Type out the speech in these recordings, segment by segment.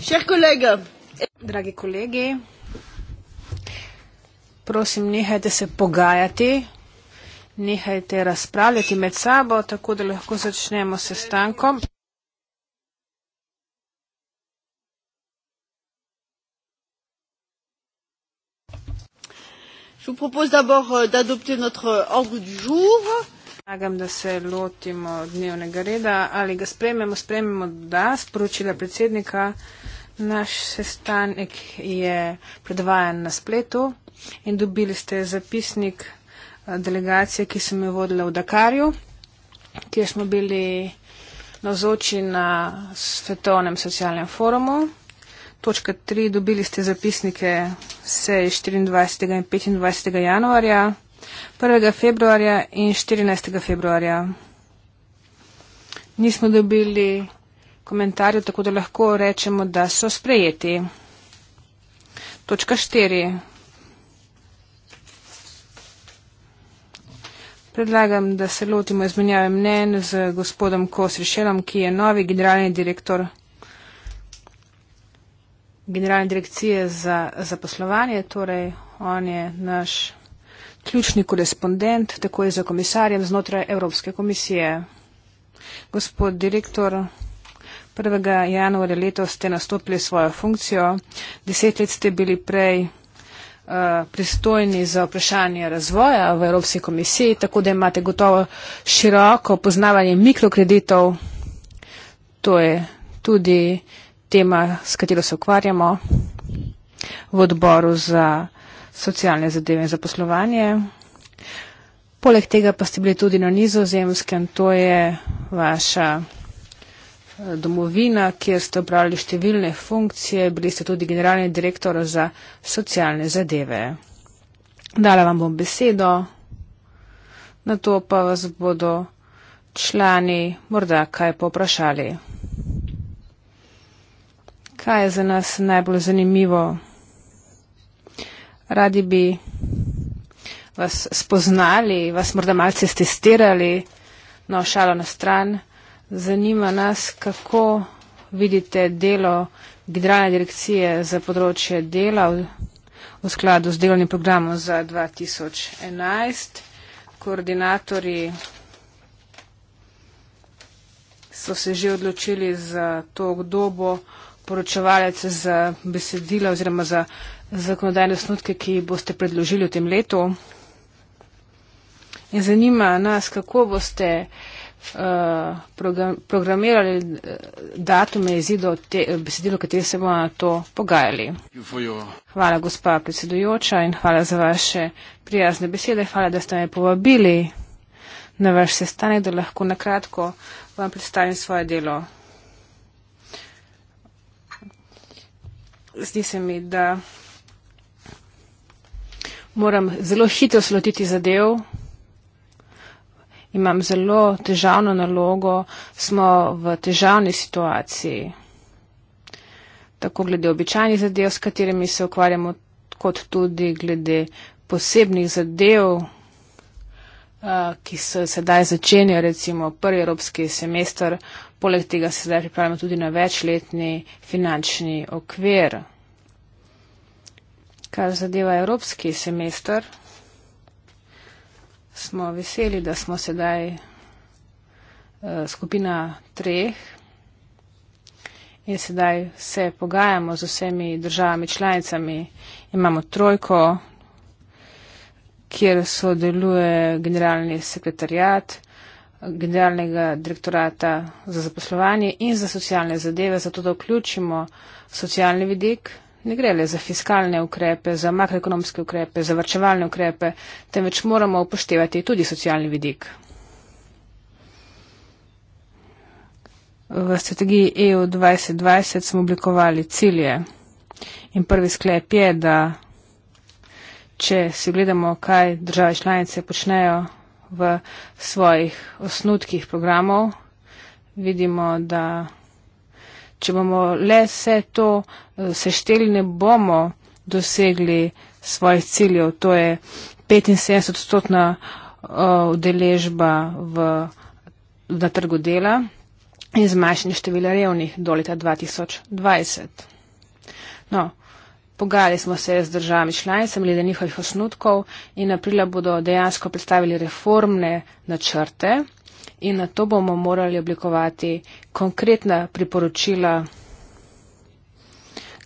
Še kolega. Dragi kolegi, prosim, nehajte se pogajati, nehajte razpravljati med sabo, tako da lahko začnemo s sestankom. Je propose d'abord euh, d'adopter notre euh, ordre du jour. Predlagam, da se lotimo dnevnega reda ali ga sprememo, sprememo da, sporočila predsednika. Naš sestanek je predvajan na spletu in dobili ste zapisnik eh, delegacije, ki sem jo vodila v Dakarju, kjer smo bili navzoči na Svetovnem socialnem forumu. Točka 3. Dobili ste zapisnike vse 24. in 25. januarja, 1. februarja in 14. februarja. Nismo dobili komentarjev, tako da lahko rečemo, da so sprejeti. Točka 4. Predlagam, da se lotimo izmenjave mnen z gospodom Kosrišelom, ki je novi generalni direktor generalne direkcije za zaposlovanje, torej on je naš ključni korespondent, tako je za komisarjem znotraj Evropske komisije. Gospod direktor, 1. januarja letos ste nastopili svojo funkcijo, deset let ste bili prej eh, pristojni za vprašanje razvoja v Evropski komisiji, tako da imate gotovo široko poznavanje mikrokreditov. To je tudi tema, s katero se ukvarjamo v odboru za socialne zadeve in zaposlovanje. Poleg tega pa ste bili tudi na nizozemskem, to je vaša domovina, kjer ste upravljali številne funkcije, bili ste tudi generalni direktor za socialne zadeve. Dala vam bom besedo, na to pa vas bodo člani morda kaj poprašali. Kaj je za nas najbolj zanimivo? Radi bi vas spoznali, vas morda malce testirali, no šalo na stran. Zanima nas, kako vidite delo generalne direkcije za področje dela v, v skladu z delovnim programom za 2011. Koordinatori so se že odločili za to, kdo bo poročevalec za besedila oziroma za zakonodajne snutke, ki boste predložili v tem letu. In zanima nas, kako boste programirali eh, datume izidov eh, besedil, v kateri se bomo na to pogajali. Hvala, gospa predsedujoča, in hvala za vaše prijazne besede. Hvala, da ste me povabili na vaš sestanek, da lahko na kratko vam predstavim svoje delo. Zdi se mi, da moram zelo hitro slotiti zadev imam zelo težavno nalogo, smo v težavni situaciji. Tako glede običajnih zadev, s katerimi se ukvarjamo, kot tudi glede posebnih zadev, uh, ki se sedaj začenja, recimo prvi evropski semester, poleg tega se sedaj pripravljamo tudi na večletni finančni okvir. Kar zadeva evropski semester, smo veseli, da smo sedaj uh, skupina treh in sedaj se pogajamo z vsemi državami članicami. Imamo trojko, kjer sodeluje generalni sekretarjat generalnega direktorata za zaposlovanje in za socialne zadeve, zato da vključimo socialni vidik ne gre le za fiskalne ukrepe, za makroekonomske ukrepe, za vrčevalne ukrepe, temveč moramo upoštevati tudi socialni vidik. V strategiji EU 2020 smo oblikovali cilje in prvi sklep je, da če si gledamo, kaj države članice počnejo v svojih osnutkih programov, vidimo, da če bomo le vse to eh, sešteli, ne bomo dosegli svojih ciljev. To je 75-stotna eh, udeležba v, na trgu dela in zmanjšanje števila revnih do leta 2020. No, pogajali smo se z državami članicami glede njihovih osnutkov in aprila bodo dejansko predstavili reformne načrte in na to bomo morali oblikovati konkretna priporočila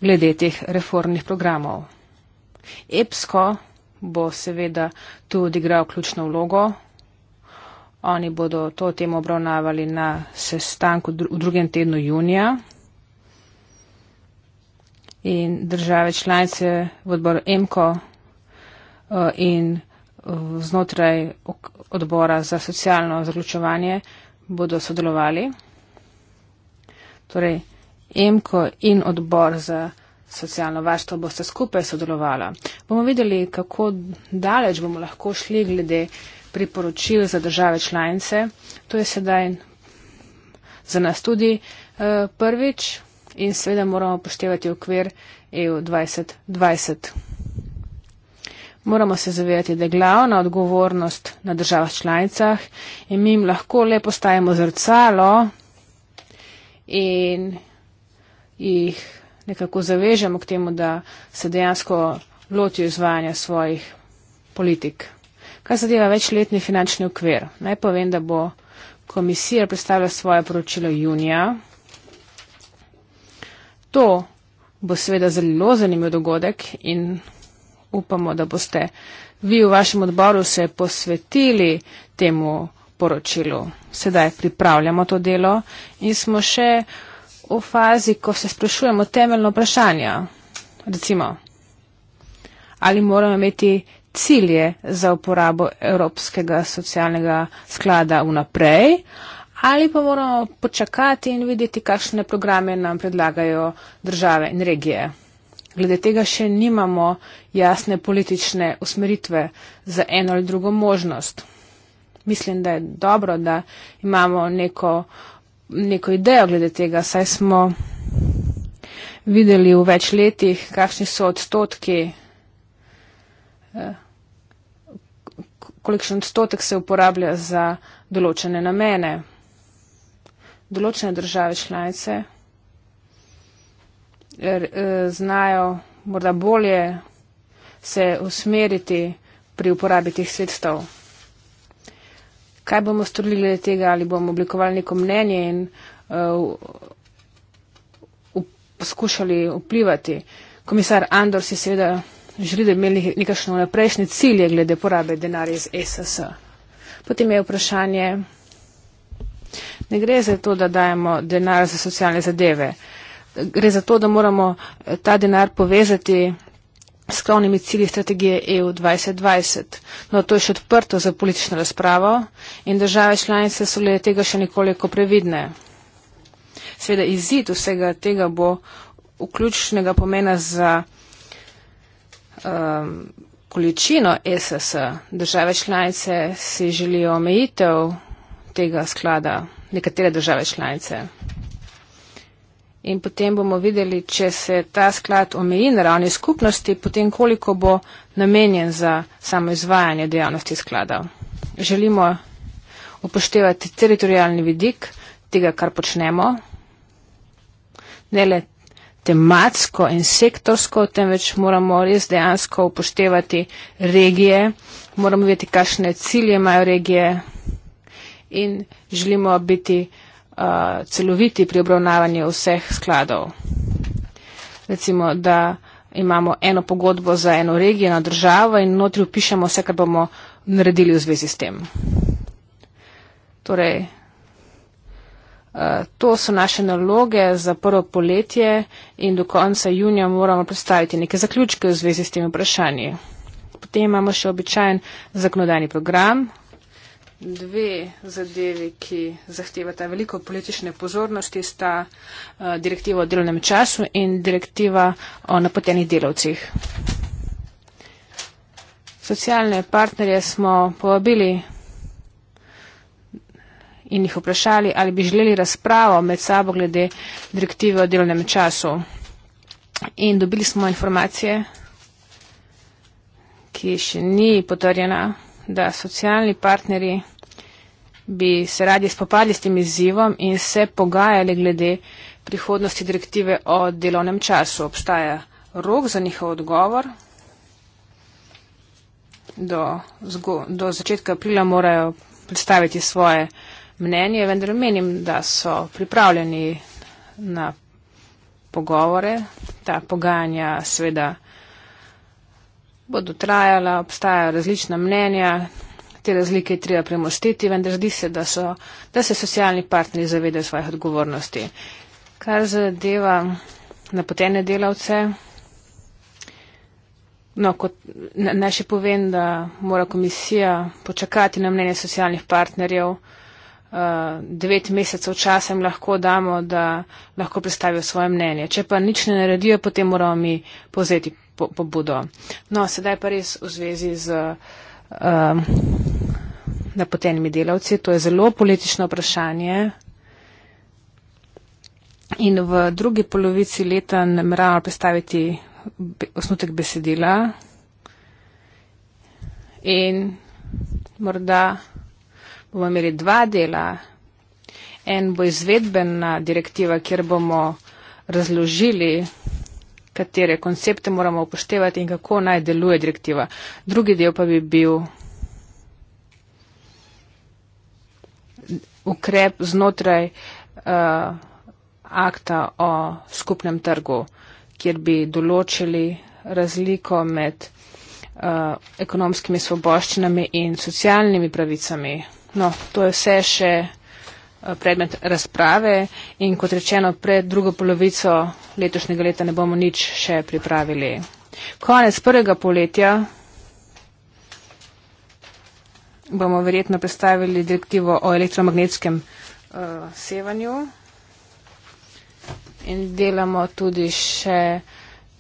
glede teh reformnih programov. EPSCO bo seveda tu odigral ključno vlogo. Oni bodo to temo obravnavali na sestanku v drugem tednu junija. In države članice v odboru EMCO uh, in znotraj odbora za socialno zaključovanje bodo sodelovali. Torej, EMKO in odbor za socialno varstvo boste skupaj sodelovala. Bomo videli, kako daleč bomo lahko šli glede priporočil za države članice. To je sedaj za nas tudi eh, prvič in seveda moramo poštevati okvir EU 2020. Moramo se zavedati, da je glavna odgovornost na državah članicah in mi jim lahko le postajamo zrcalo in jih nekako zavežemo k temu, da se dejansko lotijo izvajanja svojih politik. Kar zadeva večletni finančni okvir. Naj povem, da bo komisija predstavila svoje poročilo junija. To bo seveda zelo zanimiv dogodek in upamo, da boste vi v vašem odboru se posvetili temu poročilu. Sedaj pripravljamo to delo in smo še v fazi, ko se sprašujemo temeljno vprašanje. Recimo, ali moramo imeti cilje za uporabo Evropskega socialnega sklada vnaprej, ali pa moramo počakati in videti, kakšne programe nam predlagajo države in regije glede tega še nimamo jasne politične usmeritve za eno ali drugo možnost. Mislim, da je dobro, da imamo neko, neko idejo glede tega, saj smo videli v več letih, kakšni so odstotki, eh, kolikšen odstotek se uporablja za določene namene. Določene države članice Er, eh, znajo morda bolje se usmeriti pri uporabi teh sredstev. Kaj bomo storili glede tega, ali bomo oblikovali neko mnenje in uh, eh, up, poskušali vplivati. Komisar Andors je seveda želil, da bi imeli nekakšno naprejšnje cilje glede porabe denarja iz SS. Potem je vprašanje, ne gre za to, da dajemo denar za socialne zadeve. Uh, gre za to, da moramo eh, ta denar povezati s klonimi cilji strategije EU 2020. No, to je še odprto za politično razpravo in države članice so glede tega še nekoliko previdne. Sveda izid vsega tega bo vključnega pomena za um, količino SS. E države članice si želijo omejitev tega sklada, nekatere države članice in potem bomo videli, če se ta sklad omeji na ravni skupnosti, potem koliko bo namenjen za samo izvajanje dejavnosti skladov. Želimo upoštevati teritorijalni vidik tega, kar počnemo, ne le tematsko in sektorsko, temveč moramo res dejansko upoštevati regije, moramo vedeti, kakšne cilje imajo regije in želimo biti uh, celoviti pri obravnavanju vseh skladov. Recimo, da imamo eno pogodbo za eno regijo, eno državo in notri upišemo vse, kar bomo naredili v zvezi s tem. Torej, to so naše naloge za prvo poletje in do konca junija moramo predstaviti neke zaključke v zvezi s temi vprašanji. Potem imamo še običajen zakonodajni program, dve zadevi, ki zahtevata veliko politične pozornosti, sta eh, direktiva o delovnem času in direktiva o napotenih delovcih. Socialne partnerje smo povabili in jih vprašali, ali bi želeli razpravo med sabo glede direktive o delovnem času. In dobili smo informacije, ki še ni potrjena, da socialni partnerji bi se radi spopadli s tem izzivom in se pogajali glede prihodnosti direktive o delovnem času. Obstaja rok za njihov odgovor. Do, zgo, do začetka aprila morajo predstaviti svoje mnenje, vendar menim, da so pripravljeni na pogovore. Ta pogajanja seveda bodo trajala, obstajajo različna mnenja te razlike je treba premostiti, vendar zdi se, da, so, da se socialni partneri zavedajo svojih odgovornosti. Kar zadeva napotene delavce, no, kot naj še povem, da mora komisija počakati na mnenje socialnih partnerjev, uh, devet mesecev časa jim lahko damo, da lahko predstavijo svoje mnenje. Če pa nič ne naredijo, potem moramo mi povzeti pobudo. No, sedaj pa res v zvezi z. Uh, napotenimi delavci. To je zelo politično vprašanje. In v drugi polovici leta nameravamo predstaviti osnutek besedila. In morda bomo imeli dva dela. En bo izvedbena direktiva, kjer bomo razložili, katere koncepte moramo upoštevati in kako naj deluje direktiva. Drugi del pa bi bil. ukrep znotraj uh, akta o skupnem trgu, kjer bi določili razliko med uh, ekonomskimi svoboščinami in socialnimi pravicami. No, to je vse še eh, predmet razprave in kot rečeno, pred drugo polovico letošnjega leta ne bomo nič še pripravili. Konec prvega poletja bomo verjetno predstavili direktivo o elektromagnetskem uh, sevanju. In delamo tudi še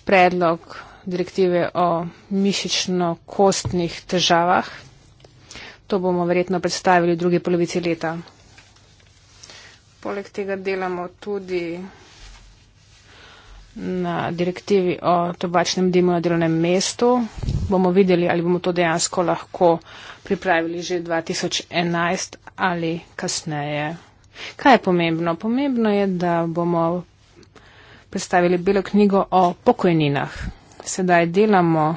predlog direktive o mišično-kostnih težavah. To bomo verjetno predstavili v drugi polovici leta. Poleg tega delamo tudi na direktivi o tobačnem dimu na delovnem mestu. Bomo videli, ali bomo to dejansko lahko pripravili že 2011 ali kasneje. Kaj je pomembno? Pomembno je, da bomo predstavili belo knjigo o pokojninah. Sedaj delamo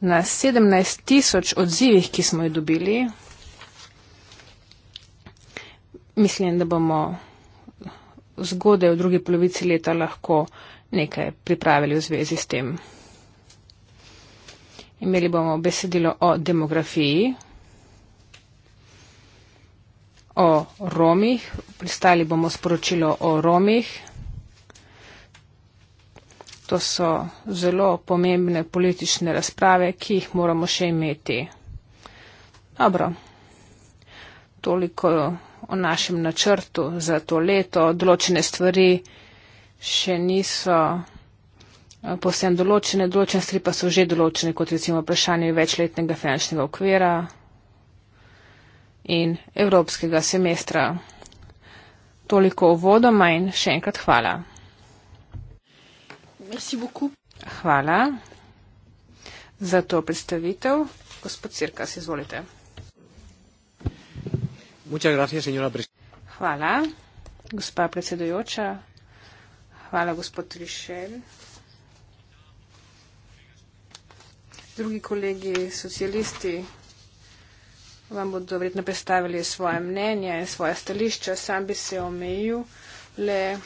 na 17 tisoč odzivih, ki smo jih dobili. Mislim, da bomo zgodaj v drugi polovici leta lahko nekaj pripravili v zvezi s tem. Imeli bomo besedilo o demografiji, o Romih, pristali bomo sporočilo o Romih. To so zelo pomembne politične razprave, ki jih moramo še imeti. Dobro, toliko o našem načrtu za to leto. Določene stvari še niso eh, posebno določene, določene stvari pa so že določene, kot recimo vprašanje večletnega finančnega okvira in evropskega semestra. Toliko o vodoma in še enkrat hvala. Hvala za to predstavitev. Gospod Cirkas, izvolite. Hvala, gospa predsedujoča. Hvala, gospod Trišelj. Drugi kolegi socialisti vam bodo verjetno predstavili svoje mnenje in svoje stališča. Sam bi se omejil le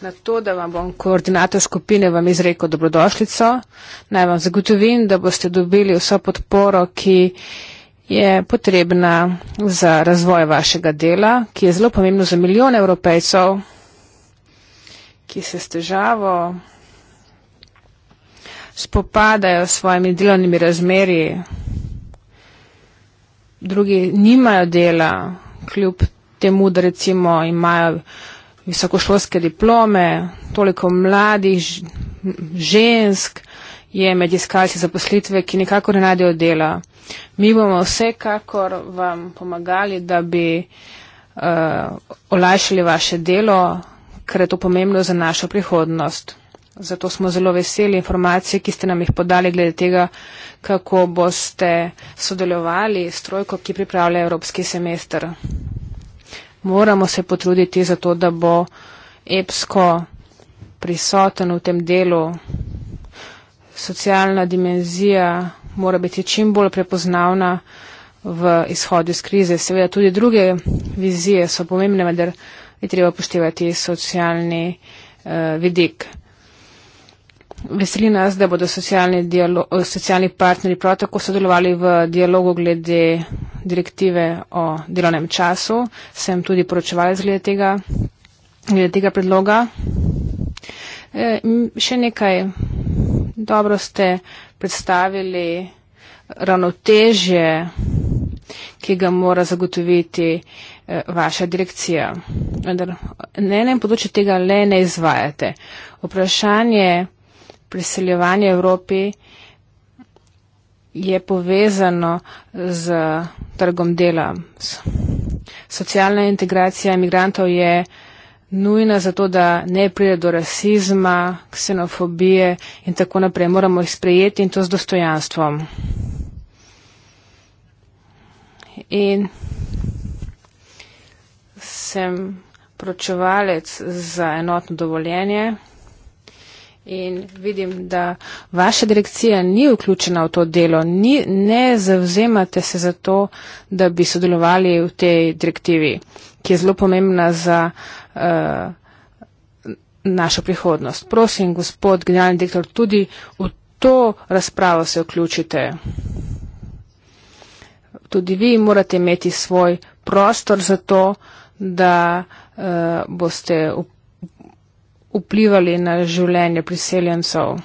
na to, da vam bom koordinator skupine vam izrekel dobrodošlico. Naj vam zagotovim, da boste dobili vso podporo, ki je potrebna za razvoj vašega dela, ki je zelo pomembno za milijone evropejcev ki se s težavo spopadajo s svojimi delovnimi razmeri, drugi nimajo dela, kljub temu, da recimo imajo visokošolske diplome, toliko mladih žensk je med iskalci zaposlitve, ki nikakor ne najdejo dela. Mi bomo vsekakor vam pomagali, da bi uh, olajšali vaše delo ker je to pomembno za našo prihodnost. Zato smo zelo veseli informacije, ki ste nam jih podali glede tega, kako boste sodelovali s trojko, ki pripravlja Evropski semester. Moramo se potruditi za to, da bo EPSKO prisoten v tem delu. Socialna dimenzija mora biti čim bolj prepoznavna v izhodu iz krize. Seveda tudi druge vizije so pomembne, vendar je treba poštevati socialni uh, vidik. Veseli nas, da bodo socialni, dialo, socialni partneri prav tako sodelovali v dialogu glede direktive o delovnem času. Sem tudi poročevala z glede tega, glede tega predloga. E, še nekaj. Dobro ste predstavili ravnotežje ki ga mora zagotoviti eh, vaša direkcija. Vendar na enem področju tega le ne izvajate. Vprašanje priseljevanja Evropi je povezano z trgom dela. Socialna integracija imigrantov je nujna zato, da ne pride do rasizma, ksenofobije in tako naprej. Moramo jih sprejeti in to z dostojanstvom in sem pročevalec za enotno dovoljenje in vidim, da vaša direkcija ni vključena v to delo, ni, ne zavzemate se za to, da bi sodelovali v tej direktivi, ki je zelo pomembna za uh, našo prihodnost. Prosim, gospod generalni direktor, tudi v to razpravo se vključite tudi vi morate imeti svoj prostor za to, da uh, boste vplivali na življenje priseljencev.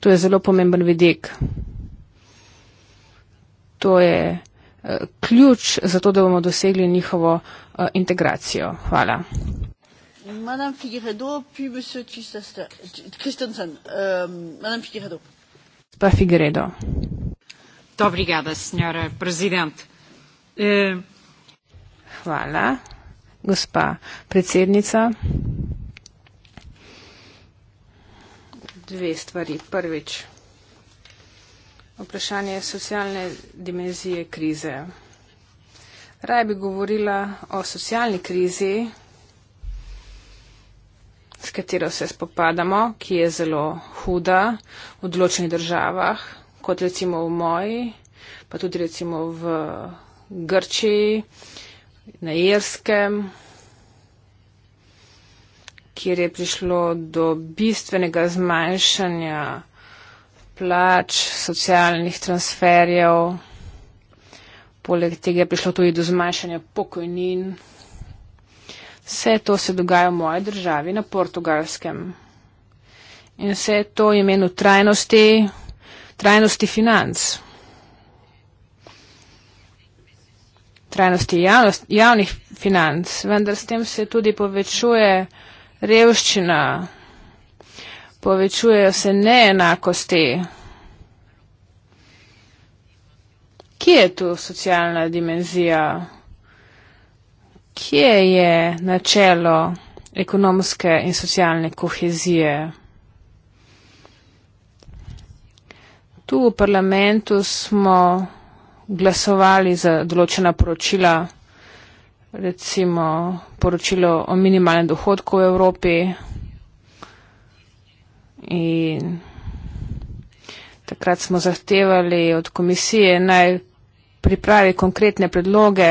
To je zelo pomemben vidik. To je uh, ključ za to, da bomo dosegli njihovo uh, integracijo. Hvala. Madame Figueredo, puis Monsieur Christensen. Euh, Madame Figueredo. Pas Figueredo. Obrigada, senhora presidente. Eh, Hvala, gospa predsednica. Dve stvari. Prvič, vprašanje socialne dimenzije krize. Raj bi govorila o socialni krizi, s katero se spopadamo, ki je zelo huda v odločenih državah, kot recimo v moji, pa tudi recimo v Grčiji, na Irskem, kjer je prišlo do bistvenega zmanjšanja plač, socialnih transferjev, poleg tega je prišlo tudi do zmanjšanja pokojnin. Vse to se dogaja v moji državi, na portugalskem. In vse to je imeno trajnosti, trajnosti financ, trajnosti javnost, javnih financ, vendar s tem se tudi povečuje revščina, povečujejo se neenakosti. Kje je tu socialna dimenzija? Kje je načelo ekonomske in socialne kohezije? Tu v parlamentu smo glasovali za določena poročila, recimo poročilo o minimalnem dohodku v Evropi in takrat smo zahtevali od komisije naj pripravi konkretne predloge.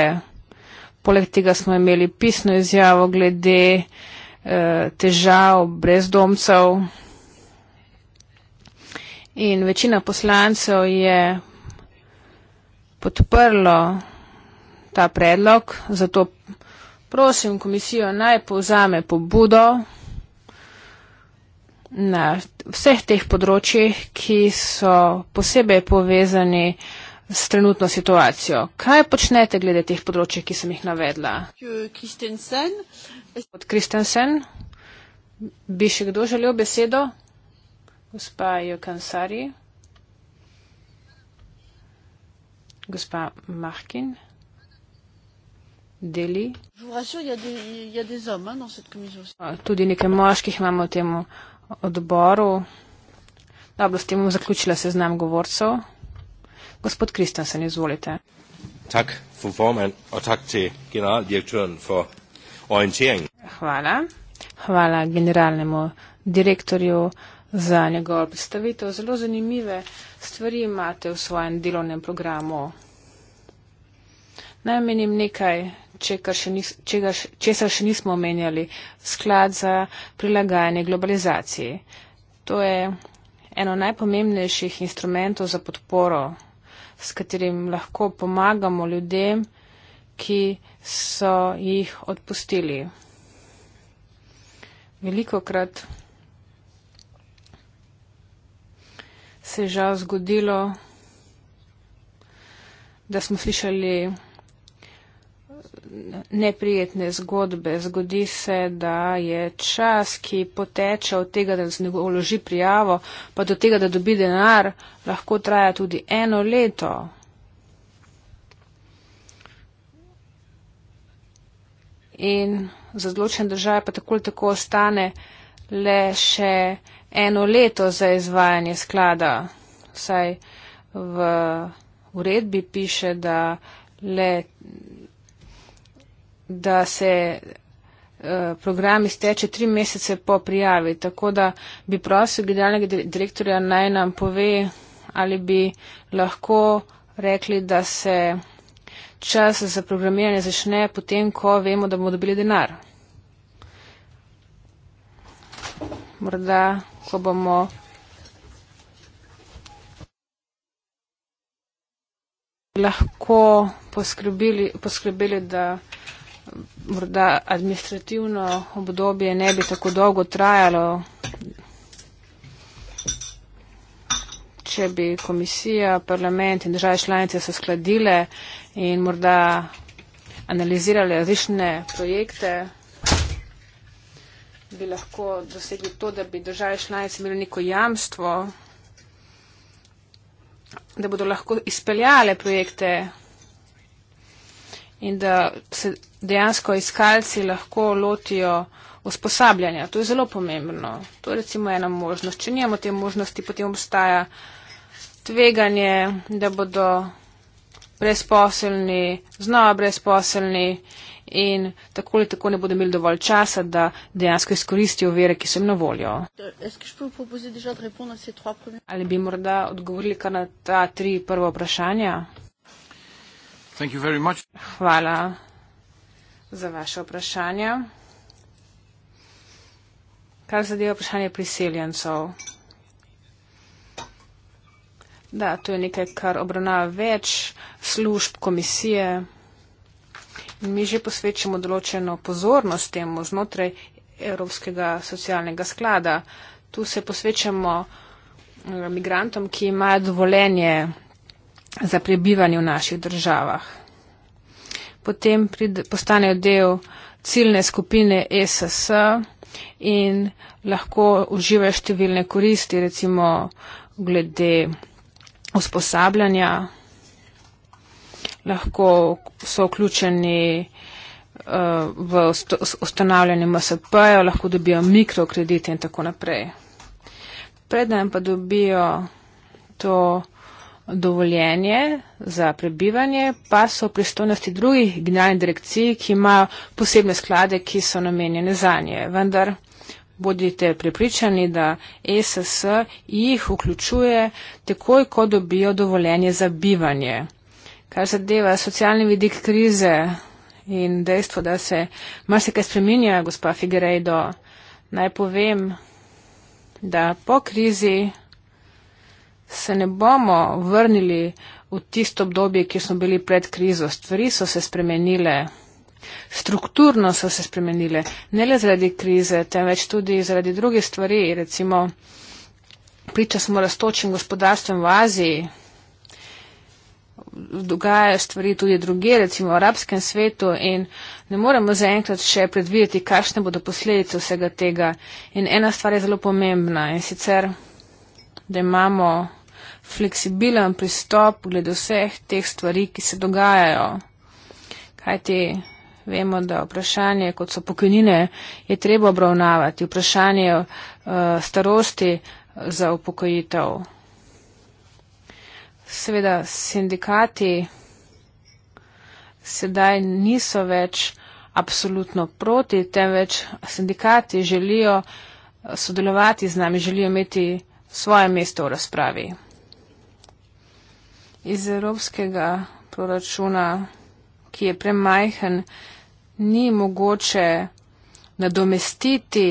Poleg tega smo imeli pisno izjavo glede eh, težav brezdomcev. In večina poslancev je podprlo ta predlog, zato prosim komisijo naj povzame pobudo na vseh teh področjih, ki so posebej povezani s trenutno situacijo. Kaj počnete glede teh področji, ki sem jih navedla? Od Kristensen bi še kdo želel besedo? Gospa Jokansari. Gospa Mahkin. Deli. Tudi nekaj moških imamo v tem odboru. Dobro, s tem bom zaključila seznam govorcev. Gospod Kristensen, izvolite. Tak, formen, Hvala. Hvala generalnemu direktorju za njegovo predstavitev. Zelo zanimive stvari imate v svojem delovnem programu. Najmenim nekaj, česar še, še nismo omenjali, sklad za prilagajanje globalizaciji. To je eno najpomembnejših instrumentov za podporo, s katerim lahko pomagamo ljudem, ki so jih odpustili. Veliko krat se je žal zgodilo, da smo slišali neprijetne zgodbe. Zgodi se, da je čas, ki poteče od tega, da se vloži prijavo, pa do tega, da dobi denar, lahko traja tudi eno leto. In za zločen držav pa tako ali tako ostane le še eno leto za izvajanje sklada. Vsaj v uredbi piše, da, le, da se eh, program izteče tri mesece po prijavi. Tako da bi prosil generalnega direktorja naj nam pove, ali bi lahko rekli, da se čas za programiranje začne potem, ko vemo, da bomo dobili denar. morda, ko bomo. Lahko poskrbeli, poskrbeli, da morda administrativno obdobje ne bi tako dolgo trajalo, če bi komisija, parlament in države članice se skladile in morda analizirale različne projekte bi lahko dosegli to, da bi države članice imeli neko jamstvo, da bodo lahko izpeljale projekte in da se dejansko iskalci lahko lotijo usposabljanja. To je zelo pomembno. To je recimo ena možnost. Če nimamo te možnosti, potem obstaja tveganje, da bodo brezposelni, znova brezposelni in tako ali tako ne bodo imeli dovolj časa, da dejansko izkoristijo vere, ki so jim na voljo. Ali bi morda odgovorili kar na ta tri prva vprašanja? Hvala za vaše vprašanje. Kar zadeva vprašanje priseljencov. Da, to je nekaj, kar obravnava več služb, komisije mi že posvečamo določeno pozornost temu znotraj Evropskega socialnega sklada. Tu se posvečamo eh, migrantom, ki imajo dovoljenje za prebivanje v naših državah. Potem postanejo del ciljne skupine SS e in lahko uživajo številne koristi, recimo glede usposabljanja lahko so vključeni uh, v ustanavljanje MSP-ja, lahko dobijo mikrokredite in tako naprej. Preden pa dobijo to dovoljenje za prebivanje, pa so pristojnosti drugih generalnih direkcij, ki imajo posebne sklade, ki so namenjene za nje. Vendar bodite prepričani, da ESS jih vključuje takoj, ko dobijo dovoljenje za bivanje kar zadeva socialni vidik krize in dejstvo, da se marsikaj spreminja, gospa Figerejdo, naj povem, da po krizi se ne bomo vrnili v tisto obdobje, ki smo bili pred krizo. Stvari so se spremenile, strukturno so se spremenile, ne le zaradi krize, temveč tudi zaradi drugih stvari. Recimo, priča smo rastočim gospodarstvom v Aziji, dogajajo stvari tudi druge, recimo v arabskem svetu in ne moremo zaenkrat še predvideti, kakšne bodo posledice vsega tega. In ena stvar je zelo pomembna in sicer, da imamo fleksibilen pristop glede vseh teh stvari, ki se dogajajo. Kajti vemo, da vprašanje, kot so pokojnine, je treba obravnavati, vprašanje uh, starosti za upokojitev seveda sindikati sedaj niso več absolutno proti, temveč sindikati želijo eh, sodelovati z nami, želijo imeti svoje mesto v razpravi. Iz evropskega proračuna, ki je premajhen, ni mogoče nadomestiti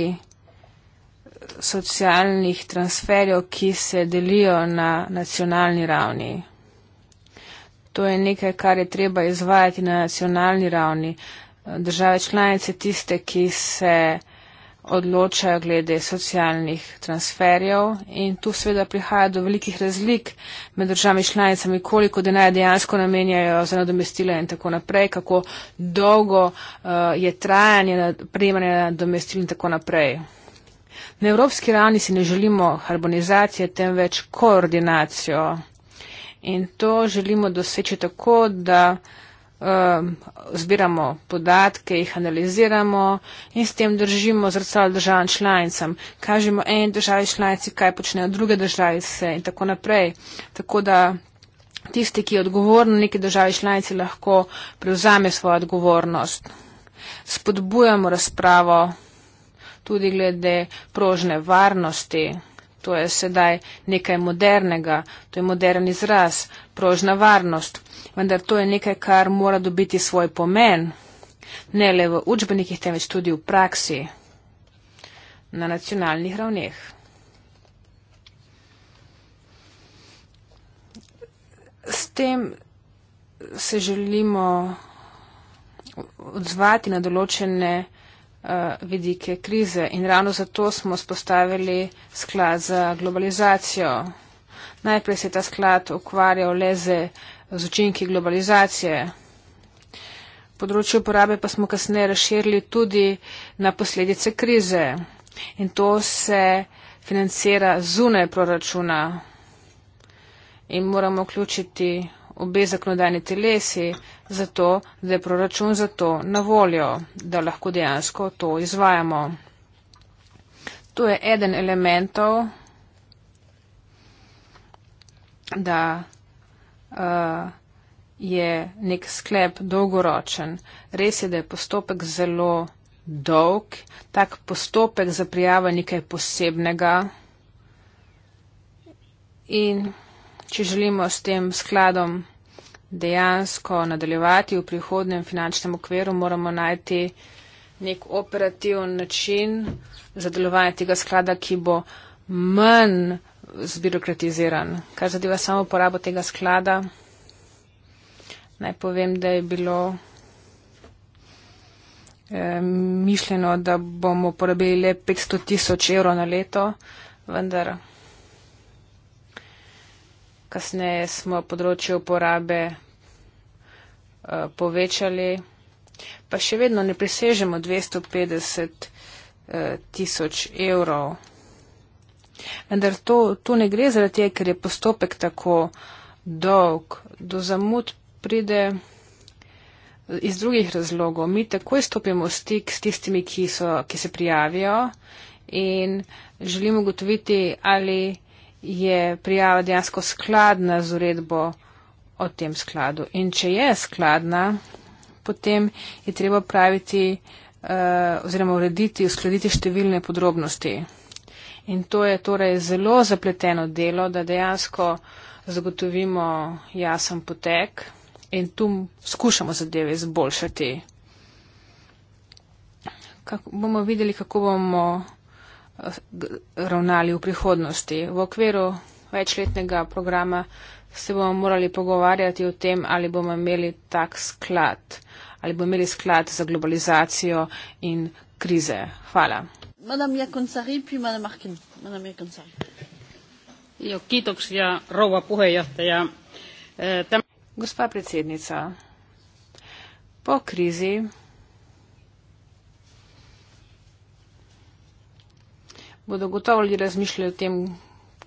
socialnih transferjev, ki se delijo na nacionalni ravni. To je nekaj, kar je treba izvajati na nacionalni ravni. Države članice tiste, ki se odločajo glede socialnih transferjev in tu seveda prihaja do velikih razlik med državami članicami, koliko denarja dejansko namenjajo za nadomestila in tako naprej, kako dolgo uh, je trajanje prejemanja nadomestila in tako naprej. Na evropski ravni si ne želimo harmonizacije, temveč koordinacijo. In to želimo doseči tako, da um, zbiramo podatke, jih analiziramo in s tem držimo zrcalo državam članicam. Kažemo eni državi članici, kaj počnejo druge države se in tako naprej. Tako da tisti, ki je odgovoren neki državi članici, lahko prevzame svojo odgovornost. Spodbujamo razpravo tudi glede prožne varnosti. To je sedaj nekaj modernega, to je modern izraz, prožna varnost. Vendar to je nekaj, kar mora dobiti svoj pomen, ne le v učbenikih, temveč tudi v praksi, na nacionalnih ravneh. S tem se želimo odzvati na določene uh, vidike krize in ravno zato smo spostavili sklad za globalizacijo. Najprej se je ta sklad ukvarjal le z učinki globalizacije. Področje uporabe pa smo kasneje razširili tudi na posledice krize in to se financira zune proračuna in moramo vključiti obe zakonodajni telesi za to, da je proračun za to na voljo, da lahko dejansko to izvajamo. To je eden elementov, da uh, je nek sklep dolgoročen. Res je, da je postopek zelo dolg. Tak postopek za prijavo je nekaj posebnega. In če želimo s tem skladom dejansko nadaljevati v prihodnem finančnem okviru, moramo najti nek operativen način za delovanje tega sklada, ki bo manj zbirokratiziran. Kar zadeva samo porabo tega sklada, naj povem, da je bilo eh, mišljeno, da bomo porabili le 500 tisoč evrov na leto, vendar kasneje smo področje uporabe eh, povečali, pa še vedno ne presežemo 250 eh, tisoč evrov. Vendar to, to ne gre zaradi tega, ker je postopek tako dolg. Do zamud pride eh, iz drugih razlogov. Mi takoj stopimo v stik s tistimi, ki, so, ki se prijavijo in želimo ugotoviti, ali je prijava dejansko skladna z uredbo o tem skladu. In če je skladna, potem je treba praviti uh, oziroma urediti, uskladiti številne podrobnosti. In to je torej zelo zapleteno delo, da dejansko zagotovimo jasen potek in tu skušamo zadeve izboljšati. Kako bomo videli, kako bomo ravnali v prihodnosti. V okviru večletnega programa se bomo morali pogovarjati o tem, ali bomo imeli tak sklad, ali bomo imeli sklad za globalizacijo in krize. Hvala. Gospa predsednica, po krizi bodo gotovo ljudje razmišljali o tem,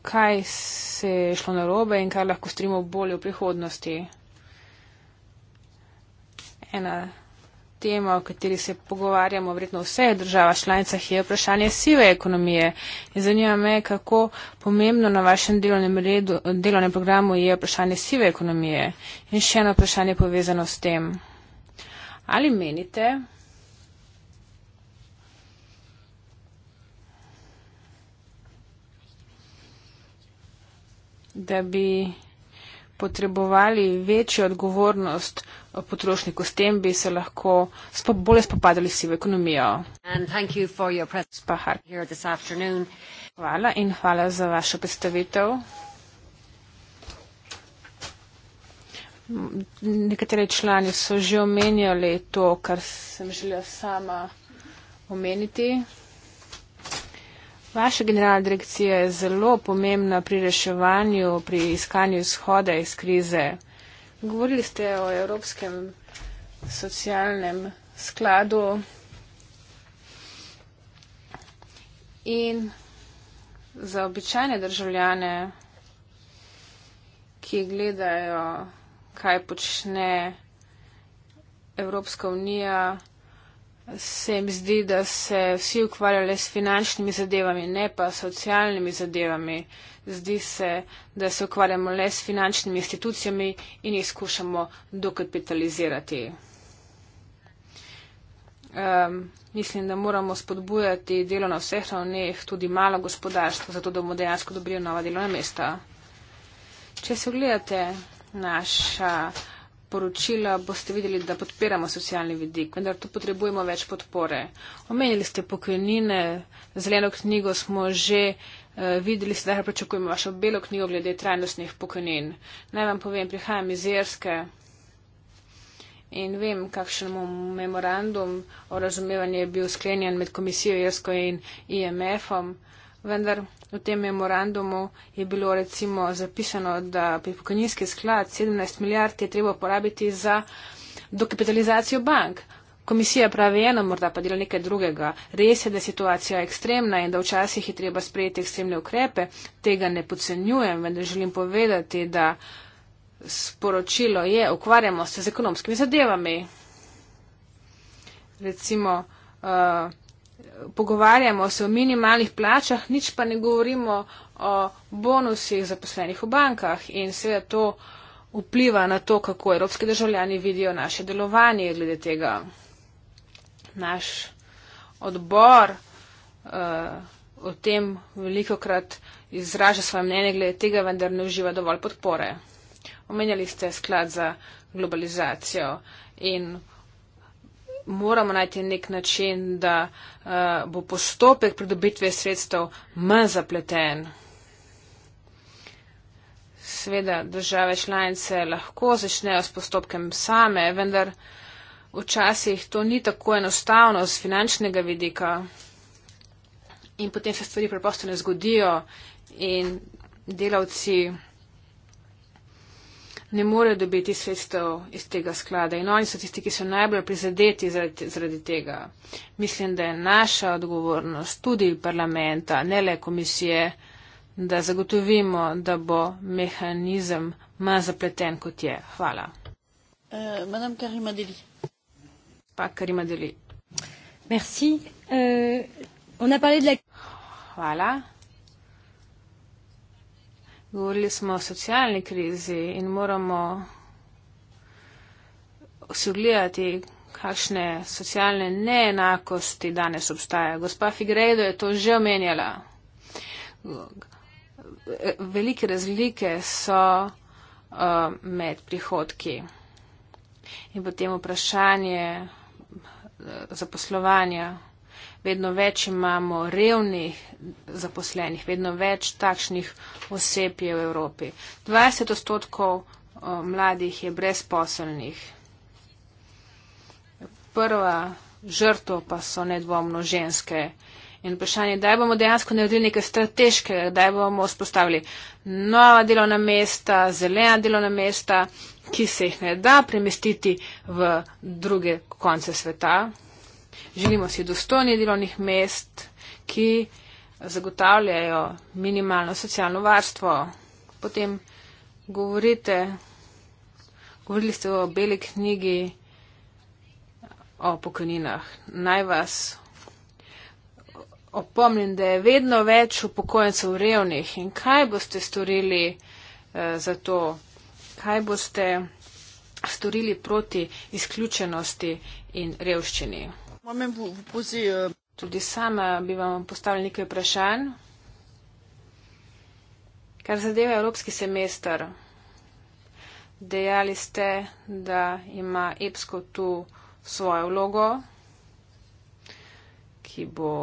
kaj se je šlo na robe in kaj lahko strimo bolje v prihodnosti. Ena tema, o kateri se pogovarjamo vredno vse država članicah, je vprašanje sive ekonomije. In zanima me, kako pomembno na vašem delovnem, redu, delovnem programu je vprašanje sive ekonomije. In še eno vprašanje povezano s tem. Ali menite, da bi potrebovali večjo odgovornost potrošnikov, s tem bi se lahko spo, bolje spopadali s sivo ekonomijo. Hvala in hvala za vašo predstavitev. Nekateri člani so že omenjali to, kar sem želela sama omeniti. Vaša generalna direkcija je zelo pomembna pri reševanju, pri iskanju izhoda iz krize. Govorili ste o Evropskem socialnem skladu in za običajne državljane, ki gledajo, kaj počne Evropska unija, se jim zdi, da se vsi ukvarjajo le s finančnimi zadevami, ne pa socialnimi zadevami. Zdi se, da se ukvarjamo le s finančnimi institucijami in jih skušamo dokapitalizirati. Um, mislim, da moramo spodbujati delo na vseh ravneh, tudi malo gospodarstvo, zato da bomo dejansko dobili nova delovna mesta. Če se ogledate naša poročila, boste videli, da podpiramo socialni vidik, vendar tu potrebujemo več podpore. Omenili ste pokojnine, zeleno knjigo smo že eh, videli, sedaj pričakujemo vašo belo knjigo glede trajnostnih pokojnin. Naj vam povem, prihajam iz Jerske in vem, kakšen memorandum o razumevanju je bil sklenjen med komisijo Jersko in IMF-om vendar v tem memorandumu je bilo recimo zapisano, da pri pokojninski sklad 17 milijard je treba uporabiti za dokapitalizacijo bank. Komisija pravi eno, morda pa dela nekaj drugega. Res je, da je situacija ekstremna in da včasih je treba sprejeti ekstremne ukrepe. Tega ne podcenjujem, vendar želim povedati, da sporočilo je, ukvarjamo se z ekonomskimi zadevami. Recimo, uh, pogovarjamo se o minimalnih plačah, nič pa ne govorimo o bonusih zaposlenih v bankah in seveda to vpliva na to, kako evropski državljani vidijo naše delovanje glede tega. Naš odbor uh, o tem velikokrat izraža svoje mnenje glede tega, vendar ne uživa dovolj podpore. Omenjali ste sklad za globalizacijo in moramo najti nek način, da uh, bo postopek pridobitve sredstev manj zapleten. Sveda države članice lahko začnejo s postopkem same, vendar včasih to ni tako enostavno z finančnega vidika in potem se stvari preprosto ne zgodijo in delavci ne more dobiti sredstev iz tega sklada. In oni so tisti, ki so najbolj prizadeti zaradi, zaradi tega. Mislim, da je naša odgovornost tudi parlamenta, ne le komisije, da zagotovimo, da bo mehanizem manj zapleten, kot je. Hvala. Uh, eh, Madam Karima Deli. Pa Karima Deli. Merci. Uh, on a parlé de la... Hvala. Govorili smo o socialni krizi in moramo osugljati, kakšne socialne neenakosti danes obstaja. Gospa Figredo je to že omenjala. Velike razlike so uh, med prihodki in potem vprašanje uh, zaposlovanja vedno več imamo revnih zaposlenih, vedno več takšnih oseb je v Evropi. 20 odstotkov eh, mladih je brezposelnih. Prva žrtva pa so nedvomno ženske. In vprašanje, da bomo dejansko naredili nekaj strateškega, da bomo spostavili nova delovna mesta, zelena delovna mesta, ki se jih ne da premestiti v druge konce sveta. Želimo si dostojnih delovnih mest, ki zagotavljajo minimalno socialno varstvo. Potem govorite, govorili ste o beli knjigi o pokojninah. Naj vas opomnim, da je vedno več upokojencev revnih in kaj boste storili eh, za to, kaj boste storili proti izključenosti in revščini. Euh, Tudi sama bi vam postavila nekaj vprašanj. Kar zadeva Evropski semester, dejali ste, da ima EPSKO tu svojo vlogo, ki bo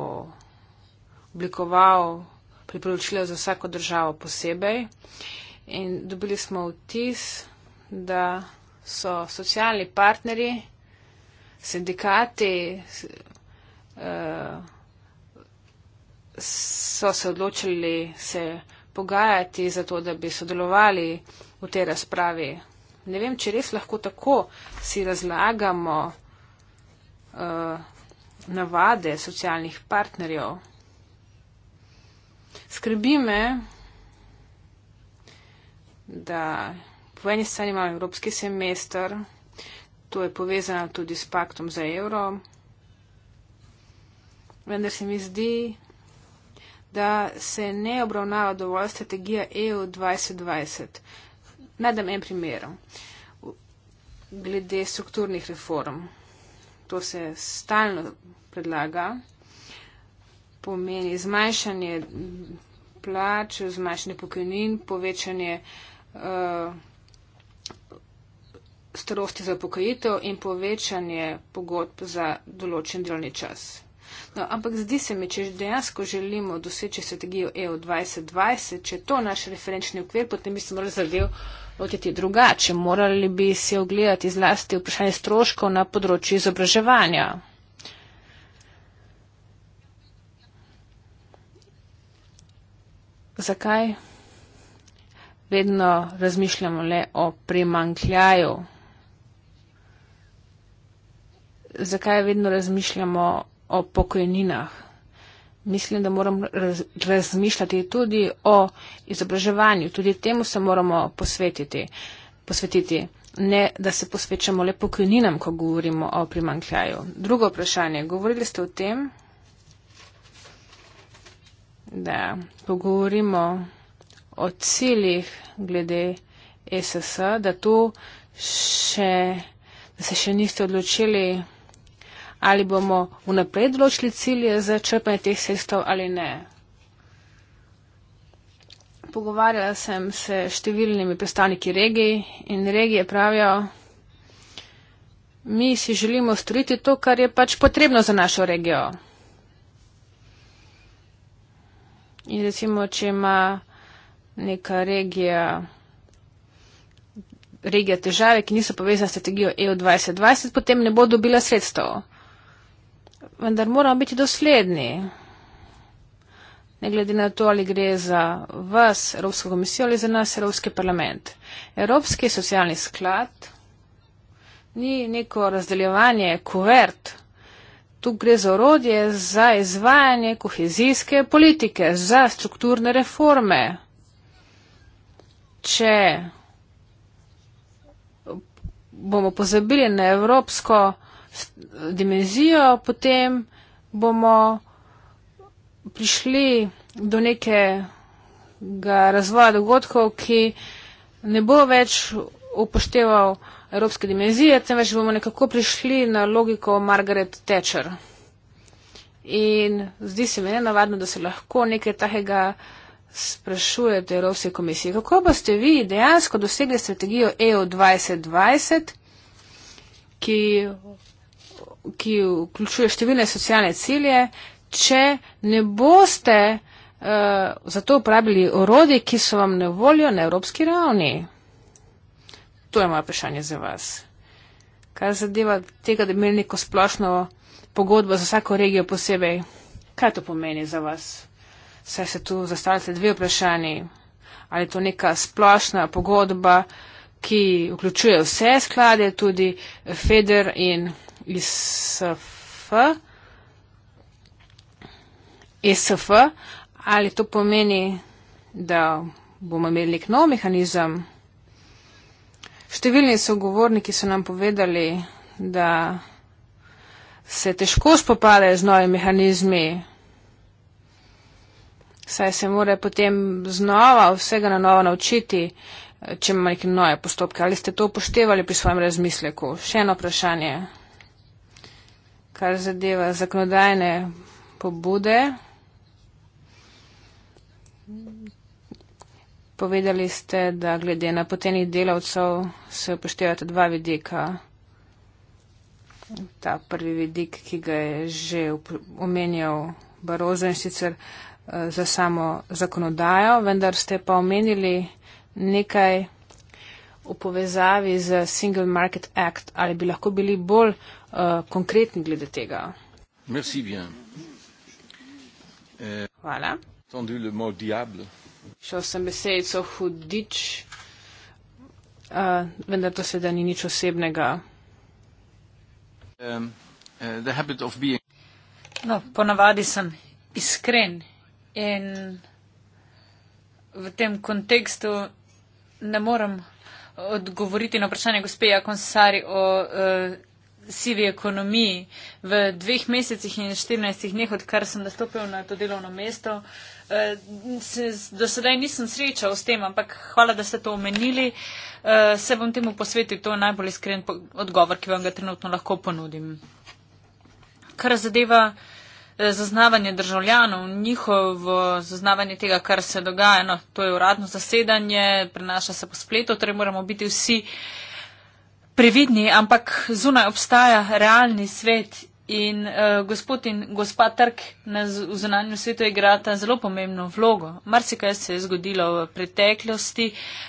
oblikoval priporočila za vsako državo posebej. In dobili smo vtis, da so socialni partnerji sindikati eh, so se odločili se pogajati za to, da bi sodelovali v tej razpravi. Ne vem, če res lahko tako si razlagamo eh, navade socialnih partnerjev. Skrbi me, da po eni strani imamo evropski semester, To je povezano tudi s paktom za evro. Vendar se mi zdi, da se ne obravnava dovolj strategija EU 2020. Naj dam en primer. Glede strukturnih reform. To se stalno predlaga. Pomeni zmanjšanje plač, zmanjšanje pokojnin, povečanje. Uh, starosti za upokojitev in povečanje pogodb za določen delovni čas. No, ampak zdi se mi, če dejansko želimo doseči strategijo EU 2020, če je to naš referenčni okvir, potem bi se morali zadev lotiti drugače. Morali bi se ogledati zlasti vprašanje stroškov na področju izobraževanja. Zakaj vedno razmišljamo le o primankljaju? zakaj vedno razmišljamo o pokojninah. Mislim, da moramo raz, razmišljati tudi o izobraževanju, tudi temu se moramo posvetiti. posvetiti. Ne, da se posvečamo le pokojninam, ko govorimo o primankljaju. Drugo vprašanje. Govorili ste o tem, da pogovorimo o ciljih glede SS, e da, še, da se še niste odločili ali bomo vnaprej določili cilje za črpanje teh sredstev ali ne. Pogovarjala sem se s številnimi predstavniki regij in regije pravijo, mi si želimo storiti to, kar je pač potrebno za našo regijo. In recimo, če ima neka regija, regija težave, ki niso povezane s strategijo EU 2020, potem ne bo dobila sredstev vendar moramo biti dosledni. Ne glede na to, ali gre za vas, Evropsko komisijo, ali za nas, Evropski parlament. Evropski socialni sklad ni neko razdeljevanje kuvert. Tu gre za orodje za izvajanje kohezijske politike, za strukturne reforme. Če bomo pozabili na evropsko dimenzijo, potem bomo prišli do nekega razvoja dogodkov, ki ne bo več upošteval evropske dimenzije, temveč bomo nekako prišli na logiko Margaret Thatcher. In zdi se mi nenavadno, da se lahko nekaj takega sprašujete Evropske komisije. Kako boste vi dejansko dosegli strategijo EU 2020, ki ki vključuje številne socialne cilje, če ne boste uh, eh, zato uporabili orodje, ki so vam ne voljo na evropski ravni? To je moje vprašanje za vas. Kar zadeva tega, da imeli neko splošno pogodbo za vsako regijo posebej, kaj to pomeni za vas? Saj se tu zastavljate dve vprašanji. Ali je to neka splošna pogodba, ki vključuje vse sklade, tudi FEDER in ISF, ISF, ali to pomeni, da bomo imeli nek nov mehanizem. Številni sogovorniki so nam povedali, da se težko spopadajo z novimi mehanizmi, saj se mora potem znova vsega na novo naučiti, če ima neke nove postopke. Ali ste to upoštevali pri svojem razmisleku? Še eno vprašanje kar zadeva zakonodajne pobude. Povedali ste, da glede na potenih delavcev se upoštevate dva vidika. Ta prvi vidik, ki ga je že omenjal Barozo in sicer eh, za samo zakonodajo, vendar ste pa omenili nekaj v povezavi z Single Market Act ali bi lahko bili bolj Eh, konkretni glede tega. Merci bien. Eh, Hvala. Tendu le mot diable. Šel sem besedico hudič, uh, vendar to seveda ni nič osebnega. Um, uh, the habit of being. No, ponavadi sem iskren in v tem kontekstu ne morem odgovoriti na vprašanje gospeja Konsari o uh, sivi ekonomiji. V dveh mesecih in 14 dneh, odkar sem nastopil na to delovno mesto, eh, se, do sedaj nisem srečal s tem, ampak hvala, da ste to omenili. Eh, se bom temu posvetil, to je najbolj iskren odgovor, ki vam ga trenutno lahko ponudim. Kar zadeva eh, zaznavanje državljanov, njihovo zaznavanje tega, kar se dogaja, no, to je uradno zasedanje, prenaša se po spletu, torej moramo biti vsi uh, previdni, ampak zunaj obstaja realni svet in uh, gospod in gospa trg na zunanjem svetu igrata zelo pomembno vlogo. Marsikaj se je zgodilo v preteklosti,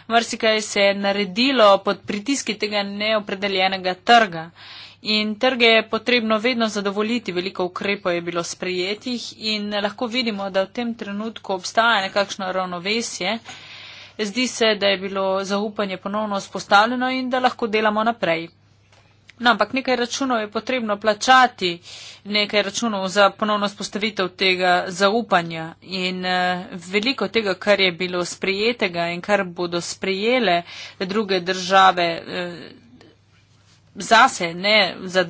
marsikaj se je naredilo pod pritiski tega neopredeljenega trga. In trge je potrebno vedno zadovoljiti, veliko ukrepov je bilo sprejetih in lahko vidimo, da v tem trenutku obstaja nekakšno ravnovesje. Uh, Zdi se, da je bilo zaupanje ponovno vzpostavljeno in da lahko delamo naprej. No, ampak nekaj računov je potrebno plačati, nekaj računov za ponovno spostavitev tega zaupanja in eh, veliko tega, kar je bilo sprijetega in kar bodo sprijele druge države eh, zase, ne za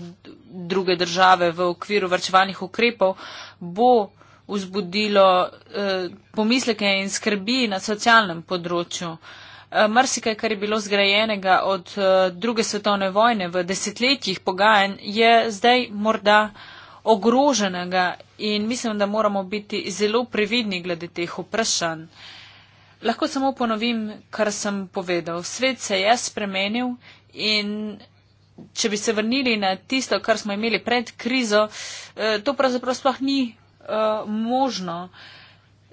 druge države v okviru varčevalnih ukrepov, bo vzbudilo eh, pomisleke in skrbi na socialnem področju. Eh, Mrsikaj, kar je bilo zgrajenega od eh, druge svetovne vojne v desetletjih pogajanj, je zdaj morda ogroženega in mislim, da moramo biti zelo previdni glede teh vprašanj. Lahko samo ponovim, kar sem povedal. Svet se je spremenil in če bi se vrnili na tisto, kar smo imeli pred krizo, eh, to pravzaprav sploh ni Eh, možno.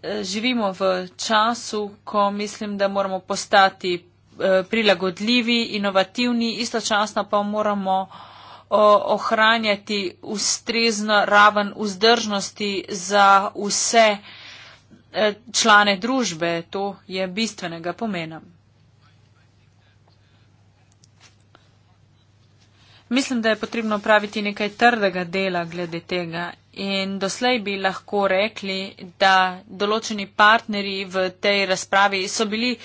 Eh, živimo v času, ko mislim, da moramo postati eh, prilagodljivi, inovativni, istočasno pa moramo ohranjati ustrezno raven vzdržnosti za vse člane družbe. To je bistvenega pomena. Mislim, da je potrebno praviti nekaj trdega dela glede tega In doslej bi lahko rekli, da določeni partnerji v tej razpravi so bili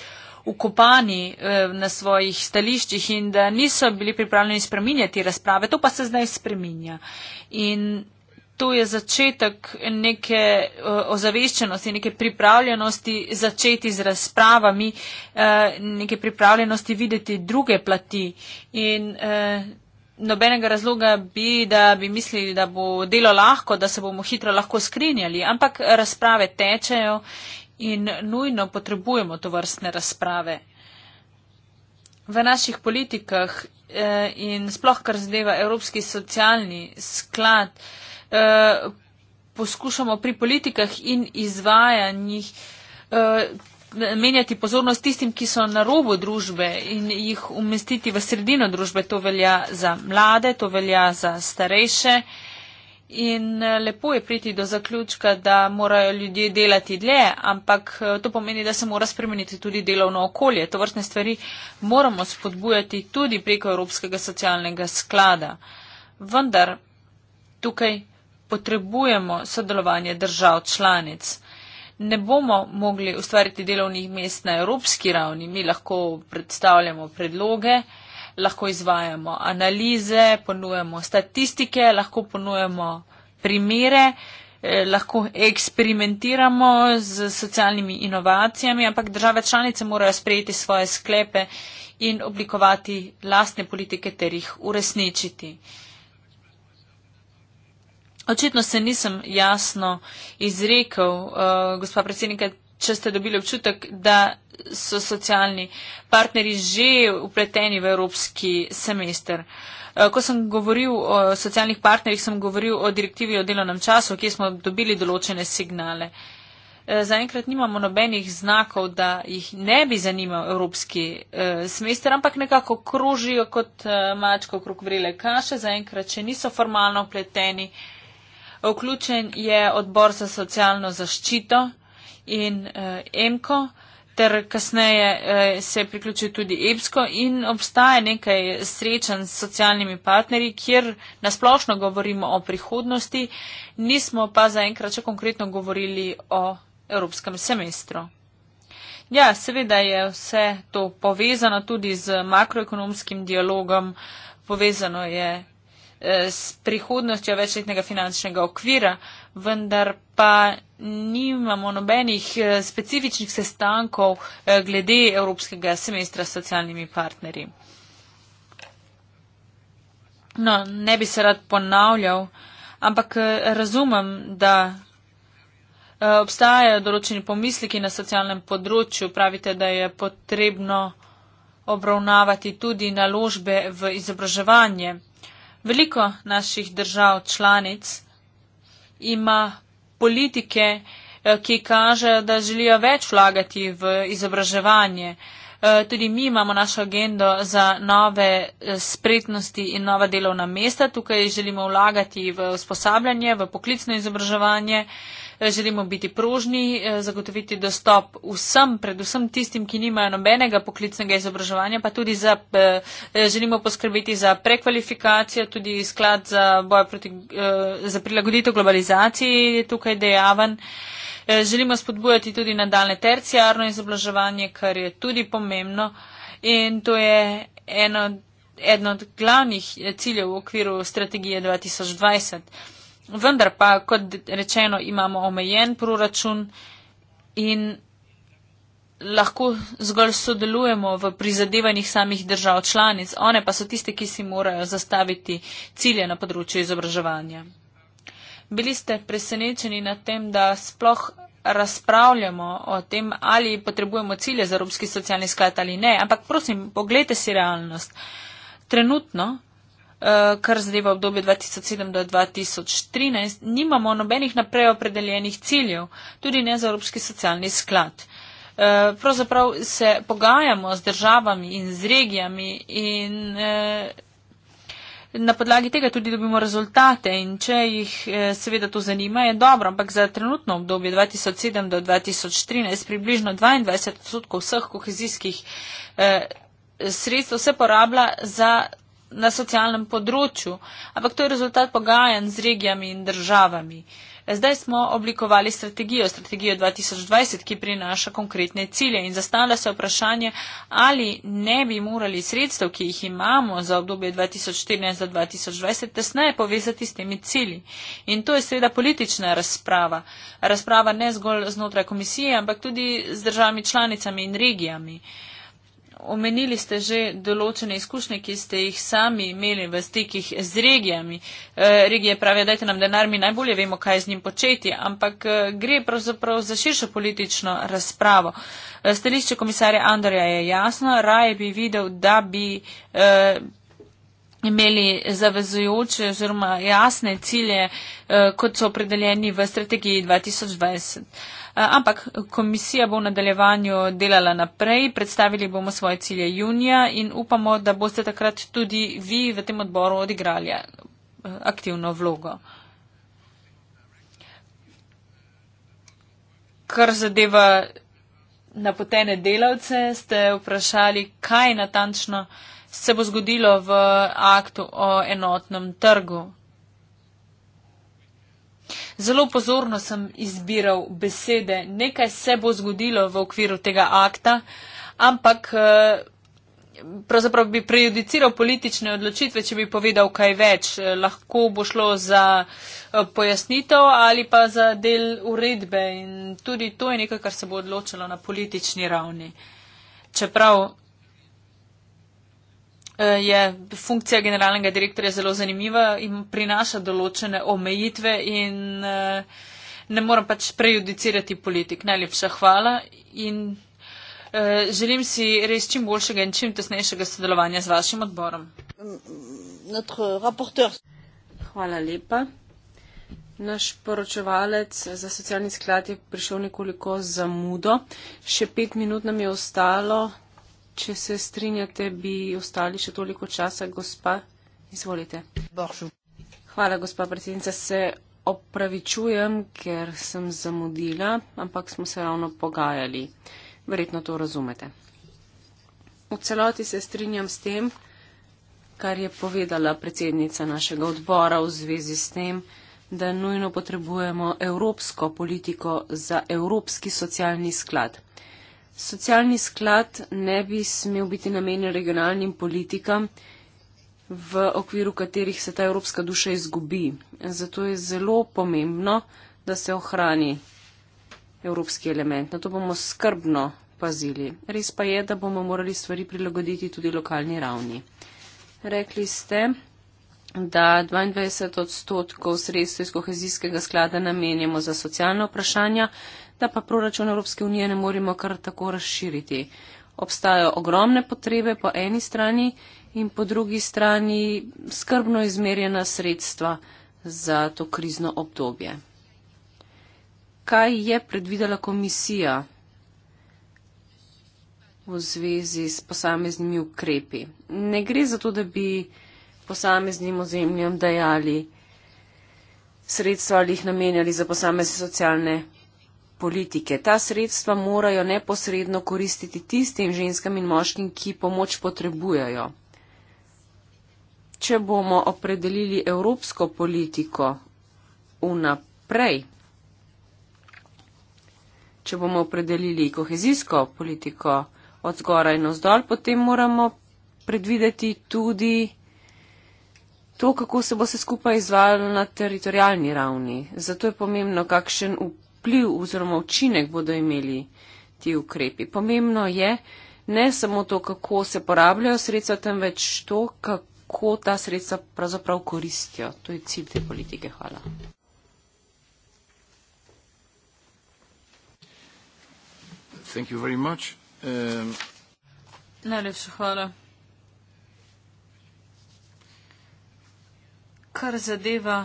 ukopani eh, na svojih stališčih in da niso bili pripravljeni spreminjati razprave. To pa se zdaj spreminja. In to je začetek neke eh, ozaveščenosti, neke pripravljenosti začeti z razpravami, eh, neke pripravljenosti videti druge plati. In, nobenega razloga bi, da bi mislili, da bo delo lahko, da se bomo hitro lahko skrinjali, ampak razprave tečejo in nujno potrebujemo to vrstne razprave. V naših politikah eh, in sploh kar zadeva Evropski socialni sklad, eh, poskušamo pri politikah in izvajanjih eh, namenjati pozornost tistim, ki so na robu družbe in jih umestiti v sredino družbe. To velja za mlade, to velja za starejše. In eh, lepo je priti do zaključka, da morajo ljudje delati dlje, ampak eh, to pomeni, da se mora spremeniti tudi delovno okolje. To vrstne stvari moramo spodbujati tudi preko Evropskega socialnega sklada. Vendar tukaj potrebujemo sodelovanje držav članic ne bomo mogli ustvariti delovnih mest na evropski ravni. Mi lahko predstavljamo predloge, lahko izvajamo analize, ponujemo statistike, lahko ponujemo primere, eh, lahko eksperimentiramo z socialnimi inovacijami, ampak države članice morajo sprejeti svoje sklepe in oblikovati lastne politike ter jih uresničiti. Eh, Očitno se nisem jasno izrekel, uh, gospa predsednika, če ste dobili občutek, da so socialni partneri že upleteni v evropski semester. Eh, ko sem govoril o socialnih partnerjih, sem govoril o direktivi o delovnem času, kje smo dobili določene signale. Eh, zaenkrat nimamo nobenih znakov, da jih ne bi zanimal evropski semester, ampak nekako krožijo kot mačko okrog vrele kaše. Zaenkrat, če niso formalno upleteni, Vključen je odbor za socialno zaščito in eh, EMKO, ter kasneje eh, se je priključil tudi EBSKO in obstaja nekaj srečanj s socialnimi partnerji, kjer nasplošno govorimo o prihodnosti, nismo pa zaenkrat še konkretno govorili o evropskem semestru. Ja, seveda je vse to povezano tudi z makroekonomskim dialogom, povezano je Eh, s prihodnostjo večletnega finančnega okvira, vendar pa nimamo nobenih eh, specifičnih sestankov eh, glede evropskega semestra s socialnimi partnerji. No, ne bi se rad ponavljal, ampak razumem, da obstajajo določeni pomisliki na socialnem področju. Pravite, da je potrebno obravnavati tudi naložbe v izobraževanje. Veliko naših držav članic ima politike, eh, ki kažejo, da želijo več vlagati v izobraževanje. Eh, tudi mi imamo našo agendo za nove eh, spretnosti in nova delovna mesta. Tukaj želimo vlagati v usposabljanje, v poklicno izobraževanje. Eh, želimo biti prožni, eh, zagotoviti dostop vsem, predvsem tistim, ki nimajo nobenega poklicnega izobraževanja, pa tudi za, eh, želimo poskrbeti za prekvalifikacijo, tudi sklad za, proti, za prilagoditev globalizaciji je tukaj dejaven. Želimo spodbujati tudi nadaljne terciarno izobraževanje, kar je tudi pomembno. In to je eno, eno od glavnih ciljev v okviru strategije 2020. Vendar pa, kot rečeno, imamo omejen proračun in lahko zgolj sodelujemo v prizadevanjih samih držav članic. One pa so tiste, ki si morajo zastaviti cilje na področju izobraževanja. Bili ste presenečeni nad tem, da sploh razpravljamo o tem, ali potrebujemo cilje za Evropski socialni sklad ali ne, ampak prosim, pogledajte si realnost. Trenutno uh, kar zadeva obdobje 2007 do 2013, nimamo nobenih naprej opredeljenih ciljev, tudi ne za Evropski socialni sklad. Uh, pravzaprav se pogajamo z državami in z regijami in uh, na podlagi tega tudi dobimo rezultate in če jih uh, seveda to zanima, je dobro, ampak za trenutno obdobje 2007 do 2013 približno 22 odstotkov vseh kohezijskih uh, sredstev se porablja za na socialnem področju, ampak to je rezultat pogajanj z regijami in državami. Zdaj smo oblikovali strategijo, strategijo 2020, ki prinaša konkretne cilje in zastavlja se vprašanje, ali ne bi morali sredstev, ki jih imamo za obdobje 2014-2020, tesneje povezati s temi cilji. In to je seveda politična razprava. Razprava ne zgolj znotraj komisije, ampak tudi z državami članicami in regijami. Uh, omenili ste že določene izkušnje, ki ste jih sami imeli v stikih z regijami. Eh, regije pravijo, dajte nam denar, mi najbolje vemo, kaj z njim početi, ampak eh, gre pravzaprav za širšo politično razpravo. Eh, stališče komisarja Andorja je jasno, raje bi videl, da bi imeli zavezujoče oziroma jasne cilje, kot so opredeljeni v strategiji 2020. Eh, ampak komisija bo v nadaljevanju delala naprej, predstavili bomo svoje cilje junija in upamo, da boste takrat tudi vi v tem odboru odigrali eh, aktivno vlogo. Kar zadeva napotene delavce, ste vprašali, kaj natančno se bo zgodilo v aktu o enotnem trgu. Zelo pozorno sem izbiral besede. Nekaj se bo zgodilo v okviru tega akta, ampak eh, pravzaprav bi prejudiciral politične odločitve, če bi povedal kaj več. Eh, lahko bo šlo za eh, pojasnitev ali pa za del uredbe in tudi to je nekaj, kar se bo odločilo na politični ravni. Čeprav Eh, je funkcija generalnega direktorja zelo zanimiva in prinaša določene omejitve in eh, ne moram pač prejudicirati politik. Najlepša hvala in eh, želim si res čim boljšega in čim tesnejšega sodelovanja z vašim odborom. Hvala lepa. Naš poročevalec za socialni sklad je prišel nekoliko zamudo. Še pet minut nam je ostalo, Če se strinjate, bi ostali še toliko časa, gospa. Izvolite. Božu. Hvala, gospa predsednica. Se opravičujem, ker sem zamudila, ampak smo se ravno pogajali. Verjetno to razumete. V celoti se strinjam s tem, kar je povedala predsednica našega odbora v zvezi s tem, da nujno potrebujemo evropsko politiko za evropski socialni sklad. Socialni sklad ne bi smel biti namenjen regionalnim politikam, v okviru katerih se ta evropska duša izgubi. Zato je zelo pomembno, da se ohrani evropski element. Na to bomo skrbno pazili. Res pa je, da bomo morali stvari prilagoditi tudi lokalni ravni. Rekli ste, da 22 odstotkov sredstv iz kohezijskega sklada namenjamo za socialne vprašanja da pa proračun Evropske unije ne moremo kar tako razširiti. Obstajajo ogromne potrebe po eni strani in po drugi strani skrbno izmerjena sredstva za to krizno obdobje. Kaj je predvidela komisija v zvezi s posameznimi ukrepi? Ne gre za to, da bi posameznim ozemljam dajali sredstva ali jih namenjali za posamezne socialne politike. Ta sredstva morajo neposredno koristiti tistim ženskam in moškim, ki pomoč potrebujejo. Če bomo opredelili evropsko politiko vnaprej, če bomo opredelili kohezijsko politiko od zgoraj in od zdolj, potem moramo predvideti tudi to, kako se bo se skupaj izvajalo na teritorijalni ravni. Zato je pomembno, kakšen upor vpliv oziroma učinek bodo imeli ti ukrepi. Pomembno je ne samo to, kako se porabljajo sredstva, temveč to, kako ta sredstva pravzaprav koristijo. To je cilj te politike. Hvala. Um... Najlepša hvala. Kar zadeva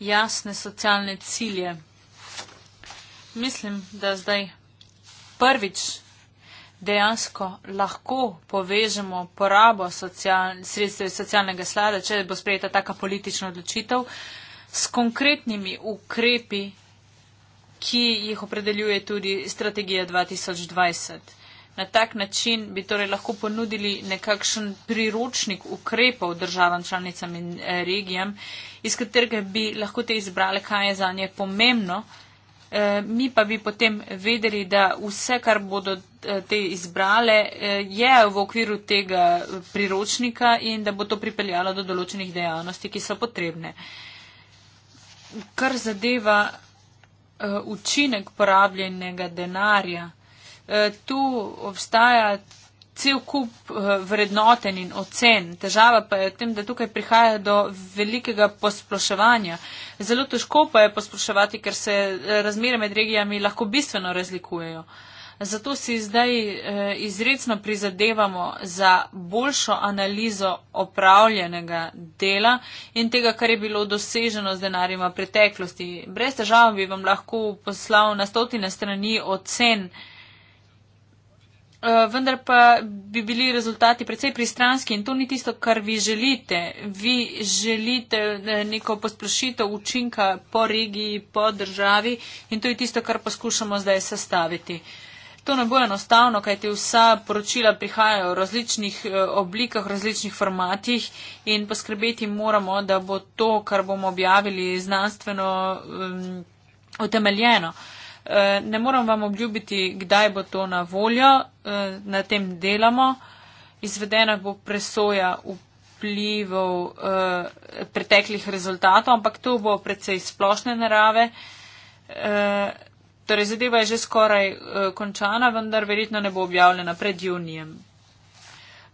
jasne socialne cilje mislim, da zdaj prvič dejansko lahko povežemo porabo social, sredstev socialnega slada, če bo sprejeta taka politična odločitev, s konkretnimi ukrepi, ki jih opredeljuje tudi strategija 2020. Na tak način bi torej lahko ponudili nekakšen priročnik ukrepov državam, članicam in eh, regijam, iz katerega bi lahko te izbrale, kaj je za nje pomembno. Eh, mi pa bi potem vedeli, da vse, kar bodo eh, te izbrale, eh, je v okviru tega priročnika in da bo to pripeljalo do določenih dejavnosti, ki so potrebne. Kar zadeva učinek porabljenega denarja, tu obstaja cel kup eh, vrednoten in ocen. Težava pa je v tem, da tukaj prihaja do velikega posploševanja. Zelo težko pa je posploševati, ker se eh, razmere med regijami lahko bistveno razlikujejo. Zato si zdaj eh, izredno prizadevamo za boljšo analizo opravljenega dela in tega, kar je bilo doseženo z denarjima preteklosti. Brez težav bi vam lahko poslal na stotine strani ocen Eh, vendar pa bi bili rezultati precej pristranski in to ni tisto, kar vi želite. Vi želite eh, neko posplošitev učinka po regiji, po državi in to je tisto, kar poskušamo zdaj sestaviti. To ne bo enostavno, kajti vsa poročila prihajajo v različnih eh, oblikah, v različnih formatih in poskrbeti moramo, da bo to, kar bomo objavili, znanstveno um, utemeljeno. Uh, Eh, ne moram vam obljubiti, kdaj bo to na voljo, eh, na tem delamo. Izvedena bo presoja vplivov eh, preteklih rezultatov, ampak to bo predvsej splošne narave. Torej, zadeva je že skoraj končana, vendar verjetno ne bo objavljena pred junijem.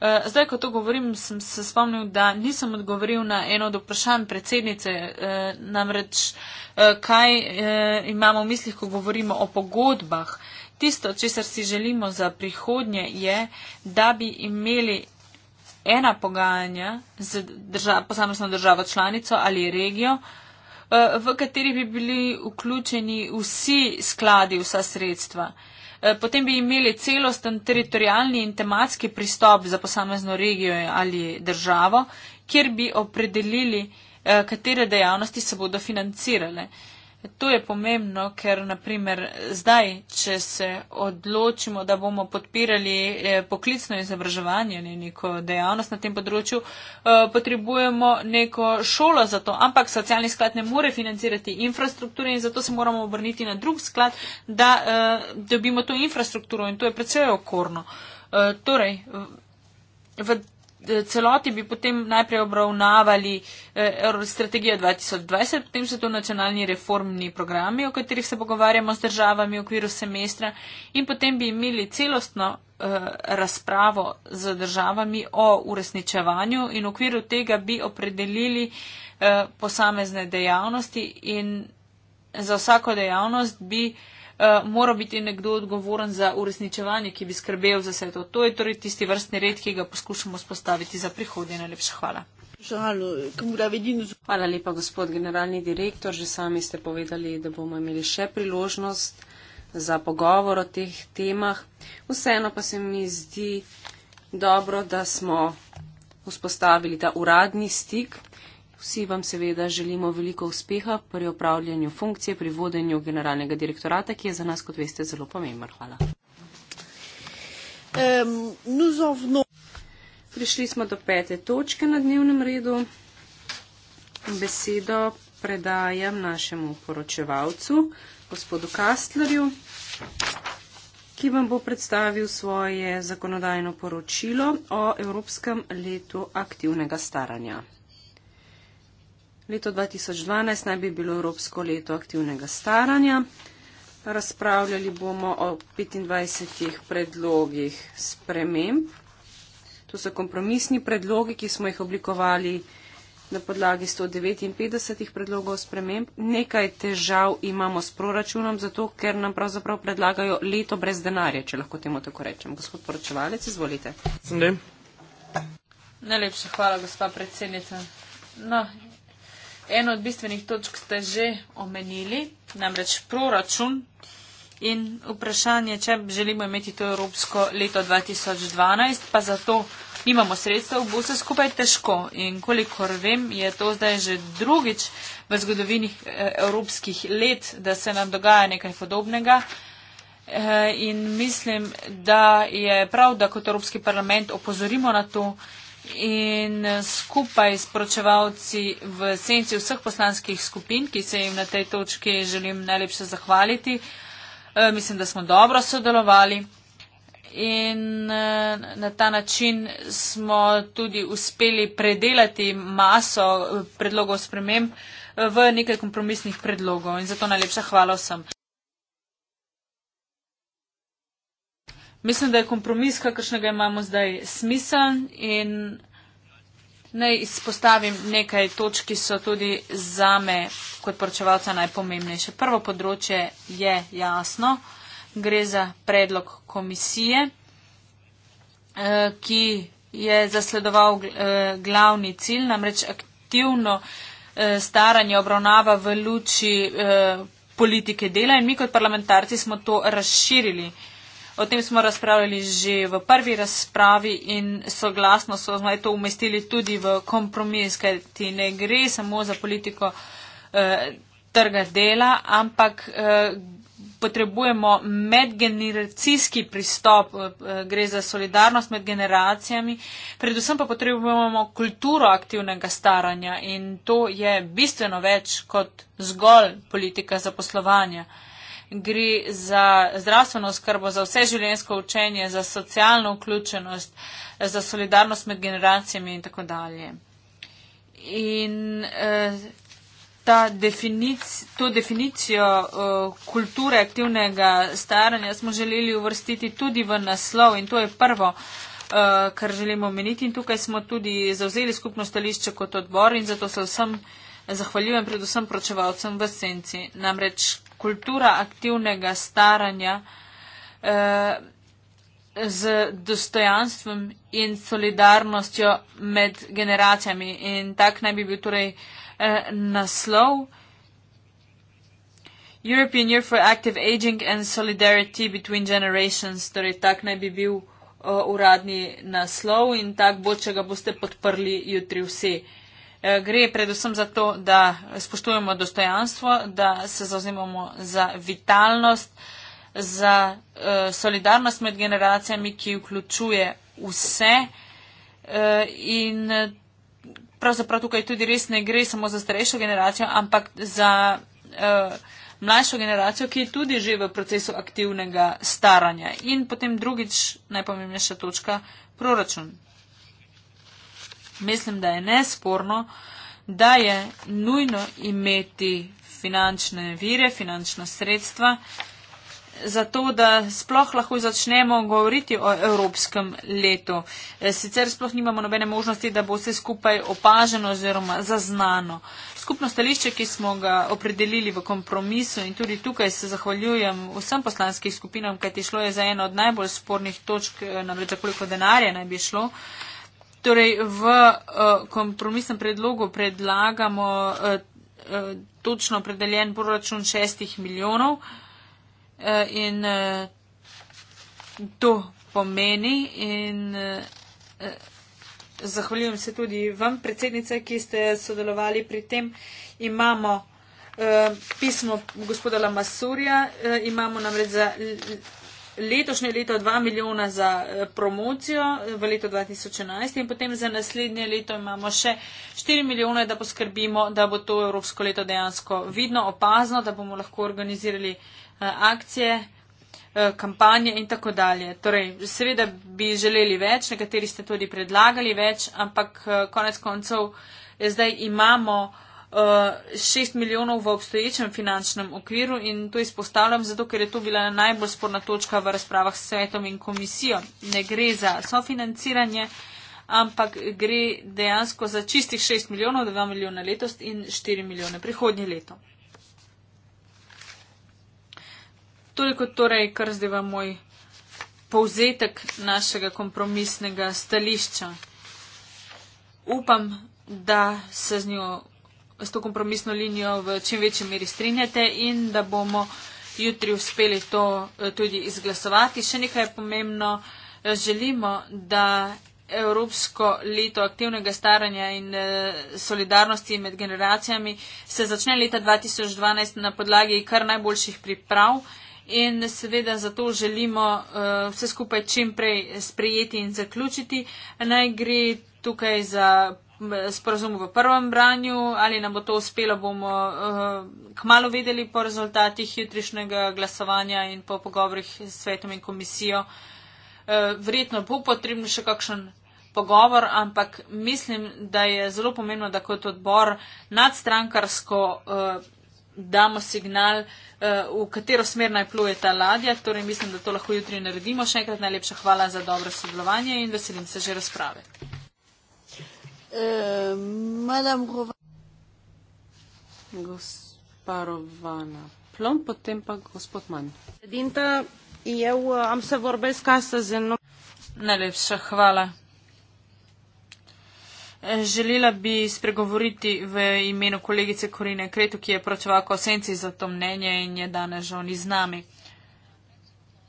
Eh, zdaj, ko to govorim, sem se spomnil, da nisem odgovoril na eno od vprašanj predsednice, uh, namreč uh, kaj uh, imamo v mislih, ko govorimo o pogodbah. Tisto, česar si želimo za prihodnje, je, da bi imeli ena pogajanja z drža posamezno državo članico ali regijo, uh, v kateri bi bili vključeni vsi skladi, vsa sredstva. Uh, Eh, potem bi imeli celosten teritorijalni in tematski pristop za posamezno regijo ali državo, kjer bi opredelili, eh, katere dejavnosti se bodo financirale. To je pomembno, ker naprimer zdaj, če se odločimo, da bomo podpirali eh, poklicno izobraževanje, ne neko dejavnost na tem področju, eh, potrebujemo neko šolo za to, ampak socialni sklad ne more financirati infrastrukture in zato se moramo obrniti na drug sklad, da eh, dobimo to infrastrukturo in to je predvsej okorno. Torej, v Eh, celoti bi potem najprej obravnavali eh, strategijo 2020, potem so to nacionalni reformni programi, o katerih se pogovarjamo z državami v okviru semestra in potem bi imeli celostno eh, razpravo z državami o uresničevanju in v okviru tega bi opredelili posamezne dejavnosti in za vsako dejavnost bi Eh, mora biti nekdo odgovoren za uresničevanje, ki bi skrbel za vse to. To je torej tisti vrstni red, ki ga poskušamo spostaviti za prihodnje. Najlepša hvala. Hvala lepa, gospod generalni direktor. Že sami ste povedali, da bomo imeli še priložnost za pogovor o teh temah. Vseeno pa se mi zdi dobro, da smo vzpostavili ta uradni stik. Vsi vam seveda želimo veliko uspeha pri upravljanju funkcije, pri vodenju generalnega direktorata, ki je za nas, kot veste, zelo pomembno. Hvala. Um, Prišli smo do pete točke na dnevnem redu. Besedo predajam našemu poročevalcu, gospodu Kastlerju, ki vam bo predstavil svoje zakonodajno poročilo o Evropskem letu aktivnega staranja. Leto 2012 naj bi bilo Evropsko leto aktivnega staranja. Razpravljali bomo o 25 predlogih sprememb. To so kompromisni predlogi, ki smo jih oblikovali na podlagi 159 predlogov sprememb. Nekaj težav imamo s proračunom, zato ker nam pravzaprav predlagajo leto brez denarja, če lahko temu tako rečem. Gospod poročevalec, izvolite. Najlepša hvala, gospa predsednica. No, Eno od bistvenih točk ste že omenili, namreč proračun in vprašanje, če želimo imeti to evropsko leto 2012, pa zato nimamo sredstev, bo se skupaj težko. In kolikor vem, je to zdaj že drugič v zgodovini eh, evropskih let, da se nam dogaja nekaj podobnega. Eh, in mislim, da je prav, da kot Evropski parlament opozorimo na to in eh, skupaj s pročevalci v senci vseh poslanskih skupin, ki se jim na tej točki želim najlepše zahvaliti. Eh, mislim, da smo dobro sodelovali in eh, na ta način smo tudi uspeli predelati maso predlogov sprememb v nekaj kompromisnih predlogov in zato najlepša hvala vsem. mislim, da je kompromis, kakršnega imamo zdaj, smiseln in naj izpostavim nekaj točk, ki so tudi za me kot poročevalca najpomembnejše. Prvo področje je jasno, gre za predlog komisije, eh, ki je zasledoval eh, glavni cilj, namreč aktivno eh, staranje obravnava v luči politike dela in mi kot parlamentarci smo to razširili. O tem smo razpravljali že v prvi razpravi in soglasno so zdaj to umestili tudi v kompromis, ker ti ne gre samo za politiko eh, trga dela, ampak eh, potrebujemo medgeneracijski pristop, eh, gre za solidarnost med generacijami, predvsem pa potrebujemo kulturo aktivnega staranja in to je bistveno več kot zgolj politika zaposlovanja gre za zdravstveno skrbo, za vse življensko učenje, za socialno vključenost, za solidarnost med generacijami in tako dalje. In eh, definic, to definicijo eh, kulture aktivnega staranja smo želeli uvrstiti tudi v naslov in to je prvo, eh, kar želimo omeniti in tukaj smo tudi zauzeli skupno stališče kot odbor in zato se vsem zahvaljujem, predvsem pročevalcem v senci. Namreč, kultura aktivnega staranja eh, z dostojanstvom in solidarnostjo med generacijami. In tak naj bi bil torej eh, naslov. European Year for Active Aging and Solidarity Between Generations, torej tak naj bi bil uh, uradni naslov in tak bo, če ga boste podprli jutri vsi. Eh, gre predvsem za to, da spoštujemo dostojanstvo, da se zauzimamo za vitalnost, za eh, solidarnost med generacijami, ki vključuje vse. Eh, in pravzaprav tukaj tudi res ne gre samo za starejšo generacijo, ampak za mlajšo generacijo, ki je tudi že v procesu aktivnega staranja. In potem drugič, najpomembnejša točka, proračun mislim, da je nesporno, da je nujno imeti finančne vire, finančna sredstva, zato da sploh lahko začnemo govoriti o evropskem letu. E, sicer sploh nimamo nobene možnosti, da bo vse skupaj opaženo oziroma zaznano. Skupno stališče, ki smo ga opredelili v kompromisu in tudi tukaj se zahvaljujem vsem poslanskih skupinam, kajti šlo je za eno od najbolj spornih točk, e, namreč koliko denarja naj bi šlo. Torej, v uh, kompromisnem predlogu predlagamo uh, uh, točno opredeljen proračun šestih milijonov uh, in uh, to pomeni in uh, zahvaljujem se tudi vam, predsednica, ki ste sodelovali pri tem. Imamo uh, pismo gospoda Lamasurja, uh, imamo namreč za letošnje leto 2 milijona za eh, promocijo v letu 2011 in potem za naslednje leto imamo še 4 milijone, da poskrbimo, da bo to evropsko leto dejansko vidno, opazno, da bomo lahko organizirali eh, akcije, eh, kampanje in tako dalje. Torej, seveda bi želeli več, nekateri ste tudi predlagali več, ampak konec koncev zdaj imamo. 6 milijonov v obstoječem finančnem okviru in to izpostavljam zato, ker je to bila najbolj sporna točka v razpravah s svetom in komisijo. Ne gre za sofinanciranje, ampak gre dejansko za čistih 6 milijonov, 2 milijona letos in 4 milijone prihodnje leto. Toliko torej, kar zdaj je moj povzetek našega kompromisnega stališča. Upam, da se z njo s to kompromisno linijo v čim večji meri strinjate in da bomo jutri uspeli to eh, tudi izglasovati. Še nekaj je pomembno. Eh, želimo, da Evropsko leto aktivnega staranja in eh, solidarnosti med generacijami se začne leta 2012 na podlagi kar najboljših priprav in seveda zato želimo vse skupaj čim prej sprejeti in zaključiti. Naj gre tukaj za sporozumu v prvem branju, ali nam bo to uspelo, bomo uh, eh, kmalo vedeli po rezultatih jutrišnjega glasovanja in po pogovorih s svetom in komisijo. Uh, verjetno bo potrebno še kakšen pogovor, ampak mislim, da je zelo pomembno, da kot odbor nadstrankarsko. Uh, damo signal, v katero smer naj pluje ta ladja. Torej, mislim, da to lahko jutri naredimo. Še enkrat najlepša hvala za dobro sodelovanje in veselim se že razprave. Eh, Madame Rovana. Gospa Rovana Plom, potem pa gospod Manj. Sedinta, jaz vam eh, se vorbe izkasa z eno. Najlepša hvala. Eh, želela bi spregovoriti v imenu kolegice Korine Kretu, ki je pročevalka o senci za to mnenje in je danes žal ni z nami.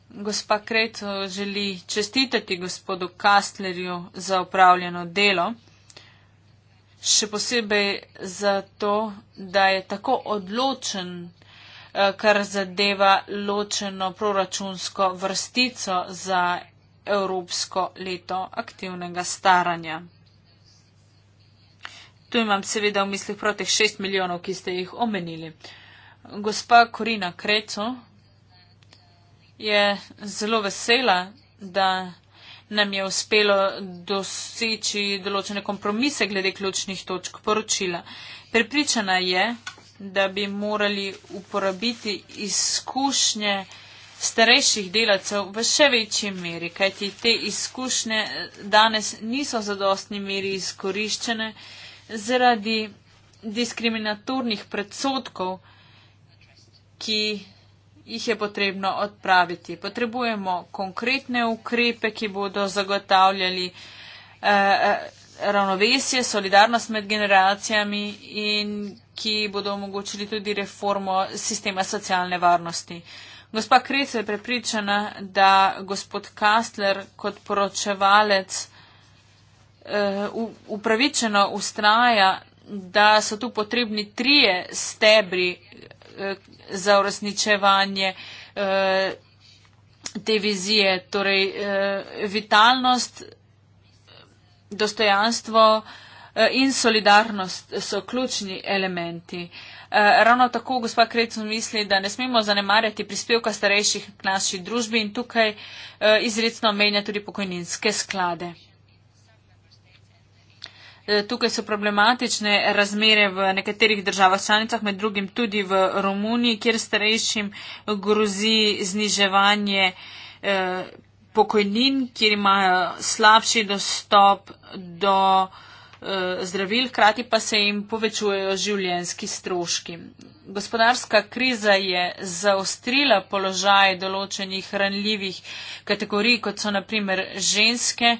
Gospa Kretu želi čestitati gospodu Kastlerju za upravljeno delo še posebej zato, da je tako odločen, eh, kar zadeva ločeno proračunsko vrstico za evropsko leto aktivnega staranja. Tu imam seveda v mislih proti 6 milijonov, ki ste jih omenili. Gospa Korina Kreco je zelo vesela, da nam je uspelo doseči določene kompromise glede ključnih točk poročila. Pripričana je, da bi morali uporabiti izkušnje starejših delavcev v še večji meri, kajti te izkušnje danes niso za dostni meri izkoriščene zaradi diskriminatornih predsotkov, ki jih je potrebno odpraviti. Potrebujemo konkretne ukrepe, ki bodo zagotavljali eh, eh, ravnovesje, solidarnost med generacijami in ki bodo omogočili tudi reformo sistema socialne varnosti. Gospa Krece je prepričana, da gospod Kastler kot poročevalec eh, upravičeno ustraja, da so tu potrebni trije stebri Eh, za uresničevanje eh, te vizije. Torej, eh, vitalnost, dostojanstvo in solidarnost so ključni elementi. Ravno tako gospa Krecu misli, da ne smemo zanemarjati prispevka starejših k naši družbi in tukaj izredno menja tudi pokojninske sklade. Eh, tukaj so problematične razmere v nekaterih državah članicah, med drugim tudi v Romuniji, kjer starejšim grozi zniževanje eh, pokojnin, kjer imajo slabši dostop do eh, zdravil, hkrati pa se jim povečujejo življenski stroški. Gospodarska kriza je zaostrila položaj določenih ranljivih kategorij, kot so naprimer ženske,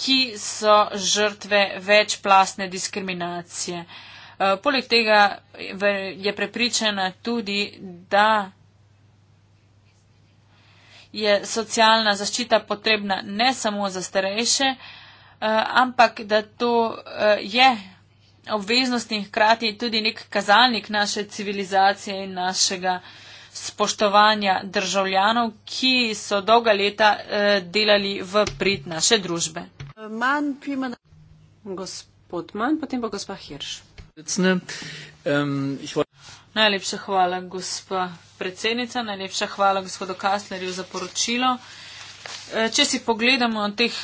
ki so žrtve večplastne diskriminacije. Eh, poleg tega je prepričana tudi, da je socialna zaščita potrebna ne samo za starejše, eh, ampak da to eh, je obveznost in hkrati tudi nek kazalnik naše civilizacije in našega spoštovanja državljanov, ki so dolga leta eh, delali v prid naše družbe. Manj pima na gospod Manj, potem pa gospa Hirš. Najlepša hvala, gospa predsednica, najlepša hvala gospodu Kaslerju za poročilo. Eh, če si pogledamo teh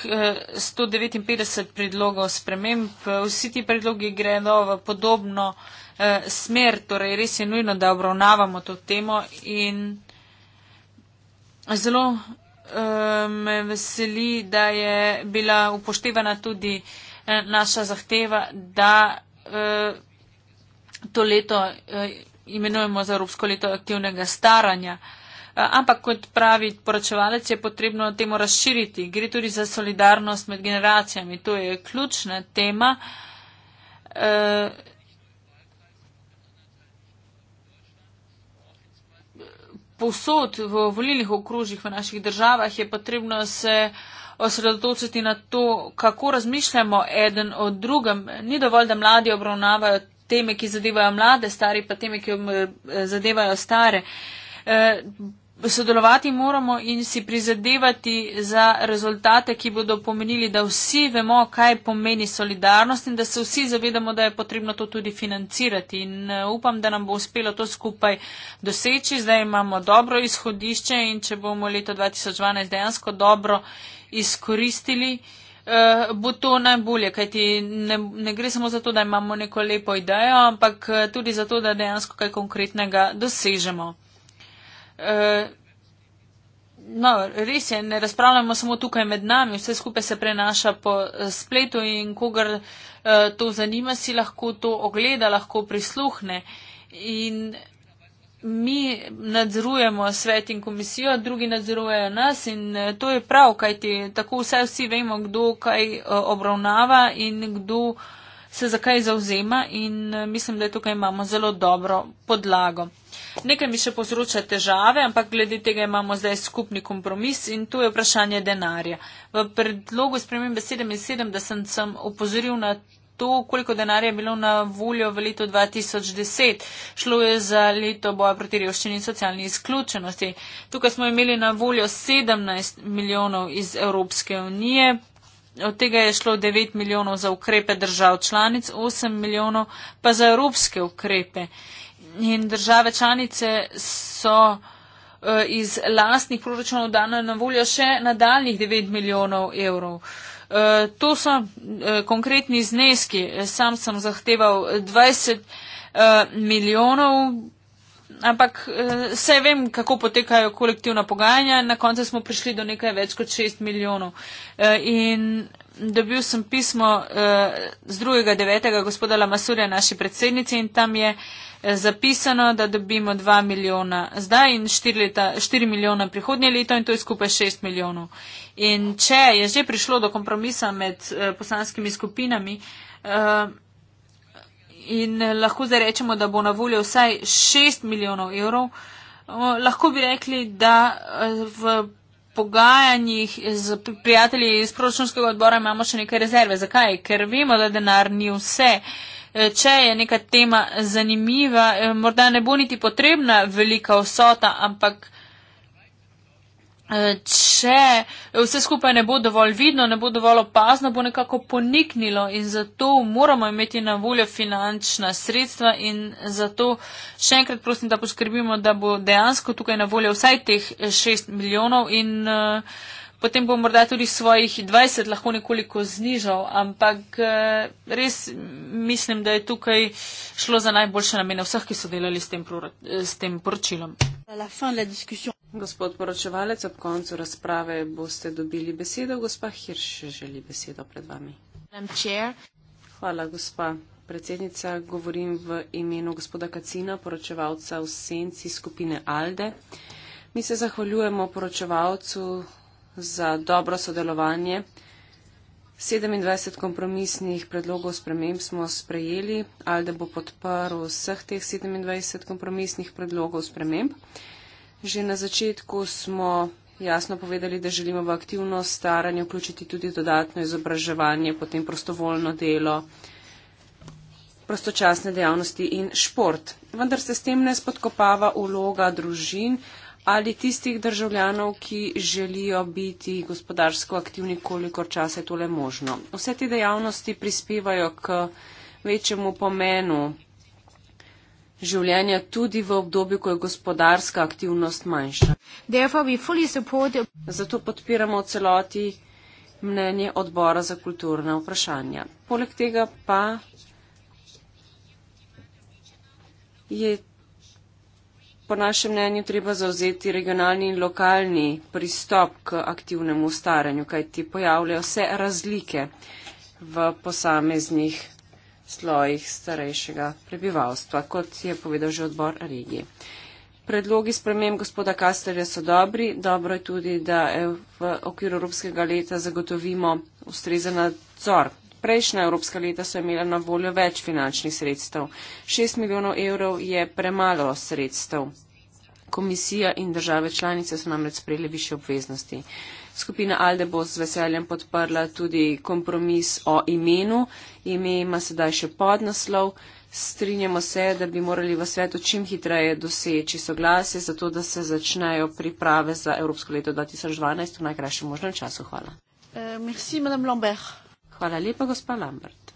159 eh, predlogov sprememb, vsi ti predlogi gredo v podobno eh, smer, torej res je nujno, da obravnavamo to temo in zelo eh, me veseli, da je bila upoštevana tudi eh, naša zahteva, da eh, to leto eh, imenujemo za Evropsko leto aktivnega staranja. Eh, ampak, kot pravi poročevalec, je potrebno temu razširiti. Gre tudi za solidarnost med generacijami. To je ključna tema. Eh, posod v volilnih okrožjih v naših državah, je potrebno se osredotočiti na to, kako razmišljamo eden o drugem. Ni dovolj, da mladi obravnavajo teme, ki zadevajo mlade, stari pa teme, ki zadevajo stare. Eh, sodelovati moramo in si prizadevati za rezultate, ki bodo pomenili, da vsi vemo, kaj pomeni solidarnost in da se vsi zavedamo, da je potrebno to tudi financirati. In eh, upam, da nam bo uspelo to skupaj doseči. Zdaj imamo dobro izhodišče in če bomo leto 2012 dejansko dobro izkoristili. Uh, bo to najbolje, kajti ne, ne gre samo za to, da imamo neko lepo idejo, ampak eh, tudi za to, da dejansko kaj konkretnega dosežemo. Eh, no, res je, ne razpravljamo samo tukaj med nami, vse skupaj se prenaša po eh, spletu in kogar eh, to zanima, si lahko to ogleda, lahko prisluhne. In mi nadzorujemo svet in komisijo, drugi nadzorujejo nas in to je prav, kajti tako vse vsi vemo, kdo kaj obravnava in kdo se zakaj zauzema in mislim, da tukaj imamo zelo dobro podlago. Nekaj mi še povzroča težave, ampak glede tega imamo zdaj skupni kompromis in tu je vprašanje denarja. V predlogu spremembe 77 sem opozoril na to, koliko denarja je bilo na voljo v letu 2010. Šlo je za leto boja proti revščini in socialni izključenosti. Tukaj smo imeli na voljo 17 milijonov iz Evropske unije. Od tega je šlo 9 milijonov za ukrepe držav članic, 8 milijonov pa za evropske ukrepe. Uh, in države članice so e, iz lastnih proračunov dane na voljo še nadaljnih 9 milijonov evrov. E, to so e, konkretni zneski. Sam sem zahteval 20 milijonov, ampak vse vem, kako potekajo kolektivna pogajanja in na koncu smo prišli do nekaj več kot 6 milijonov. In dobil sem pismo eh, z 2.9. gospoda Lamasurja, naši predsednici, in tam je eh, zapisano, da dobimo 2 milijona zdaj in 4, leta, 4 milijona prihodnje leto in to je skupaj 6 milijonov. In če je že prišlo do kompromisa med eh, poslanskimi skupinami eh, in lahko zdaj rečemo, da bo na voljo vsaj 6 milijonov evrov, eh, lahko bi rekli, da eh, v pogajanjih z prijatelji iz proračunskega odbora imamo še nekaj rezerve. Zakaj? Ker vemo, da denar ni vse. E, če je neka tema zanimiva, e, morda ne bo niti potrebna velika vsota, ampak. E, če vse skupaj ne bo dovolj vidno, ne bo dovolj opazno, bo nekako poniknilo in zato moramo imeti na voljo finančna sredstva in zato še enkrat prosim, da poskrbimo, da bo dejansko tukaj na voljo vsaj teh 6 milijonov in uh, potem bo morda tudi svojih 20 lahko nekoliko znižal, ampak eh, res mislim, da je tukaj šlo za najboljše namene vseh, ki so delali s tem, s tem poročilom. Gospod poročevalec, ob koncu razprave boste dobili besedo. Gospa Hirš želi besedo pred vami. Hvala, gospa predsednica. Govorim v imenu gospoda Kacina, poročevalca v senci skupine Alde. Mi se zahvaljujemo poročevalcu za dobro sodelovanje. 27 kompromisnih predlogov sprememb smo sprejeli. Alde bo podprl vseh teh 27 kompromisnih predlogov sprememb. Že na začetku smo jasno povedali, da želimo v aktivno staranje vključiti tudi dodatno izobraževanje, potem prostovoljno delo, prostočasne dejavnosti in šport. Vendar se s tem ne spodkopava uloga družin ali tistih državljanov, ki želijo biti gospodarsko aktivni, kolikor časa je tole možno. Vse te dejavnosti prispevajo k večjemu pomenu življenja tudi v obdobju, ko je gospodarska aktivnost manjša. Zato podpiramo celoti mnenje odbora za kulturne vprašanja. Poleg tega pa je po našem mnenju treba zauzeti regionalni in lokalni pristop k aktivnemu staranju, kajti pojavljajo se razlike v posameznih slojih starejšega prebivalstva, kot je povedal že odbor regije. Predlogi spremem gospoda Kastarja so dobri, dobro je tudi, da v okviru Evropskega leta zagotovimo ustrezen nadzor prejšnja evropska leta so imela na voljo več finančnih sredstev. 6 milijonov evrov je premalo sredstev. Komisija in države članice so namreč sprejeli više obveznosti. Skupina Alde bo z veseljem podprla tudi kompromis o imenu. Ime ima sedaj še podnaslov. Strinjamo se, da bi morali v svetu čim hitreje doseči soglasje, zato da se začnejo priprave za Evropsko leto 2012 v najkrajšem možnem času. Hvala. Eh, merci, madame Lambert. Hvala lepa, gospa Lambert.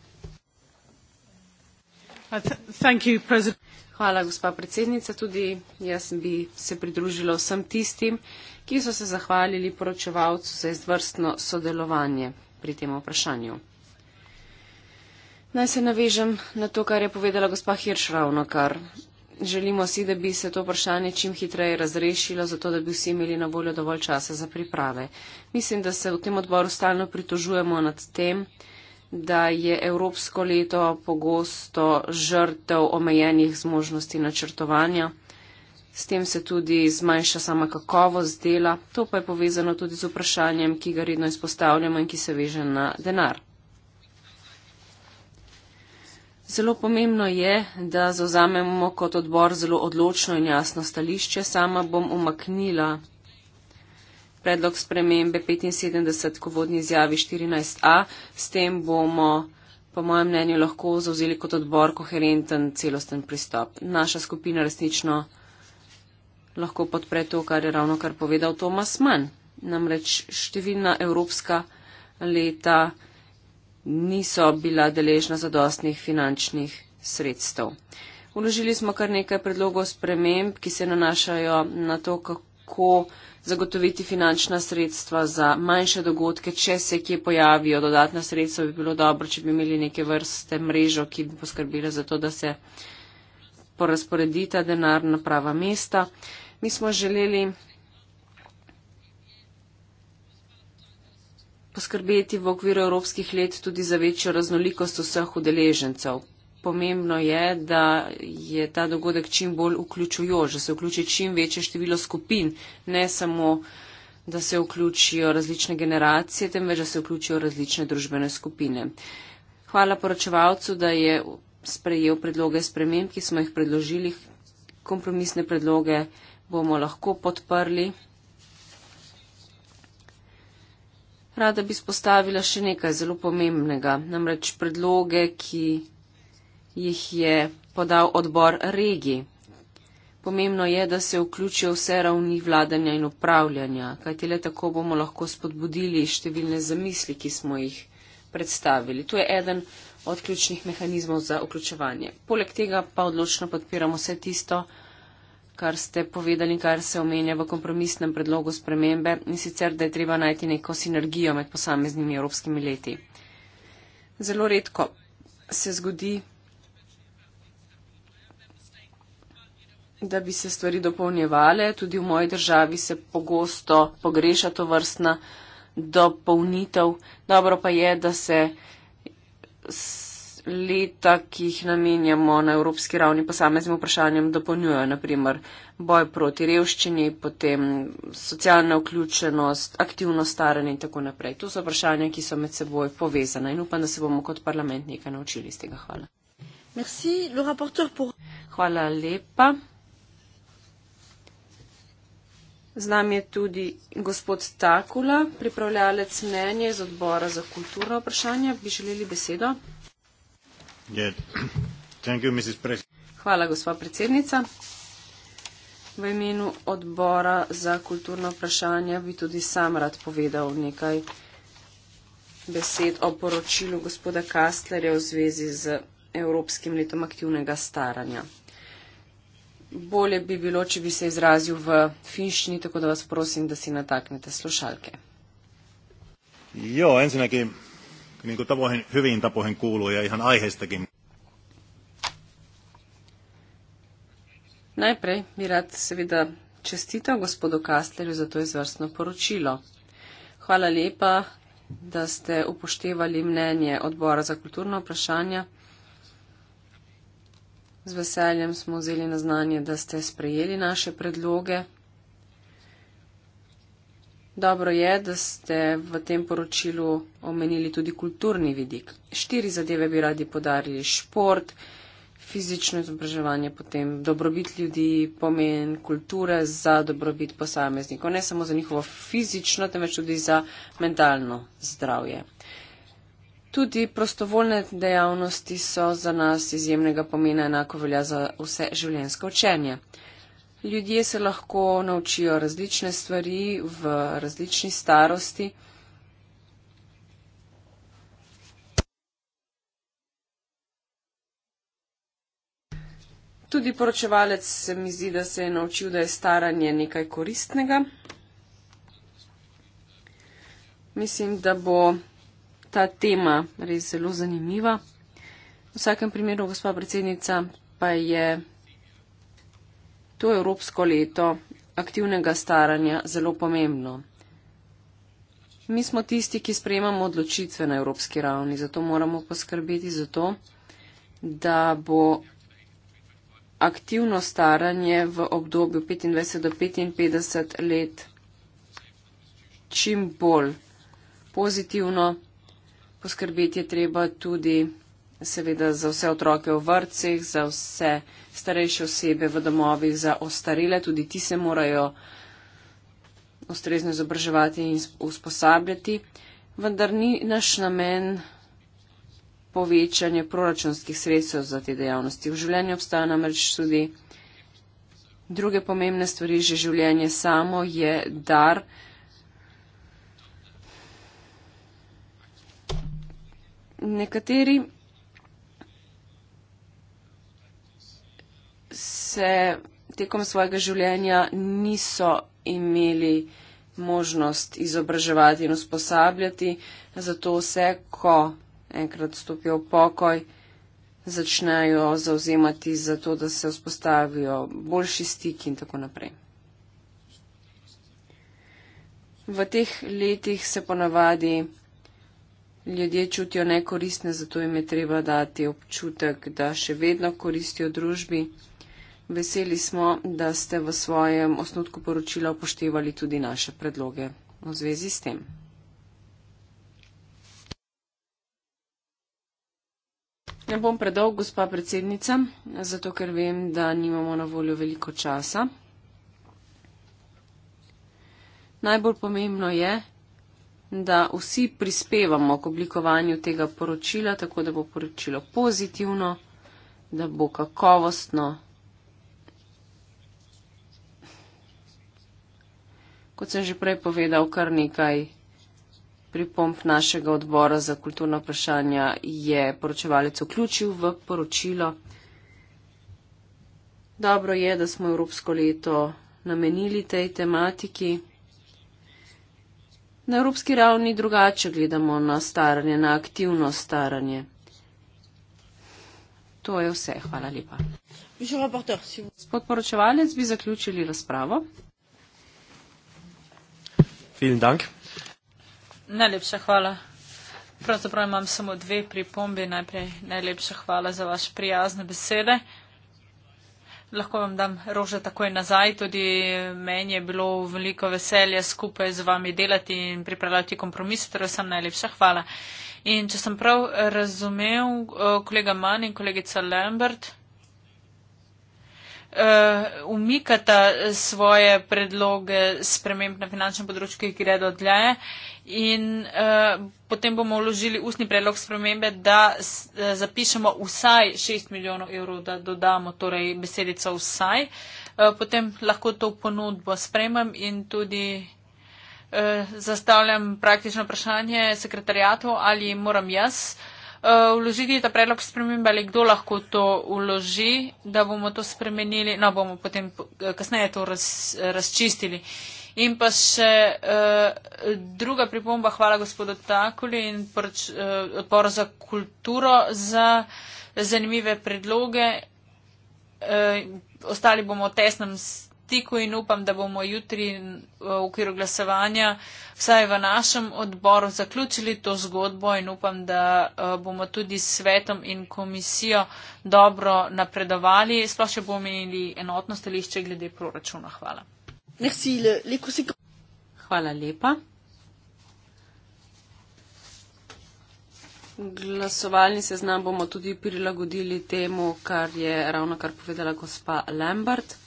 Uh, Hvala, gospa predsednica. Tudi jaz bi se pridružila vsem tistim, ki so se zahvalili poročevalcu za izvrstno sodelovanje pri tem vprašanju. Naj se navežem na to, kar je povedala gospa Hirš ravno kar želimo si, da bi se to vprašanje čim hitreje razrešilo, zato da bi vsi imeli na voljo dovolj časa za priprave. Mislim, da se v tem odboru stalno pritožujemo nad tem, da je Evropsko leto pogosto žrtev omejenih zmožnosti načrtovanja. S tem se tudi zmanjša sama kakovost dela. To pa je povezano tudi z vprašanjem, ki ga redno izpostavljamo in ki se veže na denar. Zelo pomembno je, da zauzamemo kot odbor zelo odločno in jasno stališče. Sama bom umaknila predlog spremembe 75 k vodni izjavi 14a. S tem bomo, po mojem mnenju, lahko zauzeli kot odbor koherenten celosten pristop. Naša skupina resnično lahko podpre to, kar je ravno kar povedal Tomas Mann. Namreč številna evropska leta niso bila deležna zadostnih finančnih sredstev. Uložili smo kar nekaj predlogov sprememb, ki se nanašajo na to, kako zagotoviti finančna sredstva za manjše dogodke. Če se kje pojavijo dodatna sredstva, bi bilo dobro, če bi imeli neke vrste mrežo, ki bi poskrbila za to, da se porazporedita denar na prava mesta. Mi smo želeli poskrbeti v okviru evropskih let tudi za večjo raznolikost vseh udeležencev. Pomembno je, da je ta dogodek čim bolj vključujoč, da se vključi čim večje število skupin, ne samo, da se vključijo različne generacije, temveč, da se vključijo različne družbene skupine. Hvala poročevalcu, da je sprejel predloge sprememb, ki smo jih predložili. Kompromisne predloge bomo lahko podprli. rada bi spostavila še nekaj zelo pomembnega, namreč predloge, ki jih je podal odbor regij. Pomembno je, da se vključijo vse ravni vladanja in upravljanja, kajti le tako bomo lahko spodbudili številne zamisli, ki smo jih predstavili. To je eden od ključnih mehanizmov za vključevanje. Poleg tega pa odločno podpiramo vse tisto, kar ste povedali, kar se omenja v kompromisnem predlogu spremembe in sicer, da je treba najti neko sinergijo med posameznimi evropskimi leti. Zelo redko se zgodi, da bi se stvari dopolnjevale. Tudi v moji državi se pogosto pogreša to vrstna dopolnitev. Dobro pa je, da se. S leta, ki jih namenjamo na evropski ravni posameznim vprašanjem, dopolnjujejo, naprimer boj proti revščini, potem socialna vključenost, aktivno staranje in tako naprej. To so vprašanja, ki so med seboj povezana in upam, da se bomo kot parlament nekaj naučili iz tega. Hvala. Merci, pour... Hvala lepa. Z nami je tudi gospod Takula, pripravljalec mnenja iz odbora za kulturno vprašanje. Bi želeli besedo? Hvala, gospa predsednica. V imenu odbora za kulturno vprašanje bi tudi sam rad povedal nekaj besed o poročilu gospoda Kastlerja v zvezi z Evropskim letom aktivnega staranja. Bolje bi bilo, če bi se izrazil v finščini, tako da vas prosim, da si nataknete slušalke. Jo, enzina, ki niin kuin tavoihin, hyviin tapoihin kuuluu ja ihan aiheestakin. Najprej bi rad seveda čestital gospodu Kastlerju za to izvrstno poročilo. Hvala lepa, da ste upoštevali mnenje odbora za kulturno vprašanje. Z veseljem smo vzeli na znanje, da ste sprejeli naše predloge. Dobro je, da ste v tem poročilu omenili tudi kulturni vidik. Štiri zadeve bi radi podarili. Šport, fizično izobraževanje, potem dobrobit ljudi, pomen kulture za dobrobit posameznikov. Ne samo za njihovo fizično, temveč tudi za mentalno zdravje. Tudi prostovoljne dejavnosti so za nas izjemnega pomena, enako velja za vse življenjsko učenje. Ljudje se lahko naučijo različne stvari v različni starosti. Tudi poročevalec se mi zdi, da se je naučil, da je staranje nekaj koristnega. Mislim, da bo ta tema res zelo zanimiva. V vsakem primeru, gospa predsednica, pa je To evropsko leto aktivnega staranja zelo pomembno. Mi smo tisti, ki sprejemamo odločitve na evropski ravni, zato moramo poskrbeti za to, da bo aktivno staranje v obdobju 25 do 55 let čim bolj pozitivno. Poskrbeti je treba tudi seveda za vse otroke v vrtcih, za vse starejše osebe v domovih, za ostarile, tudi ti se morajo ustrezno izobraževati in usposabljati. Vendar ni naš namen povečanje proračunskih sredstev za te dejavnosti. V življenju obstaja namreč tudi druge pomembne stvari, že življenje samo je dar. Nekateri se tekom svojega življenja niso imeli možnost izobraževati in usposabljati, zato vse, ko enkrat stopijo v pokoj, začnejo zauzemati za to, da se vzpostavijo boljši stik in tako naprej. V teh letih se ponavadi ljudje čutijo nekoristne, zato jim je treba dati občutek, da še vedno koristijo družbi. Veseli smo, da ste v svojem osnutku poročila upoštevali tudi naše predloge v zvezi s tem. Ne bom predolg, gospa predsednica, zato ker vem, da nimamo na voljo veliko časa. Najbolj pomembno je, da vsi prispevamo k oblikovanju tega poročila, tako da bo poročilo pozitivno, da bo kakovostno kot sem že prej povedal, kar nekaj pripomp našega odbora za kulturno vprašanje je poročevalec vključil v poročilo. Dobro je, da smo Evropsko leto namenili tej tematiki. Na evropski ravni drugače gledamo na staranje, na aktivno staranje. To je vse. Hvala lepa. Gospod poročevalec, bi zaključili razpravo. Vielen Dank. Najlepša hvala. Pravzaprav imam samo dve pripombe. Najprej najlepša hvala za vaše prijazne besede. Lahko vam dam rože takoj nazaj. Tudi meni je bilo veliko veselje skupaj z vami delati in pripravljati kompromise, torej sem najlepša hvala. In če sem prav razumel, eh, kolega Mann in kolegica Lambert uh, umikata svoje predloge sprememb na finančnem področju, ki gredo dlje. In uh, potem bomo vložili ustni predlog spremembe, da s, uh, zapišemo vsaj 6 milijonov evrov, da dodamo torej besedico vsaj. Uh, potem lahko to ponudbo spremem in tudi. Zastavljam praktično vprašanje sekretarjatu, ali moram jaz uh, Eh, vložiti ta predlog spremembe ali kdo lahko to vloži, da bomo to spremenili, no bomo potem eh, kasneje to raz, razčistili. In pa še uh, druga pripomba, hvala gospodu Takoli in uh, odboru za kulturo za zanimive predloge. Uh, ostali bomo v tesnem stiku in upam, da bomo jutri eh, v okviru glasovanja vsaj v našem odboru zaključili to zgodbo in upam, da eh, bomo tudi s svetom in komisijo dobro napredovali, sploh če bomo imeli enotno stališče glede proračuna. Hvala. Hvala lepa. Glasovalni seznam bomo tudi prilagodili temu, kar je ravno kar povedala gospa Lambert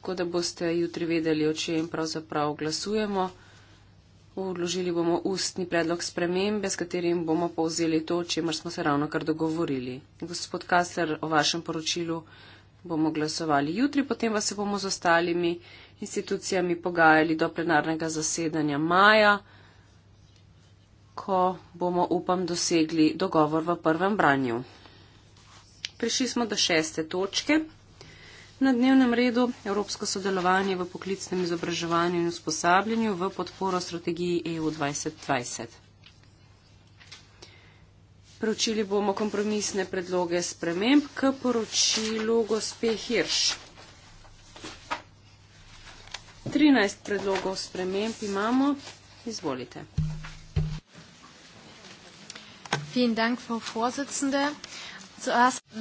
tako da boste jutri vedeli, o čem pravzaprav glasujemo. Odložili bomo ustni predlog spremembe, s katerim bomo povzeli to, o čemer smo se ravno kar dogovorili. Gospod Kasler, o vašem poročilu bomo glasovali jutri, potem pa se bomo z ostalimi institucijami pogajali do plenarnega zasedanja maja, ko bomo, upam, dosegli dogovor v prvem branju. Prišli smo do šeste točke. Na dnevnem redu evropsko sodelovanje v poklicnem izobraževanju in usposabljanju v podporo strategiji EU 2020. Preučili bomo kompromisne predloge sprememb k poročilu gospe Hirš. 13 predlogov sprememb imamo. Izvolite. Vielen Dank, Frau Vorsitzende.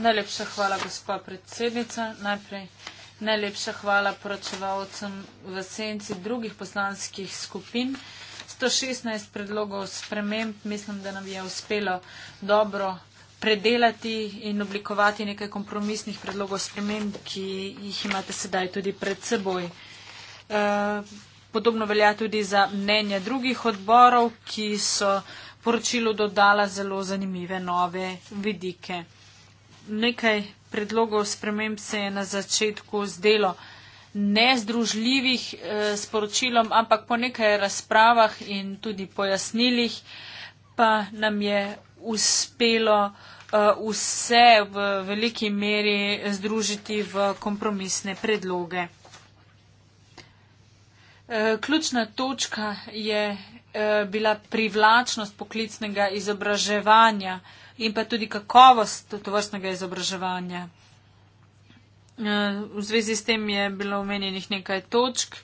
Najlepša hvala, gospa predsednica. Najprej najlepša hvala poročevalcem v senci drugih poslanskih skupin. 116 predlogov sprememb mislim, da nam je uspelo dobro predelati in oblikovati nekaj kompromisnih predlogov sprememb, ki jih imate sedaj tudi pred seboj. E, podobno velja tudi za mnenje drugih odborov, ki so poročilu dodala zelo zanimive nove vidike nekaj predlogov sprememb se je na začetku zdelo nezdružljivih eh, sporočilom, ampak po nekaj razpravah in tudi pojasnilih pa nam je uspelo eh, vse v veliki meri združiti v kompromisne predloge. Eh, ključna točka je eh, bila privlačnost poklicnega izobraževanja eh, in pa tudi kakovost to vrstnega izobraževanja. Eh, v zvezi s tem je bilo omenjenih nekaj točk,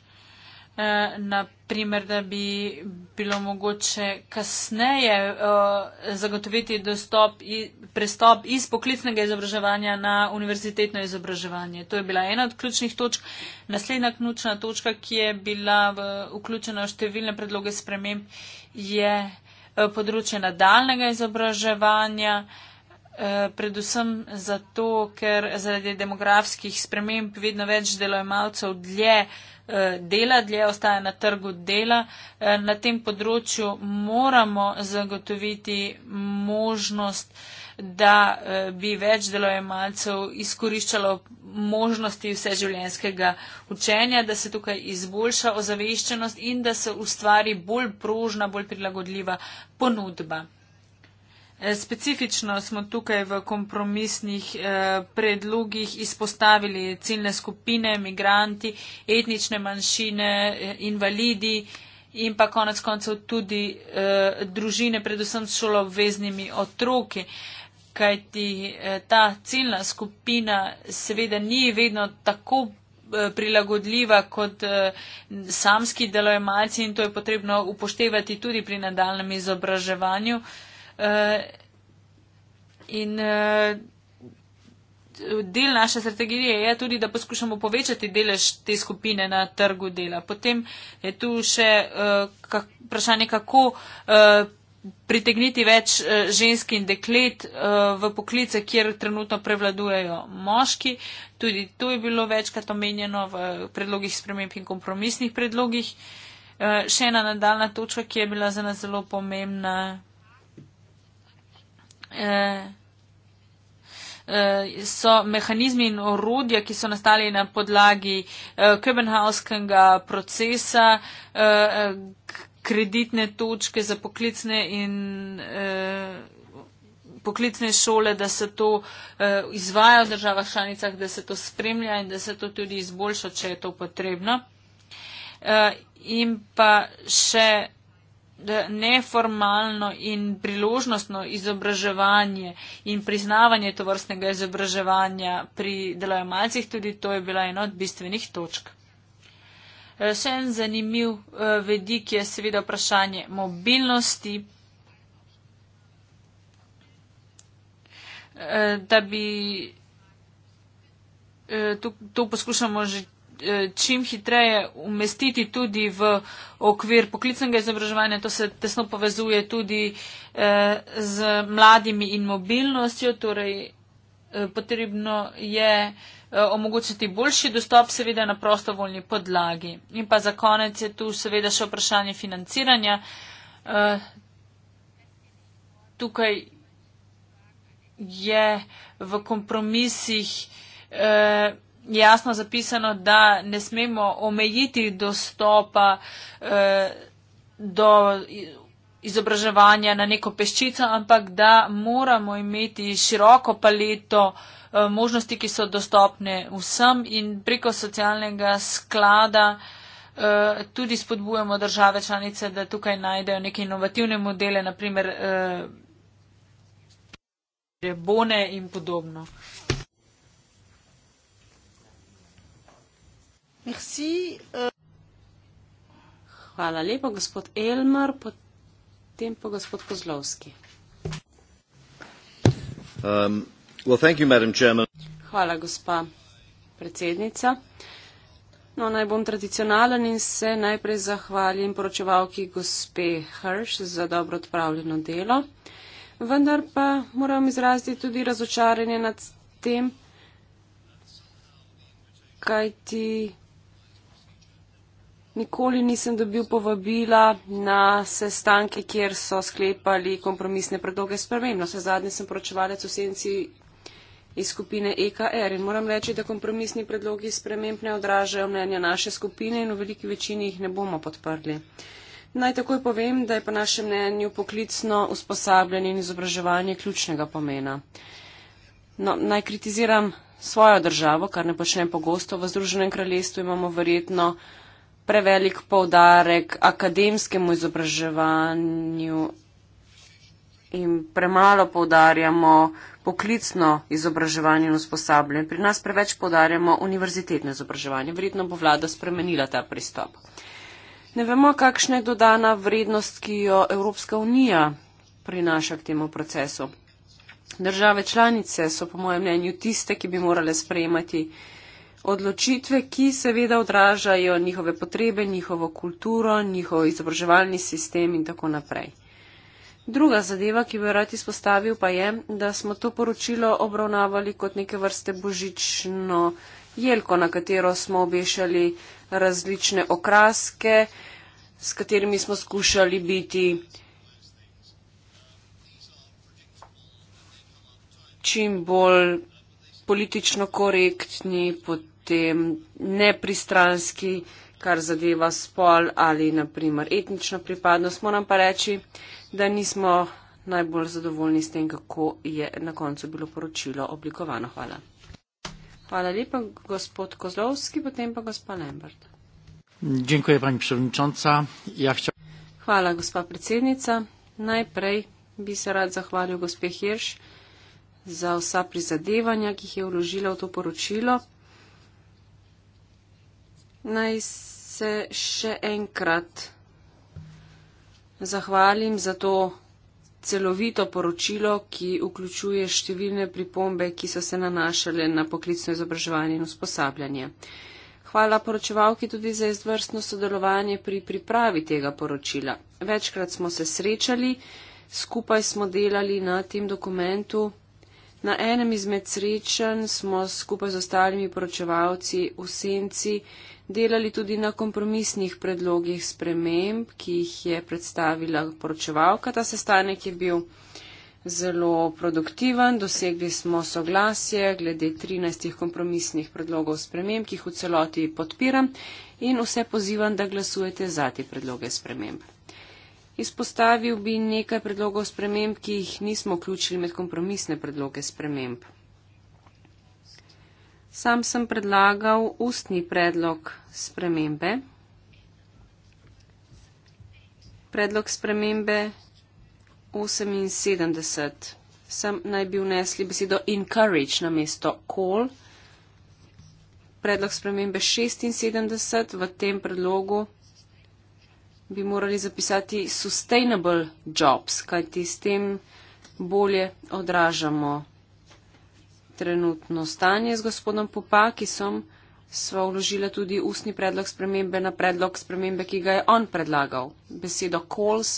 eh, naprimer, da bi bilo mogoče kasneje eh, zagotoviti dostop, prestop iz poklicnega izobraževanja na univerzitetno izobraževanje. To je bila ena od ključnih točk. Naslednja ključna točka, ki je bila v, vključena v številne predloge sprememb, je Eh, področje nadaljnega izobraževanja, eh, predvsem zato, ker zaradi demografskih sprememb vedno več delojemalcev dlje eh, dela, dlje ostaja na trgu dela. Na tem področju moramo zagotoviti možnost, da eh, bi več delojemalcev izkoriščalo možnosti vseživljenjskega učenja, da se tukaj izboljša ozaveščenost in da se ustvari bolj prožna, bolj prilagodljiva ponudba. Eh, specifično smo tukaj v kompromisnih eh, predlogih izpostavili ciljne skupine, migranti, etnične manjšine, invalidi in pa konec koncev tudi družine, predvsem s šolo obveznimi otroki kajti eh, ta ciljna skupina seveda ni vedno tako eh, prilagodljiva kot eh, samski delojemalci in to je potrebno upoštevati tudi pri nadaljem izobraževanju. In del naše strategije je tudi, da poskušamo povečati delež te skupine na trgu dela. Potem je tu še vprašanje, kako pritegniti več eh, žensk in deklet eh, v poklice, kjer trenutno prevladujejo moški. Tudi to je bilo večkrat omenjeno v eh, predlogih sprememb in kompromisnih predlogih. Še ena nadaljna točka, ki je bila za nas zelo pomembna, so mehanizmi in orodja, ki so nastali na podlagi Köbenhauskega procesa, kreditne točke za poklicne in eh, poklicne šole, da se to eh, izvaja v državah članicah, da se to spremlja in da se to tudi izboljša, če je to potrebno. Eh, in pa še neformalno in priložnostno izobraževanje in priznavanje tovrstnega izobraževanja pri delojemalcih, tudi to je bila ena od bistvenih točk. Eh, še en zanimiv eh, vedik je seveda vprašanje mobilnosti. Eh, da bi to, to poskušamo že čim hitreje umestiti tudi v okvir poklicnega izobraževanja. To se tesno povezuje tudi z mladimi in mobilnostjo. Torej, potrebno je Eh, omogočiti boljši dostop seveda na prostovoljni podlagi. In pa za konec je tu seveda še vprašanje financiranja. Eh, tukaj je v kompromisih eh, jasno zapisano, da ne smemo omejiti dostopa do izobraževanja na neko peščico, ampak da moramo imeti široko paleto Eh, možnosti, ki so dostopne vsem in preko socialnega sklada eh, tudi spodbujamo države članice, da tukaj najdejo neke inovativne modele, naprimer eh, bone in podobno. Merci. Hvala lepo, gospod Elmar, potem pa gospod Kozlovski. Um, Hvala, gospa predsednica. No, naj bom tradicionalen in se najprej zahvalim poročevalki gospe Hrš za dobro odpravljeno delo. Vendar pa moram izraziti tudi razočaranje nad tem, kaj ti nikoli nisem dobil povabila na sestanke, kjer so sklepali kompromisne predloge spremembe. Na no, vse zadnje sem poročevalec v senci iz skupine EKR. In moram reči, da kompromisni predlogi sprememb ne odražajo mnenja naše skupine in v veliki večini jih ne bomo podprli. Naj takoj povem, da je po našem mnenju poklicno usposabljanje in izobraževanje ključnega pomena. No, naj kritiziram svojo državo, kar ne počnem pogosto. V Združenem kraljestvu imamo verjetno prevelik povdarek akademskemu izobraževanju in premalo povdarjamo poklicno izobraževanje in usposabljanje. Pri nas preveč podarjamo univerzitetno izobraževanje. Verjetno bo vlada spremenila ta pristop. Ne vemo, kakšna je dodana vrednost, ki jo Evropska unija prinaša k temu procesu. Države članice so, po mojem mnenju, tiste, ki bi morale sprejemati odločitve, ki seveda odražajo njihove potrebe, njihovo kulturo, njihov izobraževalni sistem in tako naprej. Druga zadeva, ki bi jo rad izpostavil, pa je, da smo to poročilo obravnavali kot neke vrste božično jelko, na katero smo obešali različne okraske, s katerimi smo skušali biti čim bolj politično korektni, potem nepristranski, kar zadeva spol ali naprimer etnično pripadnost. Moram pa reči, da nismo najbolj zadovoljni s tem, kako je na koncu bilo poročilo oblikovano. Hvala. Hvala lepa, gospod Kozlovski, potem pa gospa Lambert. Dziękuję, pani przewodnicząca. Ja chcia... Hvala, gospa predsednica. Najprej bi se rad zahvalil gospe Hirš za vsa prizadevanja, ki jih je vložila v to poročilo. Naj se še enkrat zahvalim za to celovito poročilo, ki vključuje številne pripombe, ki so se nanašale na poklicno izobraževanje in usposabljanje. Hvala poročevalki tudi za izvrstno sodelovanje pri pripravi tega poročila. Večkrat smo se srečali, skupaj smo delali na tem dokumentu. Na enem izmed srečanj smo skupaj z ostalimi poročevalci v senci delali tudi na kompromisnih predlogih sprememb, ki jih je predstavila poročevalka. Ta sestanek je bil zelo produktiven, dosegli smo soglasje glede 13 kompromisnih predlogov sprememb, ki jih v celoti podpiram in vse pozivam, da glasujete za te predloge sprememb. Izpostavil bi nekaj predlogov sprememb, ki jih nismo vključili med kompromisne predloge sprememb. Sam sem predlagal ustni predlog spremembe. Predlog spremembe 78. Sem naj bi vnesli besedo encourage na mesto call. Predlog spremembe 76. V tem predlogu bi morali zapisati sustainable jobs, kajti s tem bolje odražamo trenutno stanje z gospodom Popakisom, sva vložila tudi ustni predlog spremembe na predlog spremembe, ki ga je on predlagal. Besedo calls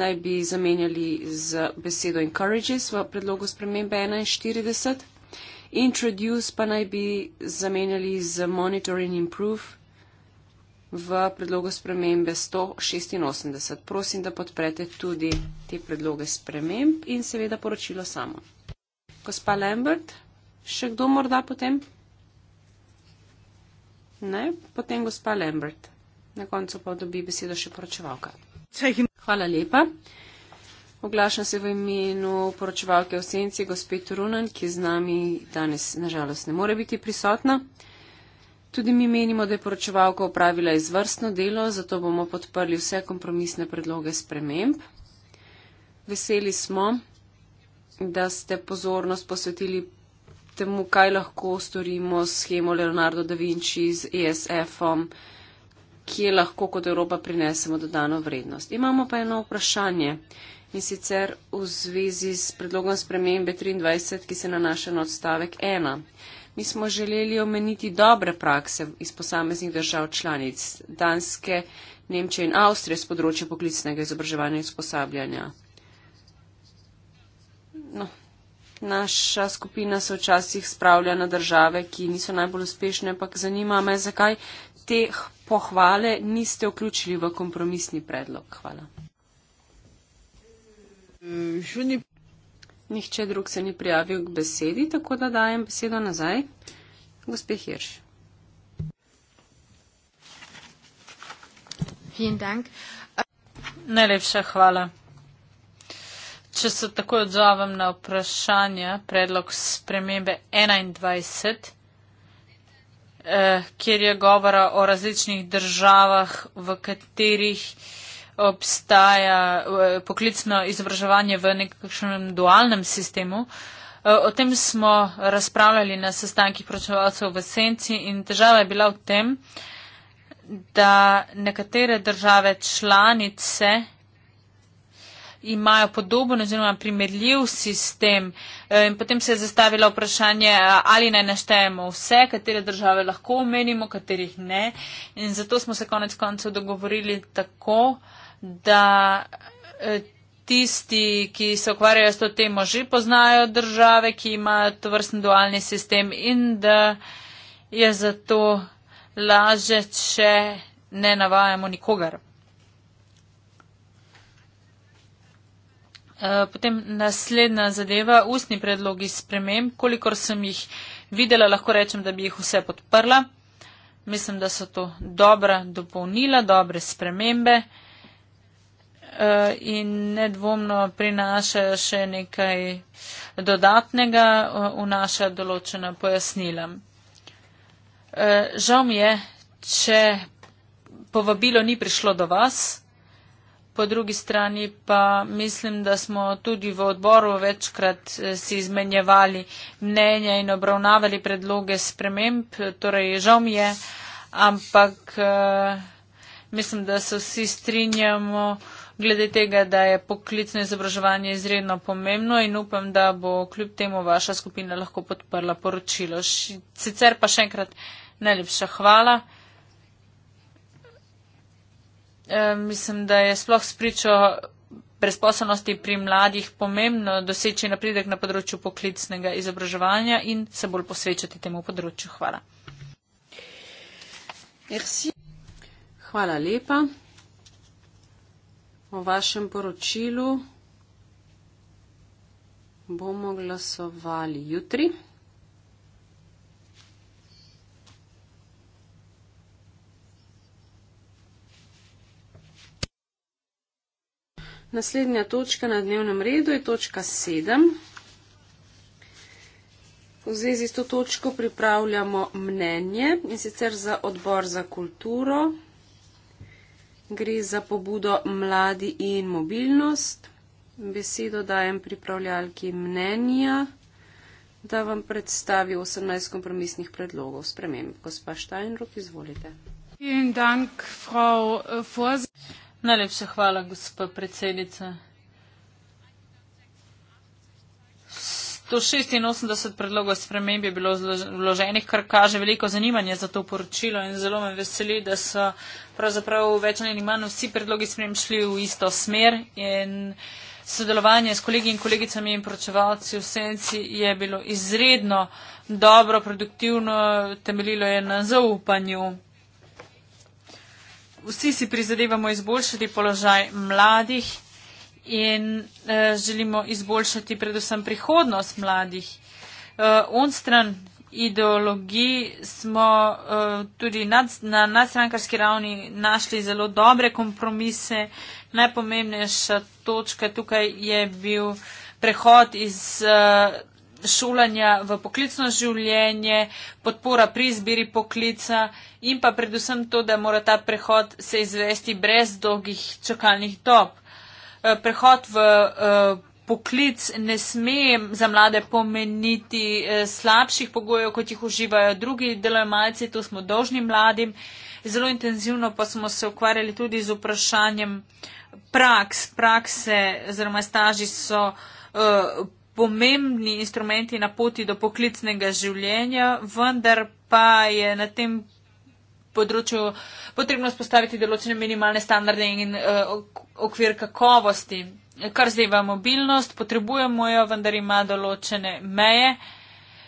naj bi zamenjali z besedo encourages v predlogu spremembe 41. Introduce pa naj bi zamenjali z monitoring improve v predlogu spremembe 186. Prosim, da podprete tudi te predloge sprememb in seveda poročilo samo gospa Lambert. Še kdo morda potem? Ne, potem gospa Lambert. Na koncu pa dobi besedo še poročevalka. Hvala lepa. Oglašam se v imenu poročevalke v senci, gospe Turunen, ki z nami danes nažalost ne more biti prisotna. Tudi mi menimo, da je poročevalka opravila izvrstno delo, zato bomo podprli vse kompromisne predloge sprememb. Veseli smo, da ste pozornost posvetili temu, kaj lahko storimo s schemo Leonardo da Vinci, z ESF-om, kje lahko kot Evropa prinesemo dodano vrednost. Imamo pa eno vprašanje in sicer v zvezi s predlogom spremembe 23, ki se nanaša na odstavek 1. Mi smo želeli omeniti dobre prakse iz posameznih držav članic, Danske, Nemčije in Avstrije z področja poklicnega izobraževanja in usposabljanja no, naša skupina se včasih spravlja na države, ki niso najbolj uspešne, ampak zanima me, zakaj teh pohvale niste vključili v kompromisni predlog. Hvala. Nihče drug se ni prijavil k besedi, tako da dajem besedo nazaj. Gospe Hirš. Najlepša hvala. Če se takoj odzovem na vprašanje, predlog spremembe 21, eh, kjer je govora o različnih državah, v katerih obstaja eh, poklicno izobraževanje v nekakšnem dualnem sistemu. Eh, o tem smo razpravljali na sestankih pročevalcev v Senci in težava je bila v tem, da nekatere države članice imajo podoben oziroma primerljiv sistem. Eh, in potem se je zastavilo vprašanje, eh, ali naj naštejemo vse, katere države lahko omenimo, katerih ne. In zato smo se konec koncev dogovorili tako, da eh, tisti, ki se ukvarjajo s to temo, že poznajo države, ki imajo to vrstni dualni sistem in da je zato laže, če ne navajamo nikogar. Eh, potem naslednja zadeva, ustni predlogi spremem, kolikor sem jih videla, lahko rečem, da bi jih vse podprla. Mislim, da so to dobra dopolnila, dobre spremembe eh, in nedvomno prinašajo še nekaj dodatnega eh, v naša določena pojasnila. Žal mi je, če povabilo ni prišlo do vas. Po drugi strani pa mislim, da smo tudi v odboru večkrat eh, si izmenjevali mnenja in obravnavali predloge sprememb, torej žal mi je, ampak eh, mislim, da se vsi strinjamo glede tega, da je poklicno izobraževanje izredno pomembno in upam, da bo kljub temu vaša skupina lahko podprla poročilo. Sicer pa še enkrat najlepša hvala. Eh, mislim, da je sploh spričo brezposobnosti pri mladih pomembno doseči napredek na področju poklicnega izobraževanja in se bolj posvečati temu področju. Hvala. Merci. Hvala lepa. O vašem poročilu bomo glasovali jutri. Naslednja točka na dnevnem redu je točka 7. V zvezi s to točko pripravljamo mnenje in sicer za odbor za kulturo. Gre za pobudo mladi in mobilnost. Besedo dajem pripravljalki mnenja, da vam predstavi 18 kompromisnih predlogov. Spremem, gospa Štajnrok, izvolite. In dank, frau äh, Vorsitz. Uh, Najlepša hvala, gospa predsednica. 186 predlogov sprememb je bilo vloženih, kar kaže veliko zanimanja za to poročilo in zelo me veseli, da so pravzaprav več ali manj vsi predlogi sprememb šli v isto smer in sodelovanje s kolegi in kolegicami in poročevalci v senci je bilo izredno dobro, produktivno, temeljilo je na zaupanju. Vsi si prizadevamo izboljšati položaj mladih in uh, želimo izboljšati predvsem prihodnost mladih. Uh, eh, on stran ideologiji smo uh, tudi nad, na nadstrankarski ravni našli zelo dobre kompromise. Najpomembnejša točka tukaj je bil prehod iz. Uh, šolanja v poklicno življenje, podpora pri izbiri poklica in pa predvsem to, da mora ta prehod se izvesti brez dolgih čakalnih dob. Eh, prehod v eh, poklic ne sme za mlade pomeniti eh, slabših pogojev, kot jih uživajo drugi delojemalci, to smo dolžni mladim. Zelo intenzivno pa smo se ukvarjali tudi z vprašanjem praks. Prakse oziroma staži so pomembni instrumenti na poti do poklicnega življenja, vendar pa je na tem področju potrebno spostaviti določene minimalne standarde in uh, okvir kakovosti. Kar zdajva mobilnost, potrebujemo jo, vendar ima določene meje.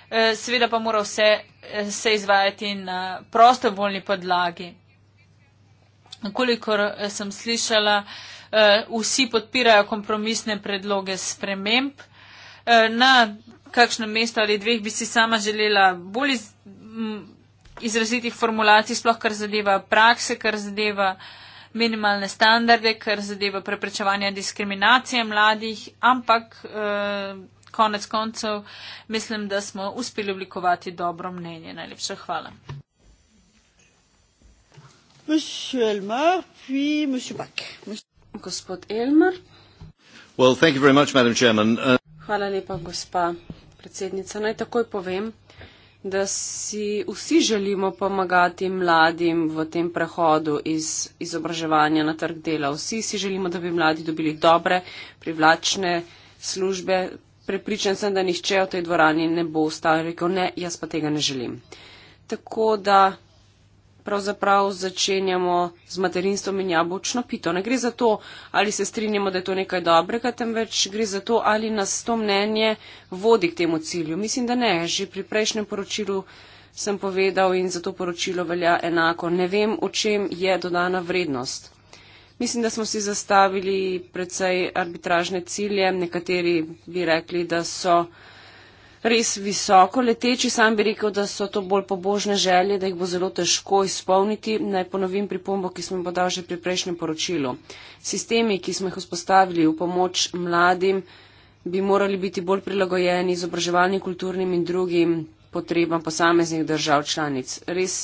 Eh, seveda pa mora vse eh, se izvajati na prostovoljni podlagi. Kolikor sem slišala, vsi podpirajo kompromisne predloge sprememb. Eh, na kakšnem mestu ali dveh bi si sama želela bolj iz, m, izrazitih formulacij, sploh kar zadeva prakse, kar zadeva minimalne standarde, kar zadeva preprečevanje diskriminacije mladih, ampak eh, konec koncev mislim, da smo uspeli oblikovati dobro mnenje. Najlepša hvala. Gospod Elmar. Well, thank you very much, Madam Chairman. Uh Hvala lepa, gospa predsednica. Naj takoj povem, da si vsi želimo pomagati mladim v tem prehodu iz izobraževanja na trg dela. Vsi si želimo, da bi mladi dobili dobre, privlačne službe. Prepričan sem, da nihče v tej dvorani ne bo ostal in rekel, ne, jaz pa tega ne želim. Tako da pravzaprav začenjamo z materinstvom in jabolčno pito. Ne gre za to, ali se strinjamo, da je to nekaj dobrega, temveč gre za to, ali nas to mnenje vodi k temu cilju. Mislim, da ne. Že pri prejšnjem poročilu sem povedal in za to poročilo velja enako. Ne vem, o čem je dodana vrednost. Mislim, da smo si zastavili precej arbitražne cilje. Nekateri bi rekli, da so res visoko leteči. Sam bi rekel, da so to bolj pobožne želje, da jih bo zelo težko izpolniti. Naj ponovim pripombo, ki smo jo podali že pri prejšnjem poročilu. Sistemi, ki smo jih vzpostavili v pomoč mladim, bi morali biti bolj prilagojeni izobraževalnim, kulturnim in drugim potrebam posameznih držav članic. Res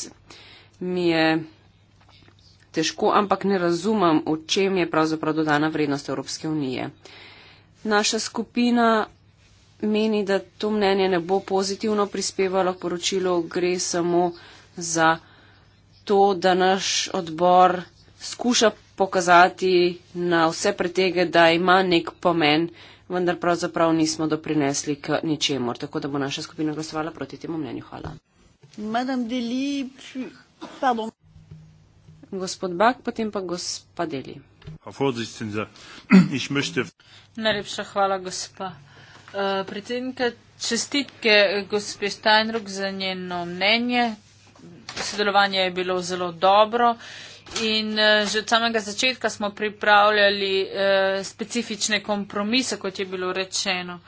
mi je težko, ampak ne razumem, v čem je pravzaprav dodana vrednost Evropske unije. Naša skupina meni, da to mnenje ne bo pozitivno prispevalo k poročilu, gre samo za to, da naš odbor skuša pokazati na vse pretege, da ima nek pomen, vendar pravzaprav nismo doprinesli k ničemor. Tako da bo naša skupina glasovala proti temu mnenju. Hvala. Gospod Bak, potem pa gospa Deli. Najlepša hvala, gospa. Eh, predsednika, čestitke gospe Steinrock za njeno mnenje. Sodelovanje je bilo zelo dobro in uh, že od samega začetka smo pripravljali uh, specifične kompromise, kot je bilo rečeno.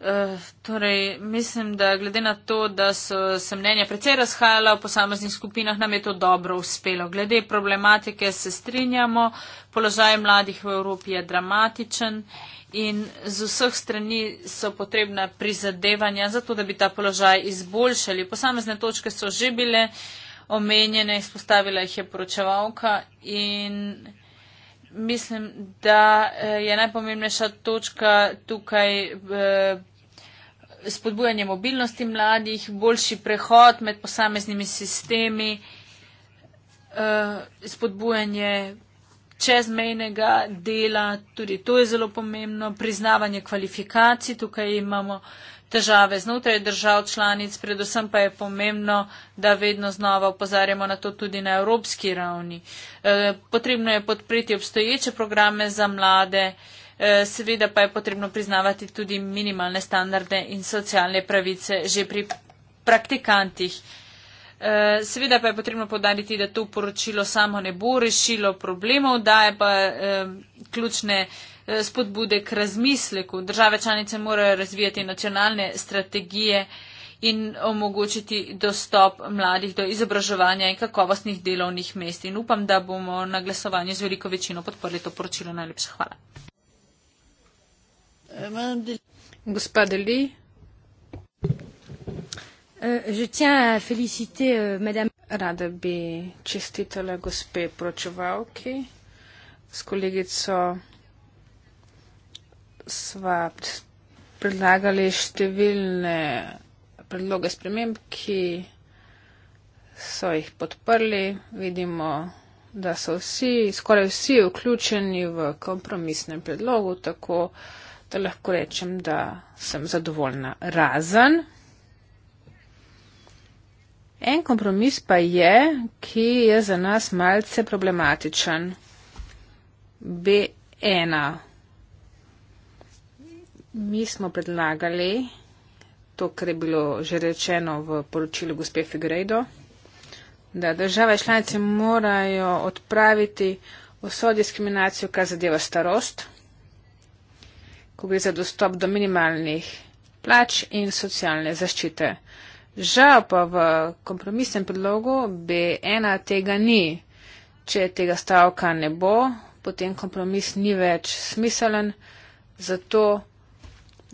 Uh, torej, mislim, da glede na to, da so se mnenja precej razhajala v posameznih skupinah, nam je to dobro uspelo. Glede problematike se strinjamo, položaj mladih v Evropi je dramatičen. Uh, in z vseh strani so potrebna prizadevanja, zato da bi ta položaj izboljšali. Posamezne točke so že bile omenjene, izpostavila jih je poročevalka in mislim, da eh, je najpomembnejša točka tukaj eh, spodbujanje mobilnosti mladih, boljši prehod med posameznimi sistemi, eh, spodbujanje čezmejnega dela, tudi to je zelo pomembno, priznavanje kvalifikacij, tukaj imamo težave znotraj držav članic, predvsem pa je pomembno, da vedno znova opozarjamo na to tudi na evropski ravni. E, potrebno je podpreti obstoječe programe za mlade, e, seveda pa je potrebno priznavati tudi minimalne standarde in socialne pravice že pri praktikantih. Eh, seveda pa je potrebno podariti, da to poročilo samo ne bo rešilo problemov, daje pa eh, ključne eh, spodbude k razmisleku. Države članice morajo razvijati nacionalne strategije in omogočiti dostop mladih do izobraževanja in kakovostnih delovnih mest. In upam, da bomo na glasovanju z veliko večino podprli to poročilo. Najlepša hvala. Gospa Deli. Eh, je tiens à féliciter euh, Madame Rada bi čestitala gospe poročevalki, s kolegico sva predlagali številne predloge sprememb, ki so jih podprli. Vidimo, da so vsi, skoraj vsi vključeni v kompromisnem predlogu, tako da lahko rečem, da sem zadovoljna razen. En kompromis pa je, ki je za nas malce problematičen. B1. Mi smo predlagali to, kar je bilo že rečeno v poročilu gospe Figredo, da države članice morajo odpraviti vso diskriminacijo, kar zadeva starost, ko gre za dostop do minimalnih plač in socialne zaščite. Žal pa v kompromisnem predlogu B1 tega ni. Če tega stavka ne bo, potem kompromis ni več smiselen. Zato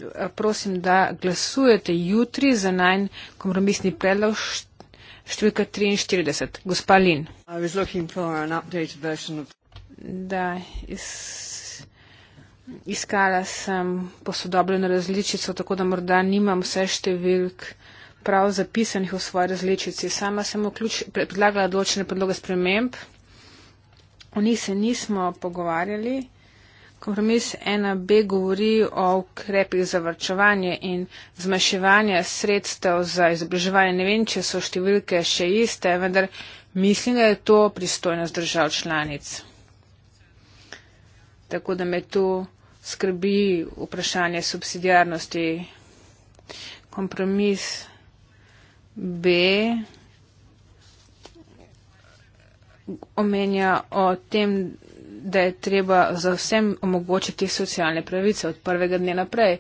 eh, prosim, da glasujete jutri za najn kompromisni predlog številka 43. Gospa Lin. Da, iskala sem posodobljeno različico, tako da morda nimam vse številk prav zapisanih v svoji različici. Sama sem vključ, predlagala določene predloge sprememb, o njih se nismo pogovarjali. Kompromis 1b govori o ukrepih za vrčevanje in zmaševanje sredstev za izobraževanje. Ne vem, če so številke še iste, vendar mislim, da je to pristojnost držav članic. Tako da me tu skrbi vprašanje subsidijarnosti. Kompromis 1b. B omenja o tem, da je treba za vsem omogočiti socialne pravice od prvega dne naprej.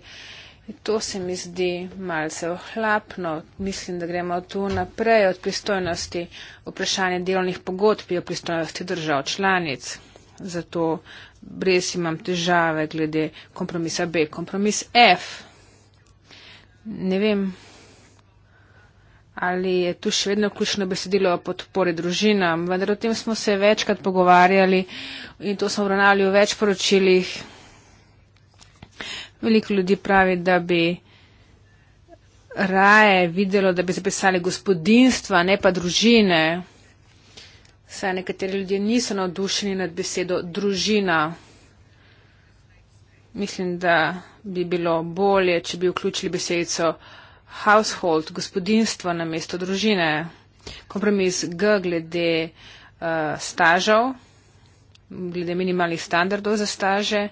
To se mi zdi malce ohlapno. Mislim, da gremo tu naprej od pristojnosti vprašanja delovnih pogodb in pristojnosti držav članic. Zato brez imam težave glede kompromisa B. Kompromis F. Ne vem, ali je tu še vedno ključno besedilo podpore družinam. Vendar o tem smo se večkrat pogovarjali in to smo obravnavali v več poročilih. Veliko ljudi pravi, da bi raje videlo, da bi zapisali gospodinstva, ne pa družine. Saj nekateri ljudje niso navdušeni nad besedo družina. Mislim, da bi bilo bolje, če bi vključili besedico household, gospodinstvo na mesto družine, kompromis G glede uh, stažev, glede minimalnih standardov za staže.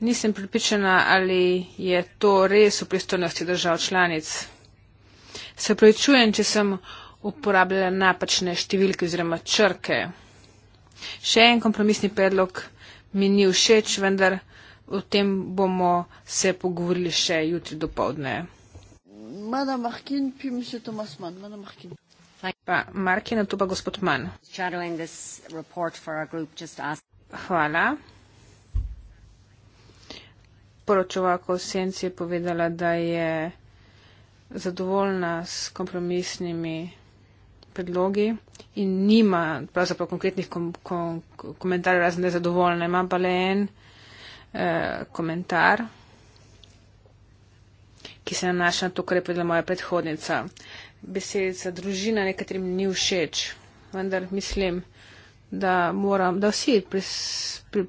Nisem pripričana, ali je to res v pristojnosti držav članic. Se pravičujem, če sem uporabljala napačne številke oziroma črke. Še en kompromisni predlog mi ni všeč, vendar o tem bomo se pogovorili še jutri do povdneja. Mada Markin, puis Monsieur Thomas Mann. Madame Markin. Markin, tu pa gospod Mann. Shadowing this report for our group, just ask. Hvala. Poročevalko Senci je povedala, da je zadovoljna s kompromisnimi predlogi in nima pravzaprav konkretnih kom, kom, kom, komentarjev, razen da je zadovoljna. Ima pa le en eh, komentar ki se nanaša na to, kar je povedala moja predhodnica. Besedica družina nekaterim ni všeč, vendar mislim, da, moram, da vsi pri, pri,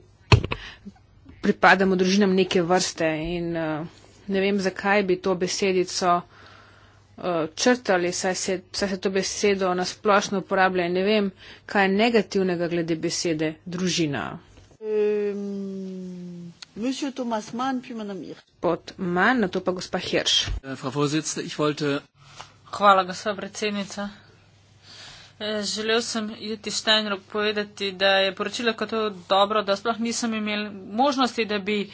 pripadamo družinam neke vrste in uh, ne vem, zakaj bi to besedico uh, črtali, saj se, saj se to besedo nasplošno uporablja in ne vem, kaj je negativnega glede besede družina. Um, Pod manj, na to pa gospa Hirš. Eh, Hvala, gospa predsednica. Eh, želel sem Juti Steinrock povedati, da je poročilo kot dobro, da sploh nisem imel možnosti, da bi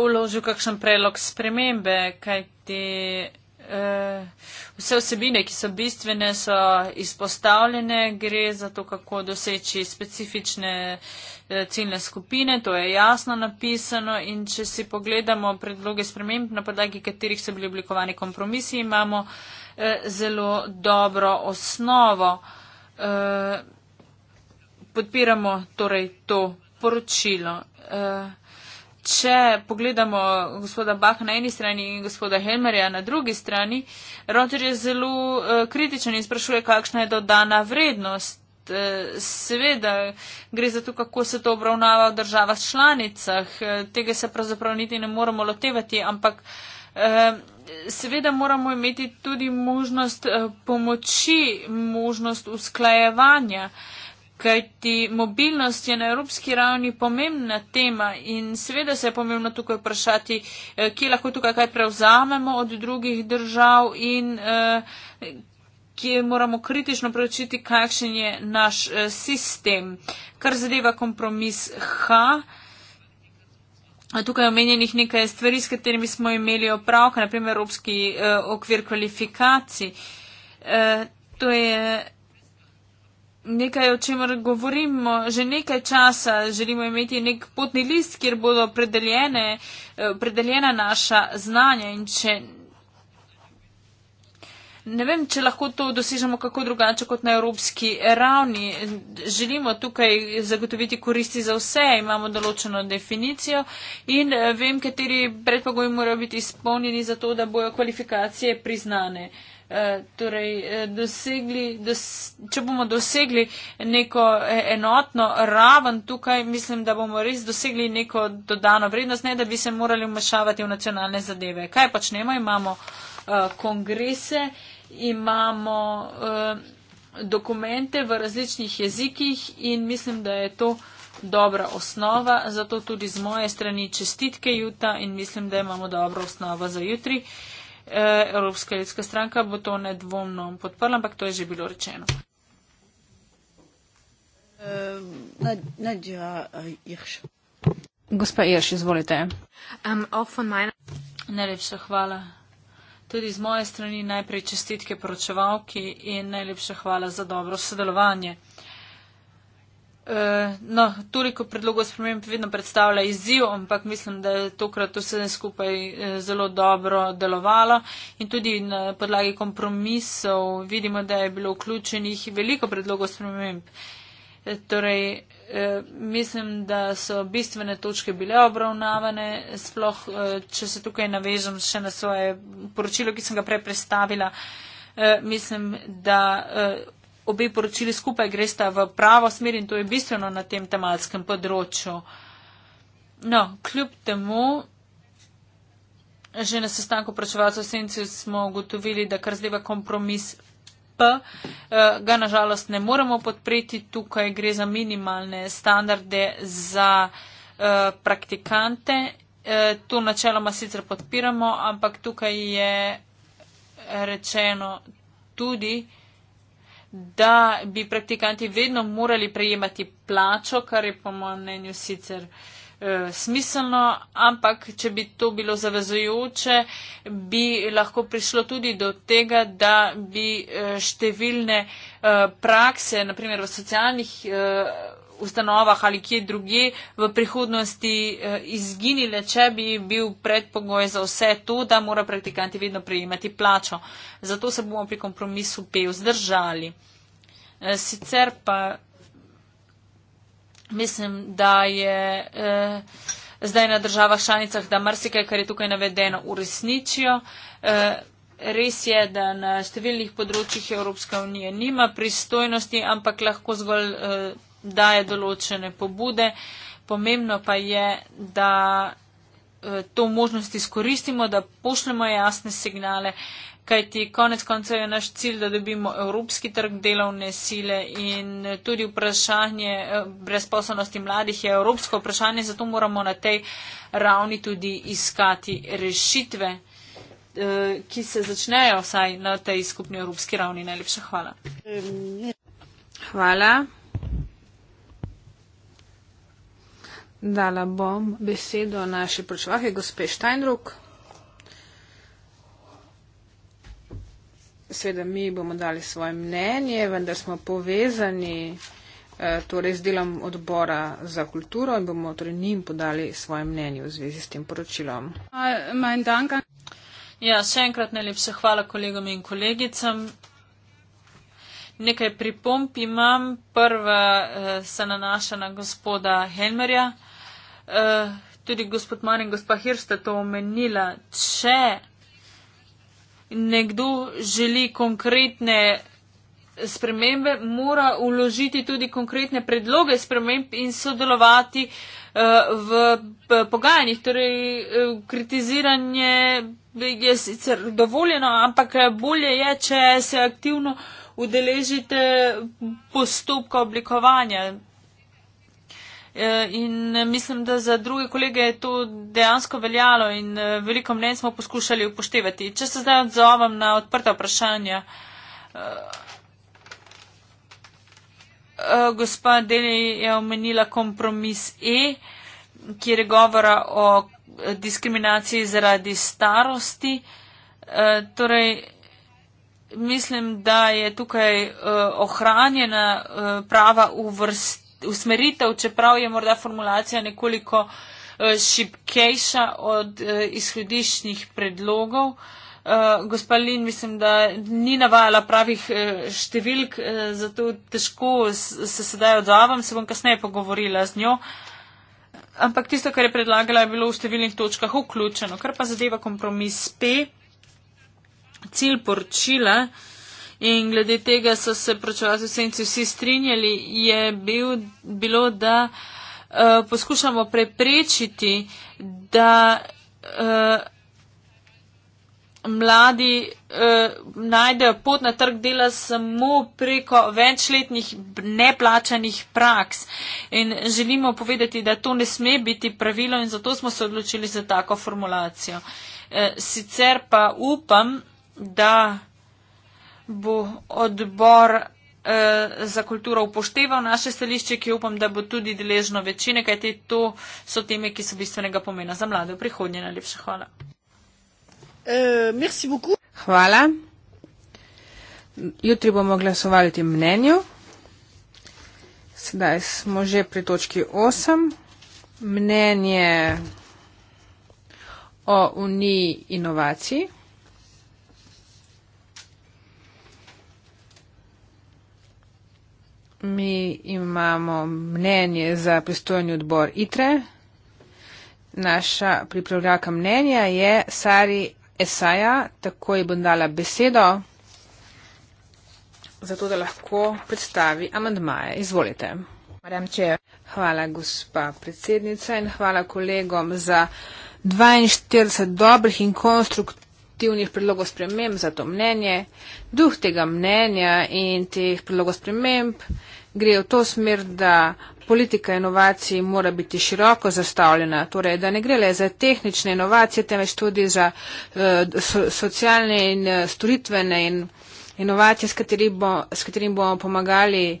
uložil eh, kakšen prelog spremembe, kajti vse vsebine, ki so bistvene, so izpostavljene, gre za to, kako doseči specifične ciljne skupine, to je jasno napisano in če si pogledamo predloge sprememb, na podlagi katerih so bili oblikovani kompromisi, imamo eh, zelo dobro osnovo. Eh, podpiramo torej to poročilo. Eh, če pogledamo gospoda Baha na eni strani in gospoda Helmerja na drugi strani, Roger je zelo kritičen in sprašuje, kakšna je dodana vrednost Eh, seveda gre za to, kako se to obravnava v državah članicah. Eh, tega se pravzaprav niti ne moramo lotevati, ampak eh, seveda moramo imeti tudi možnost pomoči, možnost usklajevanja. Kajti mobilnost je na evropski ravni pomembna tema in seveda se je pomembno tukaj vprašati, kje lahko tukaj kaj prevzamemo od drugih držav in eh, kjer moramo kritično preučiti, kakšen je naš eh, sistem. Kar zadeva kompromis H, tukaj omenjenih nekaj stvari, s katerimi smo imeli opravka, naprimer Evropski eh, okvir kvalifikacij. Eh, to je nekaj, o čemer govorimo že nekaj časa. Želimo imeti nek potni list, kjer bodo predeljene, predeljena naša znanja in če Ne vem, če lahko to dosežemo kako drugače kot na evropski ravni. Želimo tukaj zagotoviti koristi za vse, imamo določeno definicijo in eh, vem, kateri predpogoji morajo biti izpolnjeni za to, da bojo kvalifikacije priznane. Eh, torej, eh, dosegli, dos, če bomo dosegli neko enotno raven tukaj, mislim, da bomo res dosegli neko dodano vrednost, ne da bi se morali vmešavati v nacionalne zadeve. Kaj počnemo? Imamo uh, kongrese, uh, imamo uh, dokumente v različnih jezikih in mislim, da je to dobra osnova. Zato tudi z moje strani čestitke Juta in mislim, da imamo dobro osnovo za jutri. Eh, Evropska ljudska stranka bo to nedvomno podprla, ampak to je že bilo rečeno. Eh, Gospa Irš, izvolite. Um, Najlepša hvala. Tudi z moje strani najprej čestitke poročevalki in najlepša hvala za dobro sodelovanje. E, no, toliko predlogov sprememb vedno predstavlja izziv, ampak mislim, da je tokrat vse skupaj e, zelo dobro delovalo in tudi na podlagi kompromisov vidimo, da je bilo vključenih veliko predlogov sprememb. E, torej, Eh, mislim, da so bistvene točke bile obravnavane, sploh eh, če se tukaj navežem še na svoje poročilo, ki sem ga prej predstavila. Eh, mislim, da obe poročili skupaj gresta v pravo smer in to je bistveno na tem temalskem področju. No, kljub temu, že na sestanku pračevalcev senci smo ugotovili, da kar zdaj v kompromis P, eh, ga nažalost ne moremo podpreti. Tukaj gre za minimalne standarde za eh, praktikante. Eh, to načeloma sicer podpiramo, ampak tukaj je rečeno tudi, da bi praktikanti vedno morali prejemati plačo, kar je po mojem mnenju sicer uh, Eh, smiselno, ampak če bi to bilo zavezujoče, bi lahko prišlo tudi do tega, da bi eh, številne eh, prakse, naprimer v socialnih ustanovah ali kje druge, v prihodnosti izginile, če bi bil predpogoj za vse to, da mora praktikanti vedno prejemati plačo. Zato se bomo pri kompromisu PEV zdržali. Sicer pa mislim, da je eh, zdaj na državah članicah, da marsikaj, kar je tukaj navedeno, uresničijo. Eh, res je, da na številnih področjih Evropska unija nima pristojnosti, ampak lahko zgolj eh, daje določene pobude. Pomembno pa je, da eh, to možnost izkoristimo, da pošljemo jasne signale. Eh, kajti konec konca je naš cilj, da dobimo evropski trg delovne sile in tudi vprašanje eh, brezposobnosti mladih je evropsko vprašanje, zato moramo na tej ravni tudi iskati rešitve, eh, ki se začnejo vsaj na tej skupni evropski ravni. Najlepša hvala. Hvala. Dala bom besedo naši pročvahi, gospe Štajnruk. seveda mi bomo dali svoje mnenje, vendar smo povezani eh, torej z delom odbora za kulturo in bomo torej njim podali svoje mnenje v zvezi s tem poročilom. Ja, še enkrat najlepša hvala kolegom in kolegicam. Nekaj pripomp imam. Prva eh, se nanaša na gospoda Helmerja. Eh, tudi gospod Marin, gospod Hirš, ste to omenila. Če nekdo želi konkretne spremembe, mora uložiti tudi konkretne predloge sprememb in sodelovati eh, v pogajanjih. Torej, eh, kritiziranje je sicer dovoljeno, ampak eh, bolje je, če se aktivno udeležite postopka oblikovanja Eh, in mislim, da za druge kolege je to dejansko veljalo in eh, veliko mnen smo poskušali upoštevati. Če se zdaj odzovem na odprta vprašanja. Eh, gospa Deli je omenila kompromis E, kjer je govora o diskriminaciji zaradi starosti. Torej, mislim, da je tukaj ohranjena prava uvrst usmeritev, čeprav je morda formulacija nekoliko eh, šipkejša od eh, izhodišnjih predlogov. Eh, gospa Lin, mislim, da ni navajala pravih številk, zato težko se sedaj odzavam, se bom kasneje pogovorila z njo. Ampak tisto, kar je predlagala, je bilo v številnih točkah vključeno. Kar pa zadeva kompromis P, cilj poročila in glede tega so se pročevalci v senci vsi strinjali, je bil, bilo, da uh, poskušamo preprečiti, da uh, mladi uh, najdejo pot na trg dela samo preko večletnih neplačanih praks. In želimo povedati, da to ne sme biti pravilo in zato smo se odločili za tako formulacijo. Sicer pa upam, da bo odbor eh, za kulturo upošteval naše stališče, ki upam, da bo tudi deležno večine, kajte to so teme, ki so bistvenega pomena za mlade v prihodnje. Najlepša hvala. Eh, hvala. Jutri bomo glasovali tem mnenju. Sedaj smo že pri točki 8. Mnenje o uniji inovacij. mi imamo mnenje za pristojni odbor ITRE. Naša pripravljaka mnenja je Sari Esaja, tako je bom dala besedo, zato da lahko predstavi amandmaje. Izvolite. Hvala, gospa predsednica, in hvala kolegom za 42 dobrih in konstruktivnih konstruktivnih predlogov sprememb za to mnenje. Duh tega mnenja in teh predlogov sprememb gre v to smer, da politika inovacij mora biti široko zastavljena, torej da ne gre le za tehnične inovacije, temveč tudi za uh, so, socialne in uh, storitvene in inovacije, s katerimi bomo, katerim bomo pomagali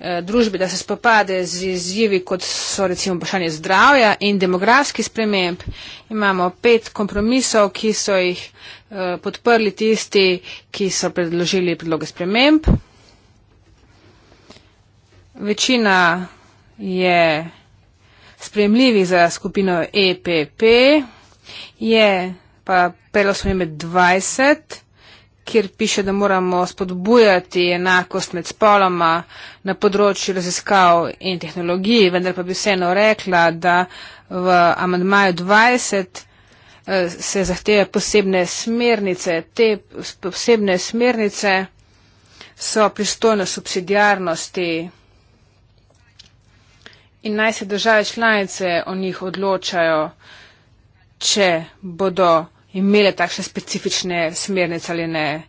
eh, družbi, da se spopade z izzivi, kot so recimo vprašanje zdravja in demografski sprememb. Imamo pet kompromisov, ki so jih uh, Eh, podprli tisti, ki so predložili predloge sprememb. Večina je sprejemljivih za skupino EPP, je pa pelo svojime 20, kjer piše, da moramo spodbujati enakost med spoloma na področju raziskav in tehnologij, vendar pa bi vseeno rekla, da v amandmaju 20 se zahteje posebne smernice. Te posebne smernice so pristojno subsidijarnosti in naj se države članice o njih odločajo, če bodo imele takšne specifične smernice ali ne.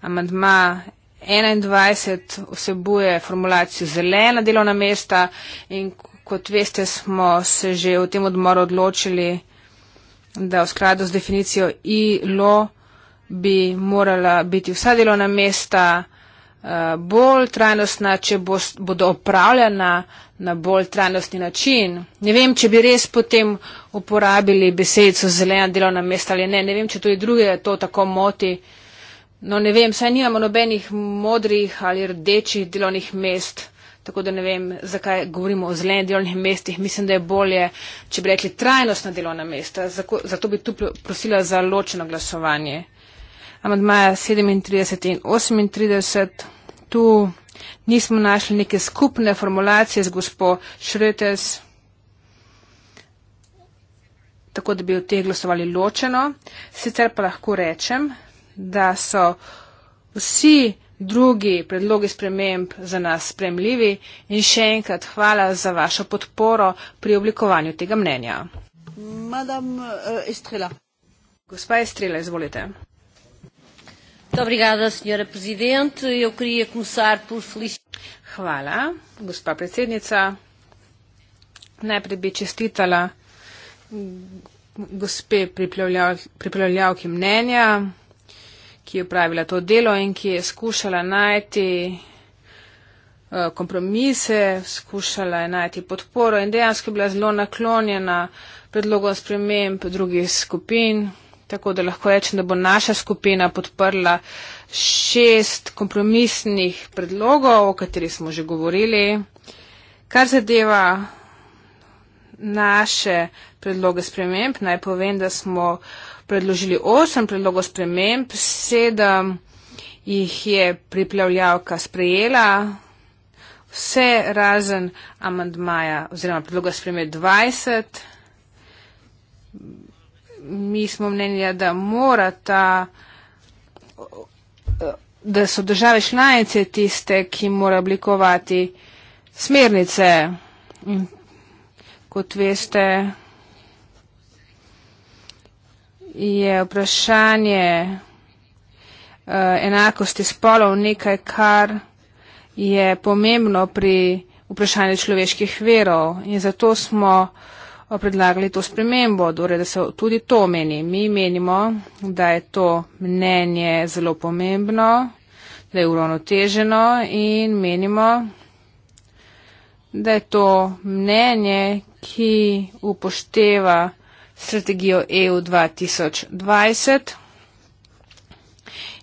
Amandma 21 vsebuje formulacijo zelena delovna mesta in kot veste smo se že v tem odmoru odločili, da v skladu z definicijo ILO bi morala biti vsa delovna mesta eh, bolj trajnostna, če bodo opravljena na bolj trajnostni način. Ne vem, če bi res potem uporabili besedico zelena delovna mesta ali ne. Ne vem, če to je druge, to tako moti. No, ne vem, saj nimamo nobenih modrih ali rdečih delovnih mest. Tako da ne vem, zakaj govorimo o zelenih delovnih mestih. Mislim, da je bolje, če bi rekli trajnostna delovna mesta. Zako, zato bi tu prosila za ločeno glasovanje. Amadmaja 37 in 38. Tu nismo našli neke skupne formulacije z gospo Šretes. Tako da bi v teh glasovali ločeno. Sicer pa lahko rečem, da so vsi drugi predlogi sprememb za nas spremljivi in še enkrat hvala za vašo podporo pri oblikovanju tega mnenja. Madam eh, Estrela. Gospa Estrela, izvolite. Obrigada, Eu por feliz... Hvala, gospa predsednica. Najprej bi čestitala mm, gospe pripravljavki mnenja ki je upravila to delo in ki je skušala najti eh, kompromise, skušala je najti podporo in dejansko je bila zelo naklonjena predlogom sprememb drugih skupin, tako da lahko rečem, da bo naša skupina podprla šest kompromisnih predlogov, o katerih smo že govorili. Kar zadeva naše predloge sprememb, naj povem, da smo uh, predložili osem predlogov sprememb, sedem jih je pripravljavka sprejela, vse razen amandmaja oziroma predloga spremembe 20. Mi smo mnenja, da morata, da so države članice tiste, ki mora oblikovati smernice. In kot veste, je vprašanje eh, enakosti spolov nekaj, kar je pomembno pri vprašanju človeških verov in zato smo eh, predlagali to spremembo, torej, da se tudi to meni. Mi menimo, da je to mnenje zelo pomembno, da je uravnoteženo in menimo, da je to mnenje, ki upošteva strategijo EU 2020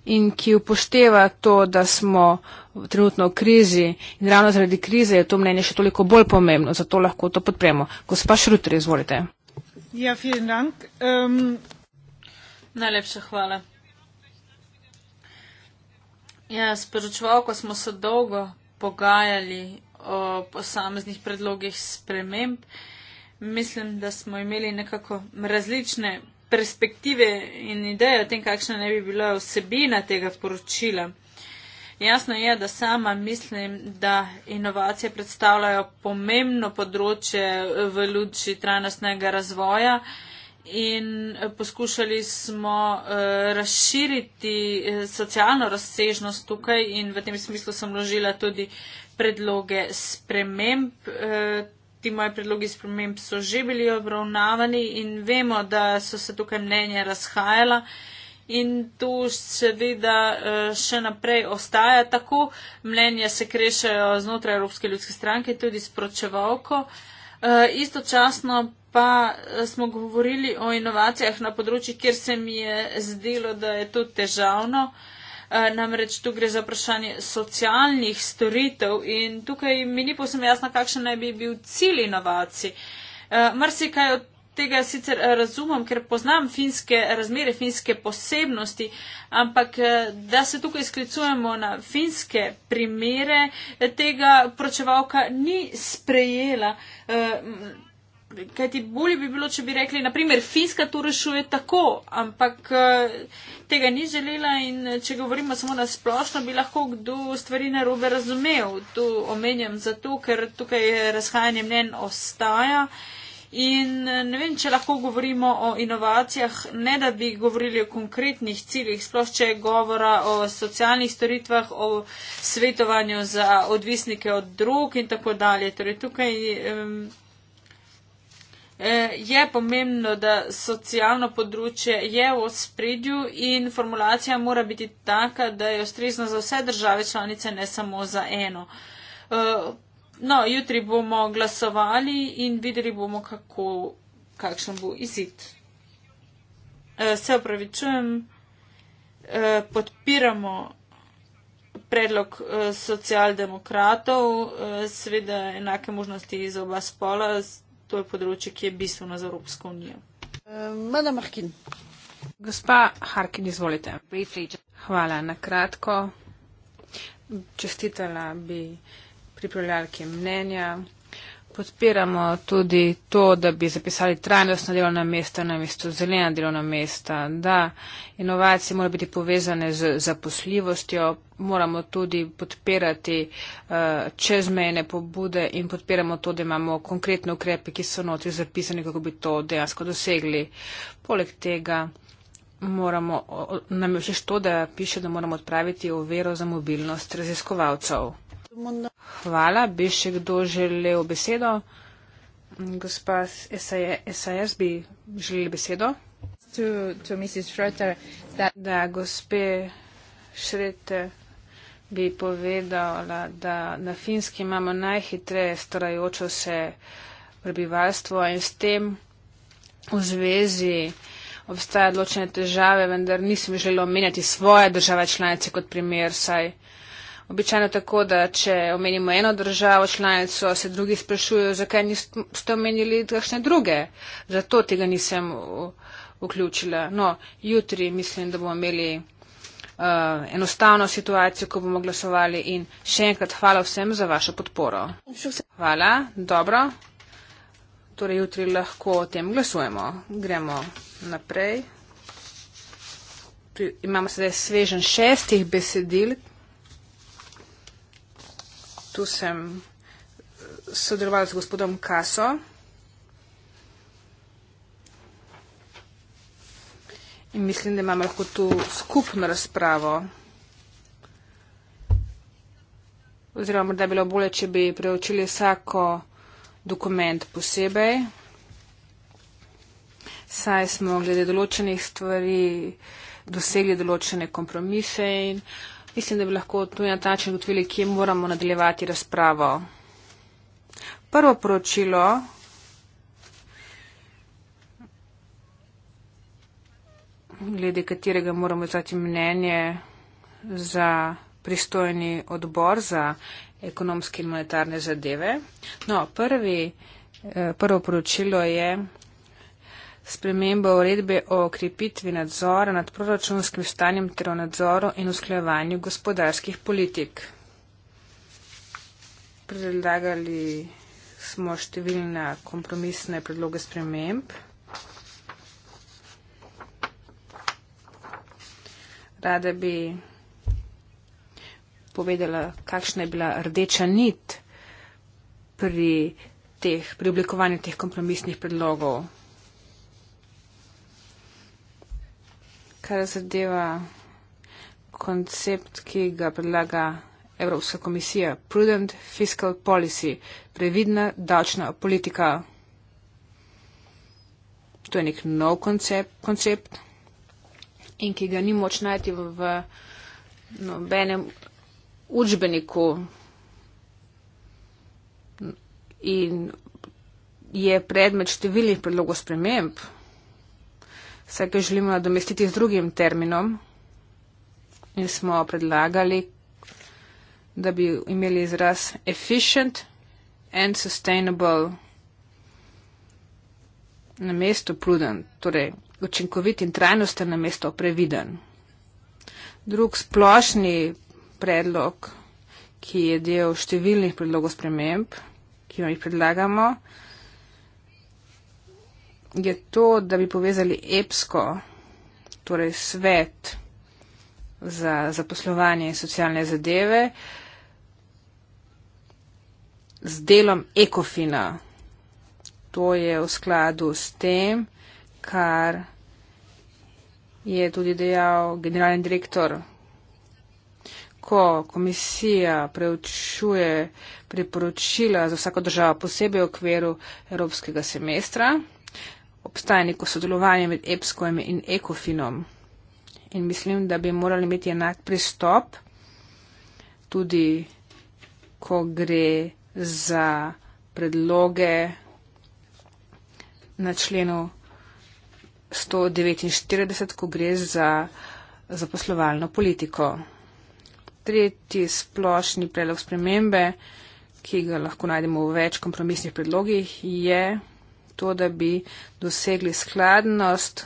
in ki upošteva to, da smo trenutno v krizi in ravno zaradi krize je to mnenje še toliko bolj pomembno, zato lahko to podpremo. Gospa Šruter, izvolite. Ja, vielen Dank. Um... Najlepša hvala. Ja, sporočevalko smo se dolgo pogajali o posameznih predlogih sprememb. Uh, mislim, da smo imeli nekako različne perspektive in ideje o tem, kakšna ne bi bila vsebina tega poročila. Jasno je, da sama mislim, da inovacije predstavljajo pomembno področje v luči trajnostnega razvoja in poskušali smo eh, razširiti eh, socialno razsežnost tukaj in v tem smislu sem ložila tudi predloge sprememb eh, ti moji predlogi sprememb so že bili obravnavani in vemo, da so se tukaj mnenja razhajala. In tu seveda e, še naprej ostaja tako, mnenja se krešajo znotraj Evropske ljudske stranke, tudi spročevalko. E, istočasno pa e, smo govorili o inovacijah na področjih, kjer se mi je zdelo, da je to težavno. Eh, namreč tu gre za vprašanje socialnih storitev in tukaj mi ni posem jasno, kakšen naj bi bil cilj inovacij. Eh, Mrsikaj od tega sicer razumem, ker poznam finske razmere, finske posebnosti, ampak eh, da se tukaj sklicujemo na finske primere, tega pročevalka ni sprejela. Kaj ti bolje bi bilo, če bi rekli, naprimer, Finska to rešuje tako, ampak eh, tega ni želela in eh, če govorimo samo na splošno, bi lahko kdo stvari narobe razumel. To omenjam zato, ker tukaj razhajanje mnen ostaja. In eh, ne vem, če lahko govorimo o inovacijah, ne da bi govorili o konkretnih ciljih, sploh če je govora o socialnih storitvah, o svetovanju za odvisnike od drug in tako dalje. Torej, tukaj, um, Eh, je pomembno, da socialno področje je v spredju in formulacija mora biti taka, da je ustrezna za vse države članice, ne samo za eno. Eh, no, jutri bomo glasovali in videli bomo, kako, kakšen bo izid. Eh, se upravičujem, podpiramo predlog socialdemokratov, seveda enake možnosti za oba spola to je področje, ki je bistveno za Evropsko unijo. Eh, Mada Markin. Gospa Harkin, izvolite. Hvala na kratko. Čestitala bi pripravljalke mnenja, Podpiramo tudi to, da bi zapisali trajnostna delovna mesta na mesto zelena delovna mesta, da inovacije morajo biti povezane z zaposljivostjo, moramo tudi podpirati uh, čezmejne pobude in podpiramo to, da imamo konkretne ukrepe, ki so notri zapisani, kako bi to dejansko dosegli. Poleg tega moramo, nam je všeč to, da piše, da moramo odpraviti overo za mobilnost raziskovalcev hvala. Bi še kdo želel besedo? Gospa SAS bi želeli besedo. To, to Schroeder, da, da gospe Šrete bi povedala, da na Finski imamo najhitreje starajočo se prebivalstvo in s tem v zvezi obstajajo odločene težave, vendar nisem želela omenjati svoje države članice kot primer, saj običajno tako, da če omenimo eno državo članico, se drugi sprašujejo, zakaj niste omenili kakšne druge. Zato tega nisem vključila. No, jutri mislim, da bomo imeli uh, enostavno situacijo, ko bomo glasovali in še enkrat hvala vsem za vašo podporo. Hvala, dobro. Torej jutri lahko o tem glasujemo. Gremo naprej. Pri, imamo sedaj svežen šestih besedil tu sem eh, sodelovala z gospodom Kaso. In mislim, da imamo lahko tu skupno razpravo. Oziroma, morda bi bilo bolje, če bi preučili vsako dokument posebej. Saj smo glede določenih stvari dosegli določene kompromise in uh, mislim, da bi lahko tudi na ta način ugotovili, kje moramo nadaljevati razpravo. Prvo poročilo. glede katerega moramo izdati mnenje za pristojni odbor za ekonomske in monetarne zadeve. No, prvi, eh, prvo poročilo je spremembo uredbe o okrepitvi nadzora nad proračunskim stanjem ter o nadzoru in usklajevanju gospodarskih politik. Predlagali smo številne kompromisne predloge sprememb. Rada bi povedala, kakšna je bila rdeča nit pri, teh, pri oblikovanju teh kompromisnih predlogov. kar zadeva koncept, ki ga predlaga Evropska komisija. Prudent fiscal policy, previdna davčna politika. To je nek nov koncept, koncept in ki ga ni moč najti v, v nobenem učbeniku. In je predmet številnih predlogov sprememb vsaj ga želimo nadomestiti z drugim terminom in smo predlagali, da bi imeli izraz efficient and sustainable na mesto pruden, torej učinkovit in trajnosten na mesto previden. Drug splošni predlog, ki je del številnih predlogov sprememb, ki jo jih predlagamo, je to, da bi povezali EPSKO, torej svet za zaposlovanje in socialne zadeve, z delom ECOFINA. To je v skladu s tem, kar je tudi dejal generalni direktor. Ko komisija preučuje priporočila za vsako državo posebej v okviru evropskega semestra, obstaja neko sodelovanje med EPSKO-jem in ECOFINOM. In mislim, da bi morali imeti enak pristop, tudi ko gre za predloge na členu 149, ko gre za zaposlovalno politiko. Tretji splošni predlog spremembe, ki ga lahko najdemo v več kompromisnih predlogih, je to, da bi dosegli skladnost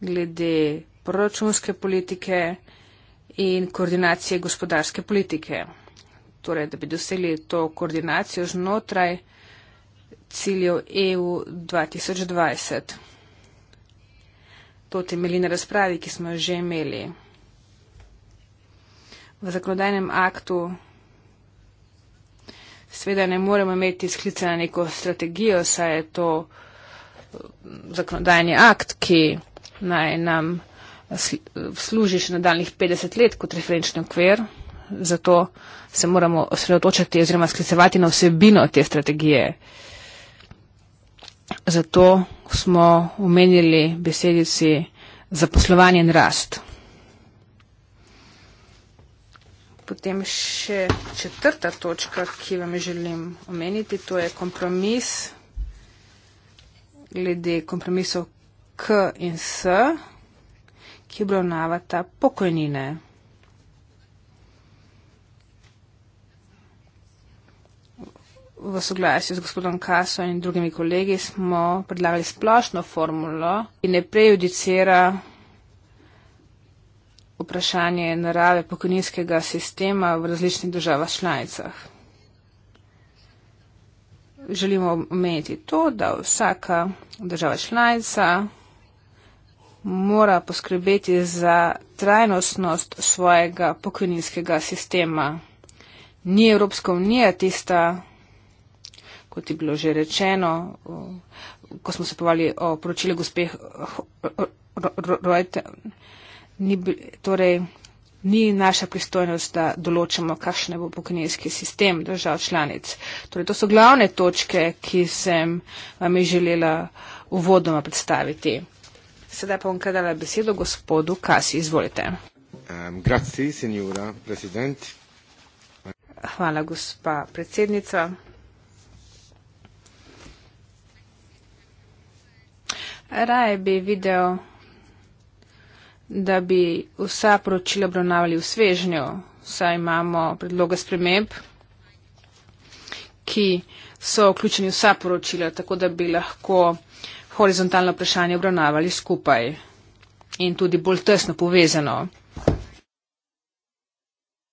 glede proračunske politike in koordinacije gospodarske politike. Torej, da bi dosegli to koordinacijo znotraj ciljev EU 2020. To temelji na razpravi, ki smo jo že imeli. V zakonodajnem aktu Sveda ne moremo imeti sklicena neko strategijo, saj je to eh, zakonodajni akt, ki naj nam eh, eh, služi še nadaljnih 50 let kot referenčni okvir. Zato se moramo osredotočati oziroma sklicevati na vsebino te strategije. Zato smo omenili besedici zaposlovanje in rast. Potem še četrta točka, ki vam želim omeniti, to je kompromis glede kompromisov K in S, ki obravnavata pokojnine. V soglasju z gospodom Kaso in drugimi kolegi smo predlagali splošno formulo, ki ne prejudicira vprašanje narave pokojninskega sistema v različnih državah članicah. Želimo omeniti to, da vsaka država članica mora poskrbeti za trajnostnost svojega pokojninskega sistema. Ni Evropska unija tista, kot je bilo že rečeno, ko smo se povali o poročilu gospe Reuters ni, torej, ni naša pristojnost, da določamo, kakšen bo pokojninski sistem držav članic. Torej, to so glavne točke, ki sem vam jih želela uvodoma predstaviti. Sedaj pa bom kadala besedo gospodu Kasi. Izvolite. Um, grazie, signora, president. Hvala, gospa predsednica. Raje bi videl da bi vsa poročila obravnavali v svežnju. Saj imamo predloge sprememb, ki so vključeni vsa poročila, tako da bi lahko horizontalno vprašanje obravnavali skupaj in tudi bolj tesno povezano.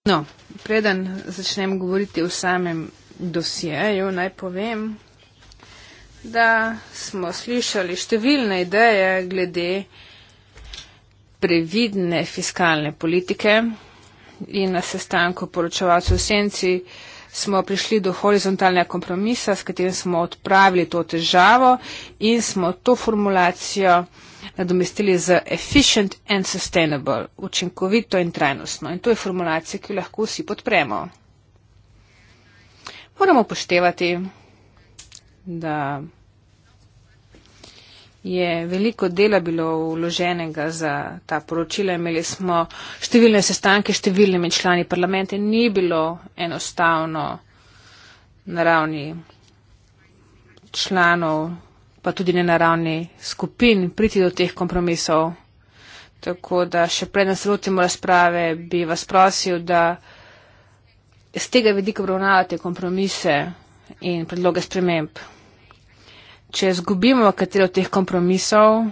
No, preden začnem govoriti o samem dosjeju, naj povem, da smo slišali številne ideje glede previdne fiskalne politike in na sestanku poročevalcev v senci smo prišli do horizontalnega kompromisa, s katerim smo odpravili to težavo in smo to formulacijo nadomestili z efficient and sustainable, učinkovito in trajnostno. In to je formulacija, ki jo lahko vsi podpremo. Moramo poštevati, da je veliko dela bilo uloženega za ta poročila. Imeli smo številne sestanke s številnimi člani parlamente. Ni bilo enostavno na ravni članov, pa tudi ne na ravni skupin, priti do teh kompromisov. Tako da še pred naslotimo razprave bi vas prosil, da z tega vidika obravnavate kompromise in predloge sprememb če izgubimo katero od teh kompromisov,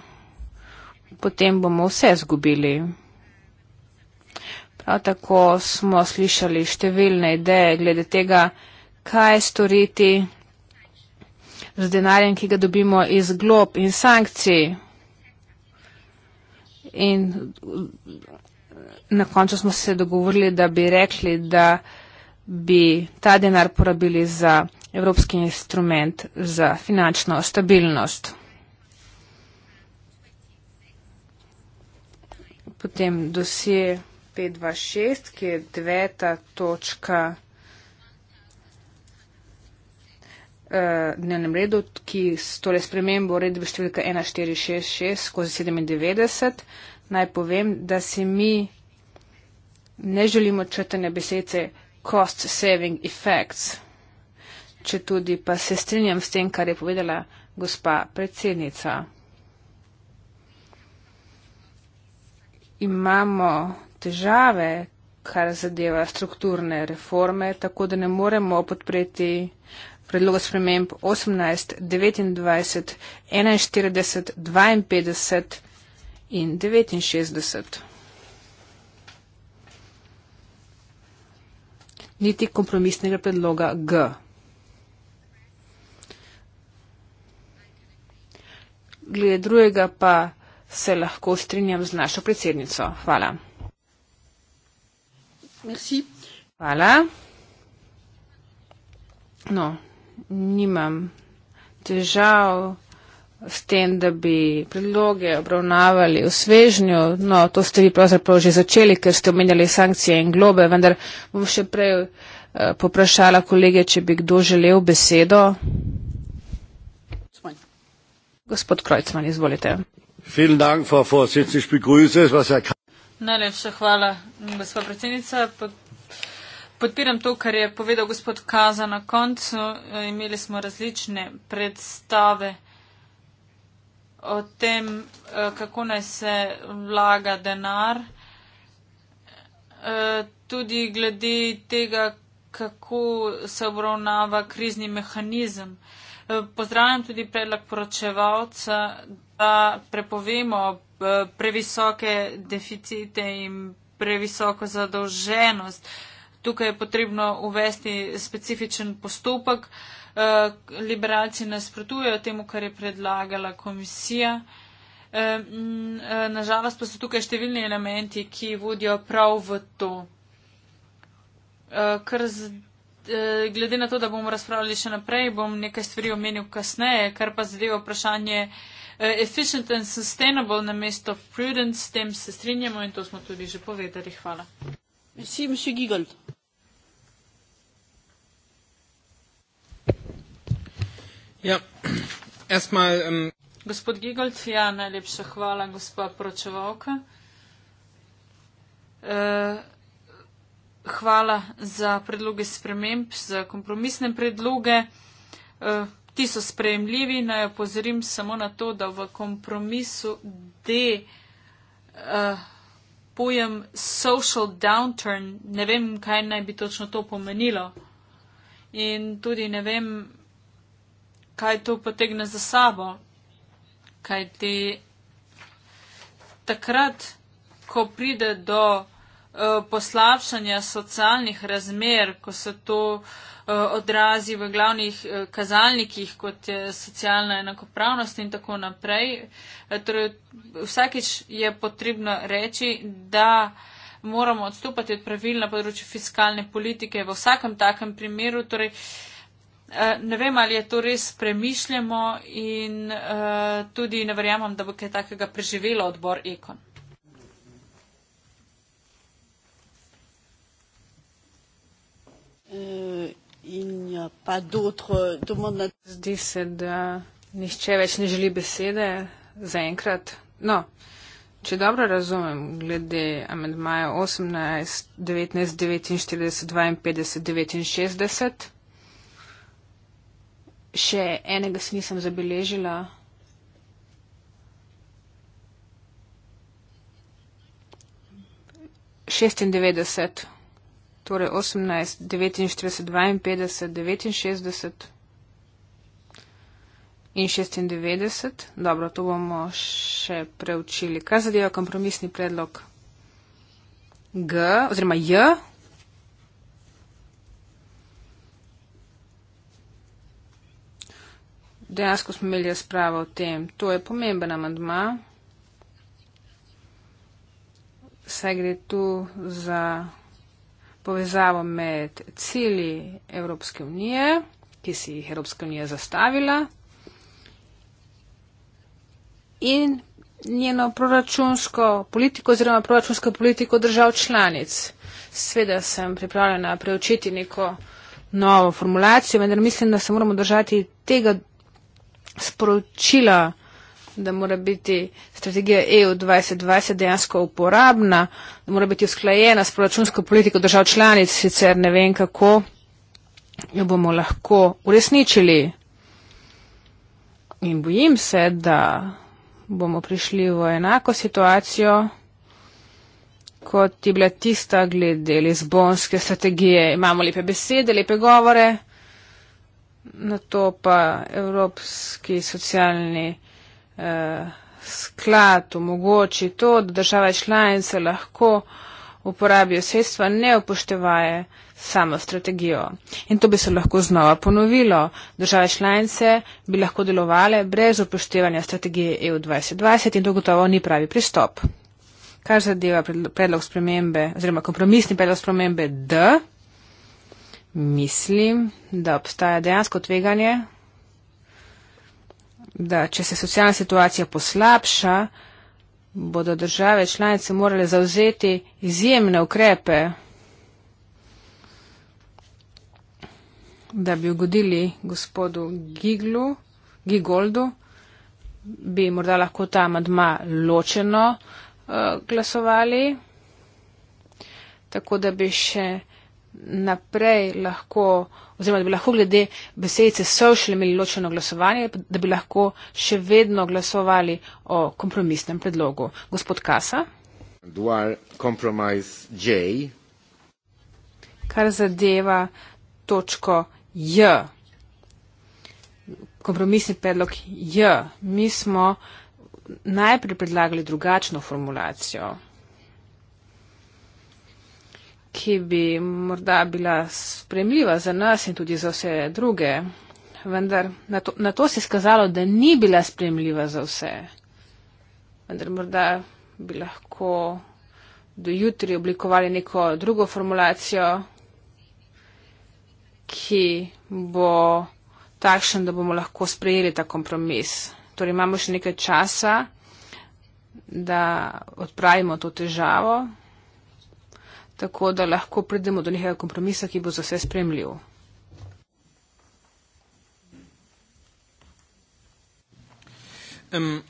potem bomo vse izgubili. Prav tako smo slišali številne ideje glede tega, kaj storiti z denarjem, ki ga dobimo iz glob in sankcij. In na koncu smo se dogovorili, da bi rekli, da bi ta denar porabili za Evropski instrument za finančno stabilnost. Potem dosje 526, ki je deveta točka eh, dnevnem redu, ki s tole spremembo uredbe številka 1466 skozi 97. Naj povem, da se mi ne želimo črtanja besedice cost saving effects če tudi pa se strinjam s tem, kar je povedala gospa predsednica. Imamo težave, kar zadeva strukturne reforme, tako da ne moremo podpreti predloga sprememb 18, 29, 41, 52 in 69. Niti kompromisnega predloga G. glede drugega pa se lahko strinjam z našo predsednico. Hvala. Merci. Hvala. No, nimam težav s tem, da bi predloge obravnavali v svežnju. No, to ste vi pravzaprav že začeli, ker ste omenjali sankcije in globe, vendar bom še prej uh, poprašala kolege, če bi kdo želel besedo. Gospod Krojcman, izvolite. Najlepša hvala, gospod predsednica. Podpiram to, kar je povedal gospod Kaza na koncu. Imeli smo različne predstave o tem, eh, kako naj se vlaga denar. Eh, tudi glede tega, kako se obravnava krizni mehanizem pozdravljam tudi predlog poročevalca, da prepovemo eh, previsoke deficite in previsoko zadolženost. Tukaj je potrebno uvesti specifičen postopek. Eh, liberalci nasprotujejo temu, kar je predlagala komisija. Eh, mm, Nažalost pa so tukaj številni elementi, ki vodijo prav v to. Kar zdaj. Eh, glede na to, da bomo razpravljali še naprej, bom nekaj stvari omenil kasneje, kar pa zadeva vprašanje eh, efficient and sustainable na mesto prudent, s tem se strinjamo in to smo tudi že povedali. Hvala. Merci, monsieur Gigold. Ja, jaz ma. Um... Gospod Gigold, ja, najlepša hvala, gospa poročevalka. Uh, hvala za predloge sprememb, za kompromisne predloge. Eh, ti so sprejemljivi, naj opozorim samo na to, da v kompromisu D eh, pojem social downturn, ne vem, kaj naj bi točno to pomenilo. In tudi ne vem, kaj to potegne za sabo. Kaj ti takrat, ko pride do Eh, poslabšanja socialnih razmer, ko se to eh, odrazi v glavnih eh, kazalnikih, kot je socialna enakopravnost in tako naprej. Torej, vsakič je potrebno reči, da moramo odstopati od pravil na področju fiskalne politike v vsakem takem primeru. Torej, ne vem, ali je to res premišljamo in tudi ne verjamem, da bo kaj takega preživelo odbor ekon. Eh, Il n'y a ja, pas d'autres demandes. Zdi se, da nihče več ne želi besede zaenkrat. No, če dobro razumem, glede amendmaja 18, 19, 49, 52, 69, še enega si nisem zabeležila. Šestindevetdeset torej 18, 49, 52, 69 in 96. Dobro, to bomo še preučili. Kaj zadeva kompromisni predlog G oziroma J? Dejansko smo imeli razpravo o tem. To je pomemben amadma. Saj gre tu za povezavo med cilji Evropske unije, ki si jih Evropska unija zastavila, in njeno proračunsko politiko oziroma proračunsko politiko držav članic. Sveda sem pripravljena preučiti neko novo formulacijo, vendar mislim, da se moramo držati tega sporočila da mora biti strategija EU 2020 dejansko uporabna, da mora biti usklajena s proračunsko politiko držav članic, sicer ne vem, kako jo bomo lahko uresničili. In bojim se, da bomo prišli v enako situacijo, kot je bila tista glede lizbonske strategije. Imamo lepe besede, lepe govore, na to pa Evropski socialni sklad omogoči to, da države članice lahko uporabijo sredstva, ne upoštevaje samo strategijo. In to bi se lahko znova ponovilo. Države članice bi lahko delovale brez upoštevanja strategije EU 2020 in to gotovo ni pravi pristop. Kar zadeva predlog spremembe oziroma kompromisni predlog spremembe D, mislim, da obstaja dejansko tveganje, da če se socialna situacija poslabša, bodo države članice morale zauzeti izjemne ukrepe, da bi ugodili gospodu Giglu, Gigoldu, bi morda lahko ta madma ločeno uh, glasovali, tako da bi še naprej lahko oziroma da bi lahko glede besedice social imeli ločeno glasovanje, da bi lahko še vedno glasovali o kompromisnem predlogu. Gospod Kasa. Kar zadeva točko J, kompromisni predlog J, mi smo najprej predlagali drugačno formulacijo ki bi morda bila spremljiva za nas in tudi za vse druge, vendar na to, na to se je skazalo, da ni bila spremljiva za vse. Vendar morda bi lahko do jutri oblikovali neko drugo formulacijo, ki bo takšen, da bomo lahko sprejeli ta kompromis. Torej imamo še nekaj časa, da odpravimo to težavo tako da lahko pridemo do nekega kompromisa, ki bo za vse spremljiv. Um,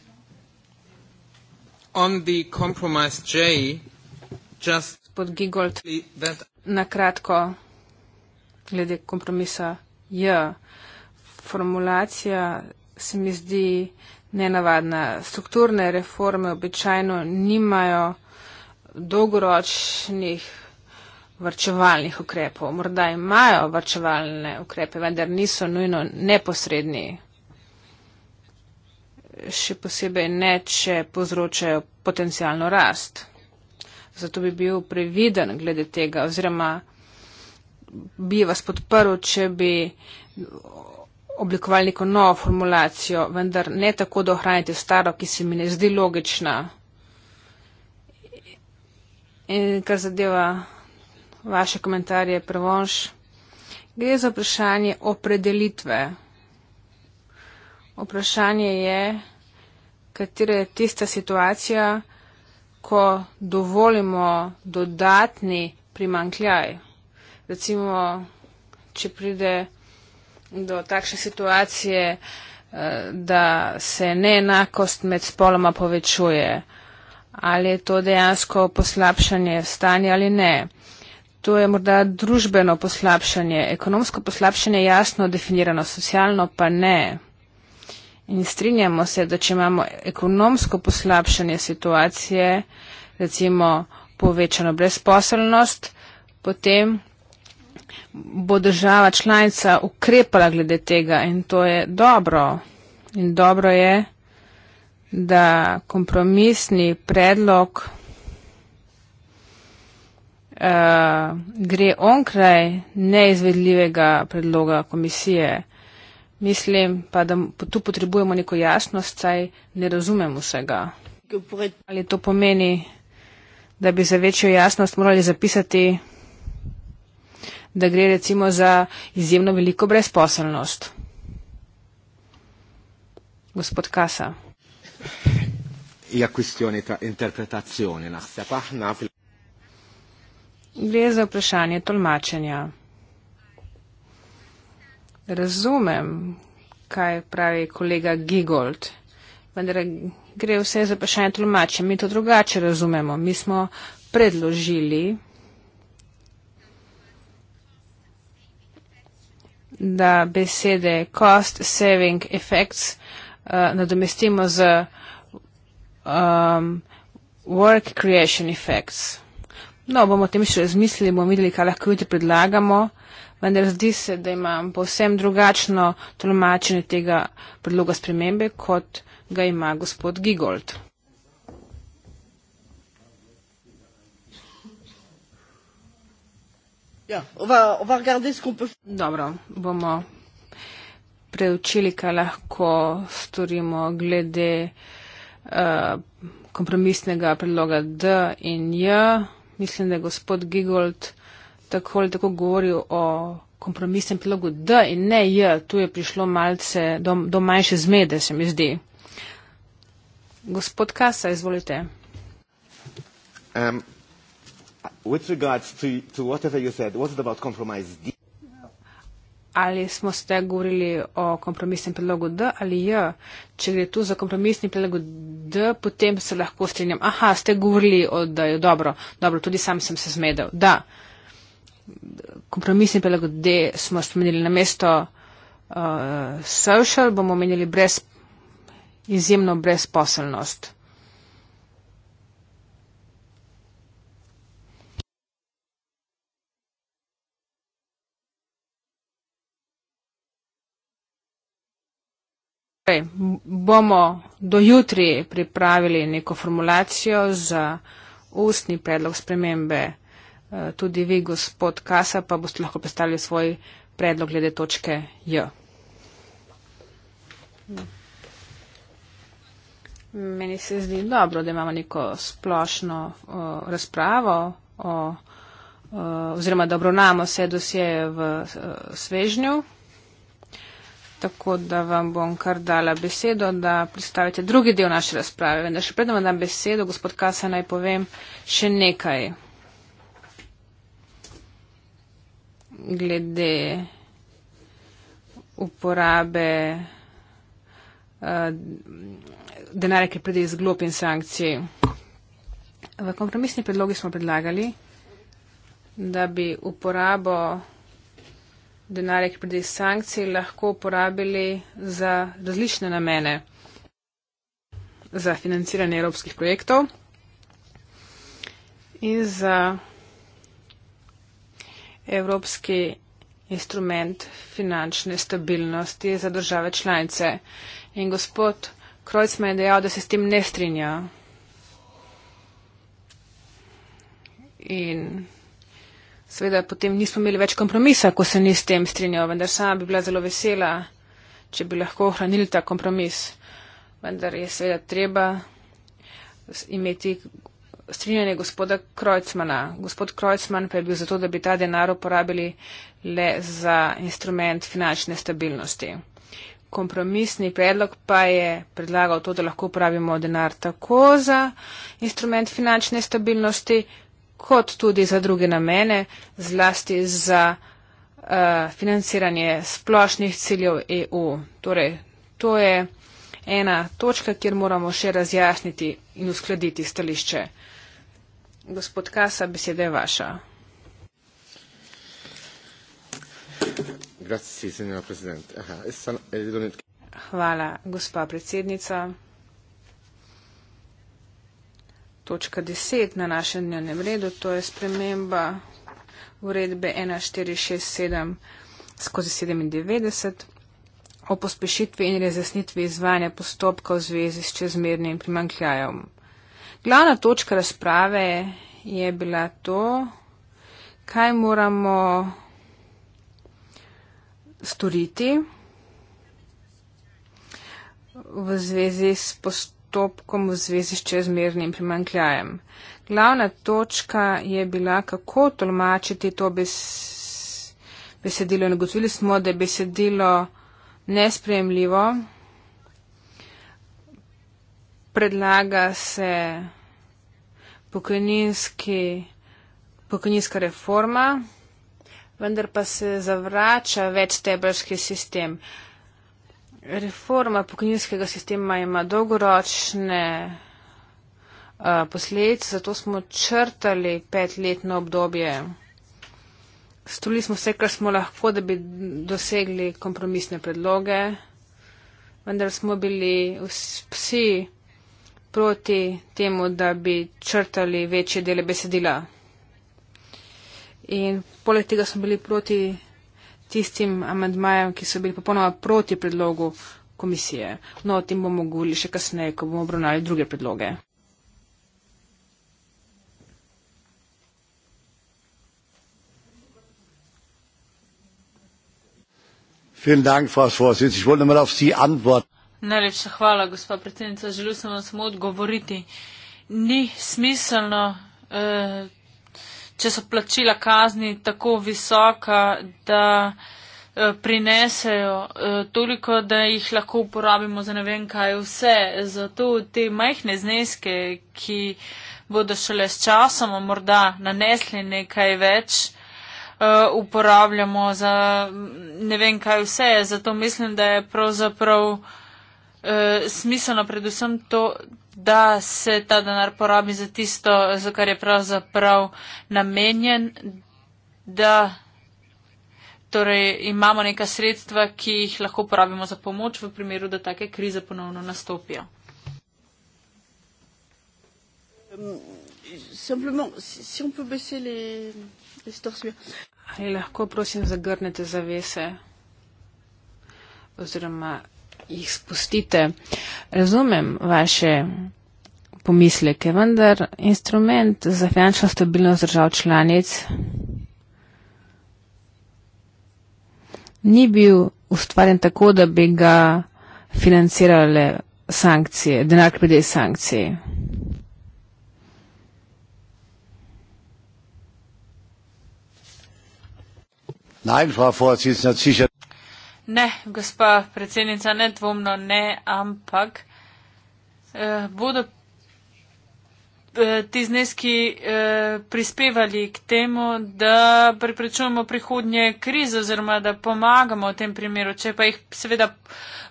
J, Spod Gigold, that... na kratko, glede kompromisa J, formulacija se mi zdi nenavadna. Strukturne reforme običajno nimajo dolgoročnih vrčevalnih ukrepov. Morda imajo vrčevalne ukrepe, vendar niso nujno neposredni. Še posebej ne, če povzročajo potencijalno rast. Zato bi bil previden glede tega oziroma bi vas podprl, če bi oblikovali neko novo formulacijo, vendar ne tako, da ohranite staro, ki se mi ne zdi logična. In kar zadeva vaše komentarje, prevonš. Gre za vprašanje opredelitve. Vprašanje je, katera je tista situacija, ko dovolimo dodatni primankljaj. Recimo, če pride do takšne situacije, eh, da se neenakost med spoloma povečuje. Ali je to dejansko poslabšanje stanja ali ne? To je morda družbeno poslabšanje, ekonomsko poslabšanje jasno definirano, socialno pa ne. In strinjamo se, da če imamo ekonomsko poslabšanje situacije, recimo povečano brezposelnost, potem bo država članica ukrepala glede tega in to je dobro. In dobro je, da kompromisni predlog uh, gre onkraj neizvedljivega predloga komisije. Mislim pa, da tu potrebujemo neko jasnost, saj ne razumemo vsega. Ali to pomeni, da bi za večjo jasnost morali zapisati, da gre recimo za izjemno veliko brezposelnost? Gospod Kasa. Ja, Gre za vprašanje tolmačenja. Razumem, kaj pravi kolega Gigold, vendar gre vse za vprašanje tolmačenja. Mi to drugače razumemo. Mi smo predložili, da besede cost saving effects uh, nadomestimo z um, work creation effects. No, bomo o tem še razmislili, bomo videli, kaj lahko ljudi predlagamo, vendar zdi se, da imam povsem drugačno tolmačenje tega predloga spremembe, kot ga ima gospod Gigold. Ja, ova, ova gardes, Dobro, bomo preučili, kaj lahko storimo glede uh, kompromisnega predloga D in J mislim, da je gospod Gigold tako ali tako govoril o kompromisnem prilogu D in ne J, tu je prišlo malce do, do manjše zmede, se mi zdi. Gospod Kasa, izvolite. Um, with regards to, to whatever you said, was it about compromise D? ali smo ste govorili o kompromisnem predlogu D ali J. Če gre tu za kompromisni predlog D, potem se lahko strinjam. Aha, ste govorili o D, dobro, dobro, tudi sam sem se zmedel. Da, kompromisni predlog D smo spomenili na mesto uh, social, bomo menili brez, izjemno brezposelnost. Torej, bomo do jutri pripravili neko formulacijo za ustni predlog spremembe. Eh, tudi vi, gospod Kasa, pa boste lahko predstavili svoj predlog glede točke J. Meni se zdi dobro, da imamo neko splošno uh, razpravo o, uh, oziroma da obravnamo vse dosje v uh, svežnju tako da vam bom kar dala besedo, da predstavite drugi del naše razprave. Vendar še predem vam dam besedo, gospod Kasa, naj povem še nekaj glede uporabe uh, denarja, ki pride iz glob in sankcij. V kompromisni predlogi smo predlagali, da bi uporabo denarja, ki pride iz sankcij, lahko uporabili za različne namene, za financiranje evropskih projektov in za evropski instrument finančne stabilnosti za države članice. In gospod Krojcman je dejal, da se s tem ne strinja. In Seveda potem nismo imeli več kompromisa, ko se ni s tem strinjal, vendar sama bi bila zelo vesela, če bi lahko ohranili ta kompromis. Vendar je seveda treba imeti strinjanje gospoda Krojcmana. Gospod Krojcman pa je bil zato, da bi ta denar uporabili le za instrument finančne stabilnosti. Kompromisni predlog pa je predlagal to, da lahko uporabimo denar tako za instrument finančne stabilnosti, kot tudi za druge namene, zlasti za uh, financiranje splošnih ciljev EU. Torej, to je ena točka, kjer moramo še razjasniti in uskladiti stališče. Gospod Kasa, beseda je vaša. E e Hvala, gospa predsednica točka 10 na našem dnevnem redu, to je sprememba uredbe 1467 skozi 97 o pospešitvi in razjasnitvi izvajanja postopka v zvezi s čezmernim primankljajem. Glavna točka razprave je bila to, kaj moramo storiti v zvezi s postopkom postopkom v zvezi s čezmernim primankljajem. Glavna točka je bila, kako tolmačiti to besedilo. In ugotovili smo, da je besedilo nespremljivo. Predlaga se pokojninska reforma, vendar pa se zavrača večtebrski sistem. Reforma pokojninskega sistema ima dolgoročne uh, posledice, zato smo črtali petletno obdobje. Stoli smo vse, kar smo lahko, da bi dosegli kompromisne predloge, vendar smo bili vsi proti temu, da bi črtali večje dele besedila. In poleg tega smo bili proti tistim amadmajem, ki so bili popolnoma proti predlogu komisije. No, o tem bomo govorili še kasneje, ko bomo obravnali druge predloge. Najlepša hvala, gospa predsednica. Želel sem vam samo odgovoriti. Ni smiselno. Uh, če so plačila kazni tako visoka, da eh, prinesejo eh, toliko, da jih lahko uporabimo za ne vem kaj vse. Zato te majhne zneske, ki bodo šele s časom morda nanesli nekaj več, eh, uporabljamo za mm, ne vem kaj vse. Zato mislim, da je pravzaprav smiselno predvsem to, da se ta denar porabi za tisto, za kar je pravzaprav namenjen, da torej, imamo neka sredstva, ki jih lahko porabimo za pomoč v primeru, da take krize ponovno nastopijo. Um, Ali lahko prosim zagrnete zavese oziroma jih spustite. Razumem vaše pomisleke, vendar instrument za finančno stabilnost držav članic ni bil ustvarjen tako, da bi ga financirale sankcije, denar glede sankcij. Nein, Frau Vorsitzende, sicher. Ne, gospa predsednica, ne dvomno, ne, ampak eh, bodo eh, ti zneski eh, prispevali k temu, da preprečujemo prihodnje krize oziroma da pomagamo v tem primeru. Če pa jih seveda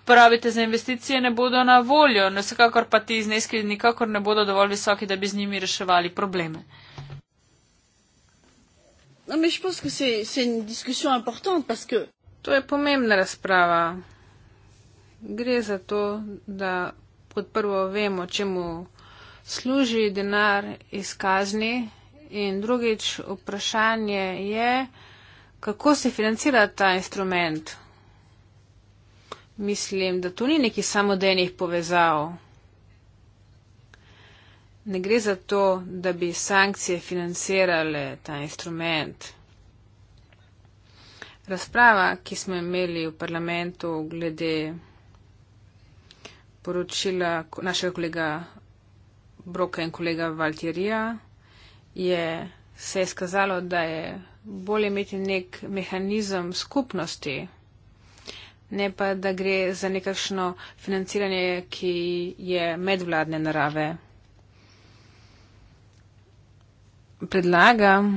porabite za investicije, ne bodo na voljo. No, vsekakor pa ti zneski nikakor ne bodo dovolj visoki, da bi z njimi reševali probleme. Non, mais je pense que c'est une discussion importante parce que. To je pomembna razprava. Gre za to, da kot prvo vemo, čemu služi denar iz kazni in drugič vprašanje je, kako se financira ta instrument. Mislim, da tu ni nekih samodejnih povezav. Ne gre za to, da bi sankcije financirale ta instrument razprava, ki smo imeli v parlamentu glede poročila našega kolega Broka in kolega Valtirija, je se je skazalo, da je bolje imeti nek mehanizem skupnosti, ne pa da gre za nekakšno financiranje, ki je medvladne narave. Predlagam,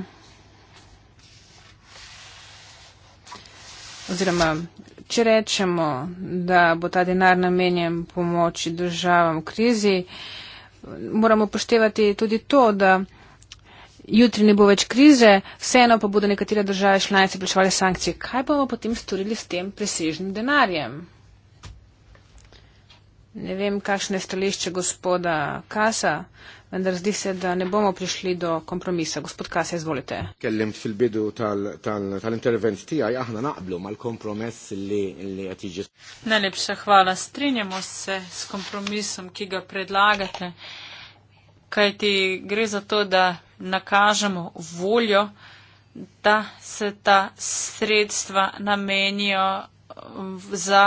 oziroma če rečemo, da bo ta denar namenjen pomoči državam v krizi, moramo poštevati tudi to, da jutri ne bo več krize, vseeno pa bodo nekatere države članice plačevali sankcije. Kaj bomo potem storili s tem presežnim denarjem? Ne vem, kakšno je stališče gospoda Kasa, vendar zdi se, da ne bomo prišli do kompromisa. Gospod Kasa, izvolite. Kellimt fil bidu tal intervent ti, a jahna naqblu mal kompromis li atiđe. Najlepša hvala. Strinjamo se s kompromisom, ki ga predlagate, kaj ti gre za to, da nakažemo voljo, da se ta sredstva namenijo za.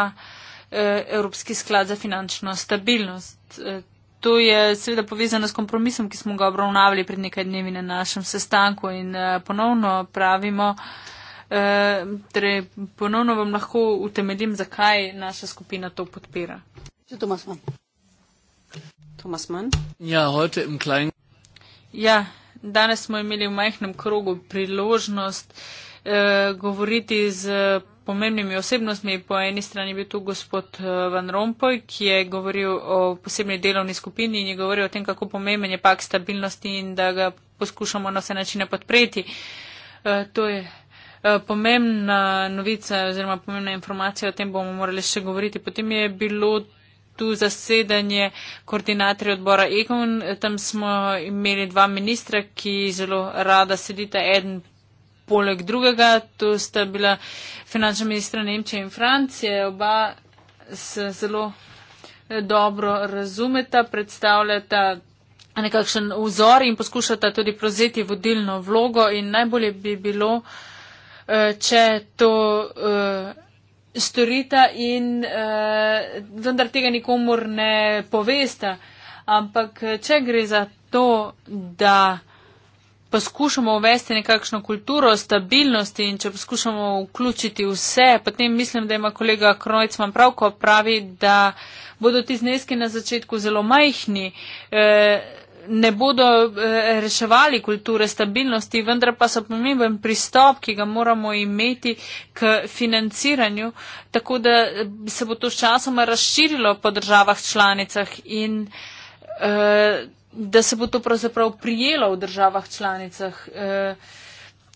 Eh, Evropski sklad za finančno stabilnost. Eh, to je seveda povezano s kompromisom, ki smo ga obravnavali pred nekaj dnevi na našem sestanku in eh, ponovno pravimo, torej ponovno vam lahko utemeljim, zakaj naša skupina to podpira. Tomas Mann. Ja, heute im Klein. Ja, danes smo imeli v majhnem krogu priložnost eh, govoriti z pomembnimi osebnostmi. Po eni strani je bil tu gospod eh, Van Rompuy, ki je govoril o posebni delovni skupini in je govoril o tem, kako pomemben je pak stabilnosti in da ga poskušamo na vse načine podpreti. Eh, to je eh, pomembna novica oziroma pomembna informacija, o tem bomo morali še govoriti. Potem je bilo tu zasedanje koordinatorja odbora EGON. Tam smo imeli dva ministra, ki zelo rada sedita. Eden poleg drugega, tu sta bila finančna ministra Nemčije in Francije, oba se zelo eh, dobro razumeta, predstavljata nekakšen vzor in poskušata tudi prozeti vodilno vlogo in najbolje bi bilo, eh, če to eh, storita in vendar tega nikomor ne povesta. Ampak če gre za to, da poskušamo uvesti nekakšno kulturo stabilnosti in če poskušamo vključiti vse, potem mislim, da ima kolega Krojcman prav, ko pravi, da bodo ti zneski na začetku zelo majhni, eh, ne bodo eh, reševali kulture stabilnosti, vendar pa so pomemben pristop, ki ga moramo imeti k financiranju, tako da se bo to s časoma razširilo po državah članicah in eh, da se bo to pravzaprav prijelo v državah članicah. Eh,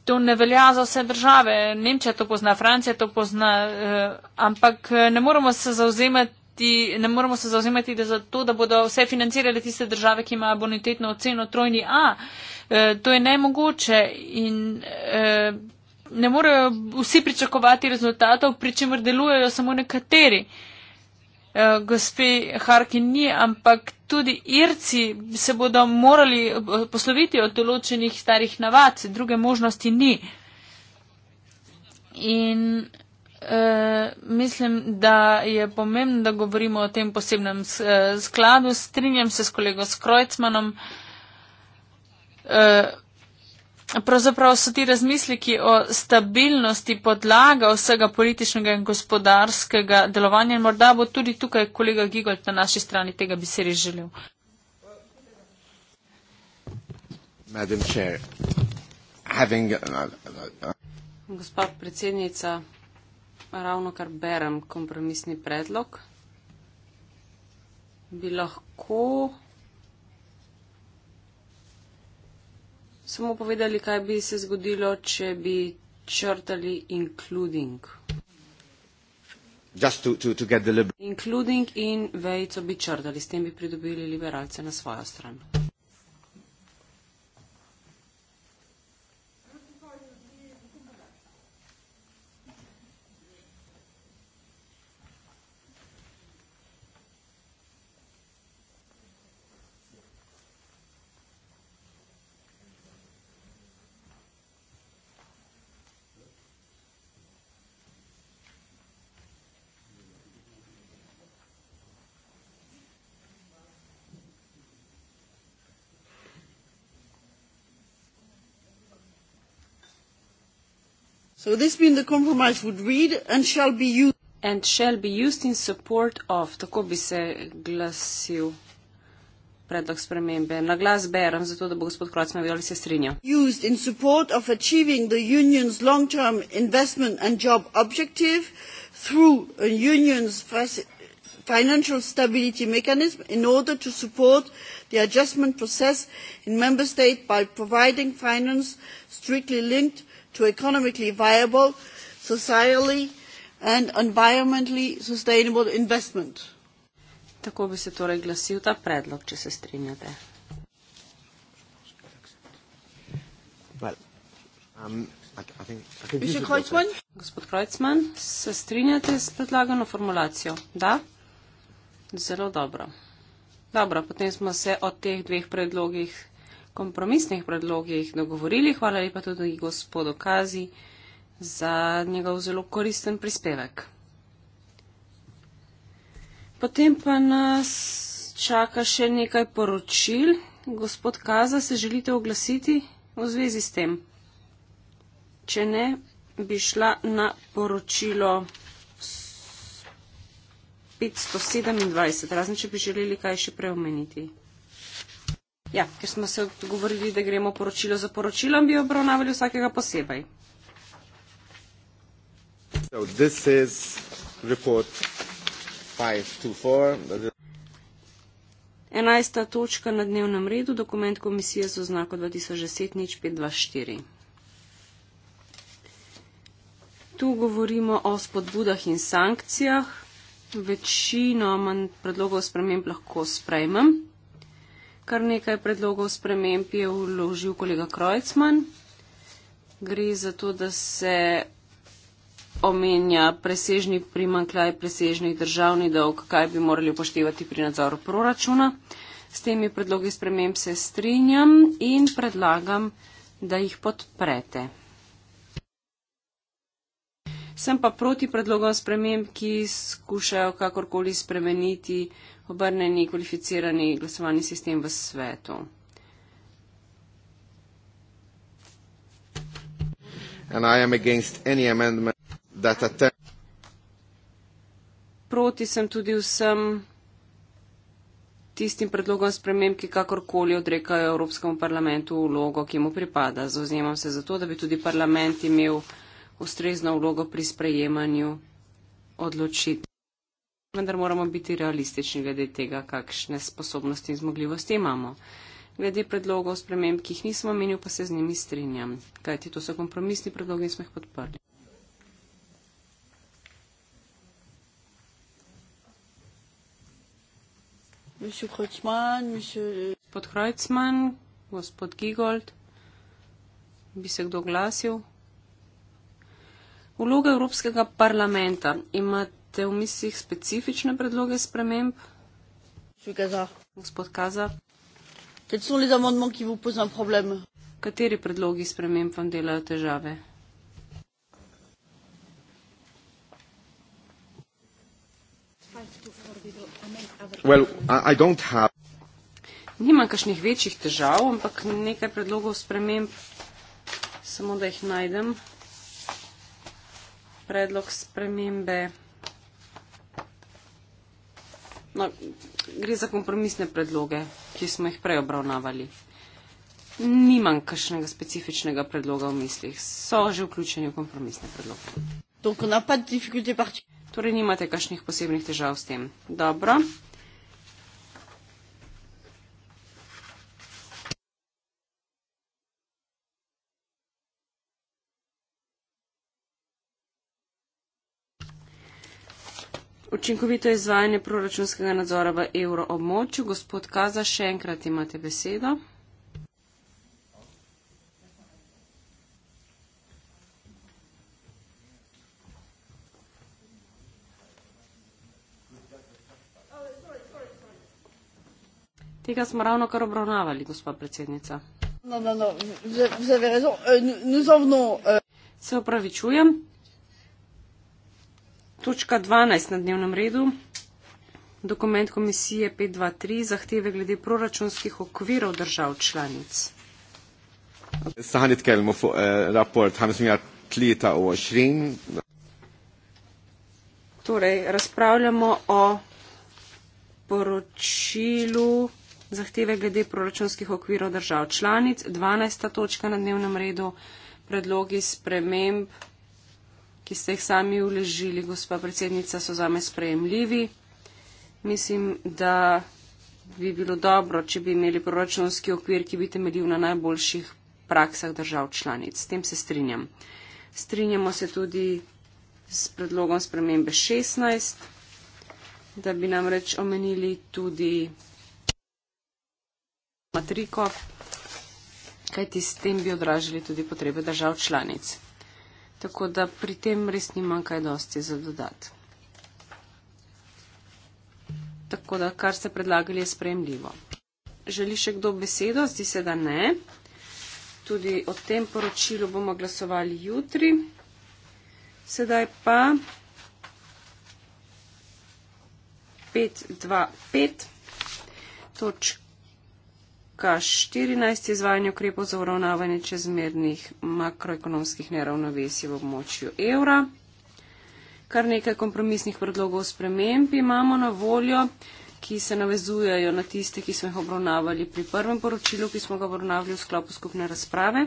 to ne velja za vse države. Nemčija to pozna, Francija to pozna, eh, ampak eh, ne moramo se zauzemati. Ne moramo se zauzemati za to, da bodo vse financirale tiste države, ki imajo bonitetno oceno trojni A. E, to je nemogoče in e, ne morejo vsi pričakovati rezultatov, pri čemer delujejo samo nekateri. E, Eh, gospe Harki ni, ampak tudi Irci se bodo morali eh, posloviti od določenih starih navad, druge možnosti ni. In uh, mislim, da je pomembno, da govorimo o tem posebnem skladu. Strinjam se s kolego Skrojcmanom. Uh, pravzaprav so ti razmisliki o stabilnosti podlaga vsega političnega in gospodarskega delovanja in morda bo tudi tukaj kolega Gigolt na naši strani, tega bi si res želel. Chair, having... Uh, uh, uh, Gospa predsednica, ravno kar berem kompromisni predlog, bi lahko samo povedali, kaj bi se zgodilo, če bi črtali including. To, to, to including in vejco bi črtali, s tem bi pridobili liberalce na svojo stran. So this means the compromise would read and shall be used. And shall be used in support of, tako bi se glasil predlog spremembe. Na glas berem, zato da bo gospod Kroc me vjoli se strinjal. Used in support of achieving the union's long-term investment and job objective through a union's financial stability mechanism in order to support the adjustment process in member state by providing finance strictly linked to economically viable, socially and environmentally sustainable investment. Tako bi se torej glasil ta predlog, če se strinjate. Well, um, I, I think, I think Gospod Krojcman, se strinjate s predlagano formulacijo? Da? Zelo dobro. Dobro, potem smo se o teh dveh predlogih kompromisnih predlogih dogovorili. Hvala lepa tudi gospodu Kazi za njegov zelo koristen prispevek. Potem pa nas čaka še nekaj poročil. Gospod Kaza, se želite oglasiti v zvezi s tem? Če ne, bi šla na poročilo 527, razen če bi želeli kaj še preomeniti. Ja, ker smo se odgovorili, da gremo poročilo za poročilom, bi obravnavali vsakega posebej. So, 11. točka na dnevnem redu, dokument komisije z oznako 2010 nič 524. Tu govorimo o spodbudah in sankcijah. Večino predlogov spremem lahko sprejmem kar nekaj predlogov sprememb je vložil kolega Krojcman. Gre za to, da se omenja presežni primankljaj, presežni državni dolg, kaj bi morali upoštevati pri nadzoru proračuna. S temi predlogi sprememb se strinjam in predlagam, da jih podprete. Sem pa proti predlogom sprememb, ki skušajo kakorkoli spremeniti obrnjeni kvalificirani glasovalni sistem v svetu. Proti sem tudi vsem tistim predlogom sprememb, ki kakorkoli odrekajo Evropskemu parlamentu vlogo, ki mu pripada. Zauzemam se za to, da bi tudi parlament imel ustrezno vlogo pri sprejemanju odločitev vendar moramo biti realistični glede tega, kakšne sposobnosti in zmogljivosti imamo. Glede predlogov sprememb, ki jih nismo menili, pa se z njimi strinjam, kajti to so kompromisni predlogi in smo jih podprli. Gospod Hrojcman, gospod Gigold, bi se kdo glasil? Vloga Evropskega parlamenta ima imate v mislih specifične predloge sprememb? Gospod Kaza. Kateri predlogi sprememb vam delajo težave? Well, have... Nimam kakšnih večjih težav, ampak nekaj predlogov sprememb, samo da jih najdem. Predlog spremembe No, gre za kompromisne predloge, ki smo jih prej obravnavali. Nimam kakšnega specifičnega predloga v mislih, so že vključeni v kompromisne predloge. Torej nimate kakšnih posebnih težav s tem. Dobro. učinkovito izvajanje proračunskega nadzora v evroobmočju. Gospod Kaza, še enkrat imate besedo. Tega smo ravno kar obravnavali, gospod predsednica. No, no, no. Z, z, z, z, z, z, z, z, se opravičujem. Točka 12 na dnevnem redu. Dokument komisije 523 zahteve glede proračunskih okvirov držav članic. Eh, torej, razpravljamo o poročilu zahteve glede proračunskih okvirov držav članic. 12. točka na dnevnem redu. Predlogi sprememb ki ste jih sami uležili, gospa predsednica, so zame sprejemljivi. Mislim, da bi bilo dobro, če bi imeli proračunski okvir, ki bi temeljil na najboljših praksah držav članic. S tem se strinjam. Strinjamo se tudi s predlogom spremembe 16, da bi nam reč omenili tudi matriko, kajti s tem bi odražili tudi potrebe držav članic. Tako da pri tem res nimam kaj dosti za dodat. Tako da, kar ste predlagali, je spremljivo. Želi še kdo besedo? Zdi se, da ne. Tudi o tem poročilu bomo glasovali jutri. Sedaj pa 5.2.5. točka. Pika 14 izvajanje ukrepov za uravnavanje čezmernih makroekonomskih neravnovesij v območju evra. Kar nekaj kompromisnih predlogov sprememb imamo na voljo, ki se navezujejo na tiste, ki smo jih obravnavali pri prvem poročilu, ki smo ga obravnavali v sklopu skupne razprave.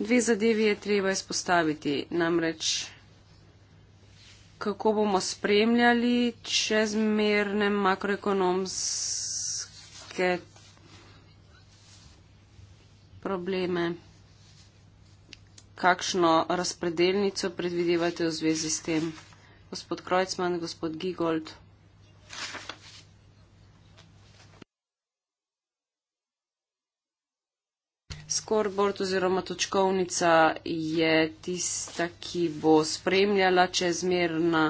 Dve zadevi je treba izpostaviti, namreč kako bomo spremljali čezmerne makroekonomske probleme. Kakšno razpredelnico predvidevate v zvezi s tem? Gospod Krojcman, gospod Gigold. scoreboard oziroma točkovnica je tista, ki bo spremljala čezmerna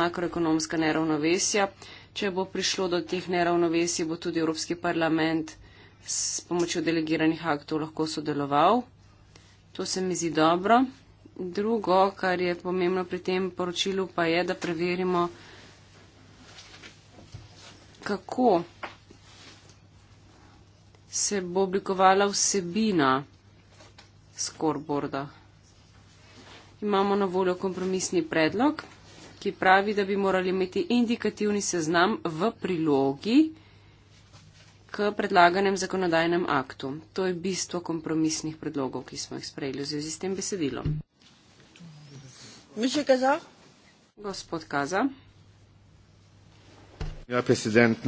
makroekonomska neravnovesja. Če bo prišlo do teh neravnovesij, bo tudi Evropski parlament s pomočjo delegiranih aktov lahko sodeloval. To se mi zdi dobro. Drugo, kar je pomembno pri tem poročilu, pa je, da preverimo, kako se bo oblikovala vsebina scoreboarda. Imamo na voljo kompromisni predlog, ki pravi, da bi morali imeti indikativni seznam v prilogi k predlaganem zakonodajnem aktu. To je bistvo kompromisnih predlogov, ki smo jih sprejeli v zvezi s tem besedilom. Mišel Kaza? Gospod Kaza. Ja, predsednik.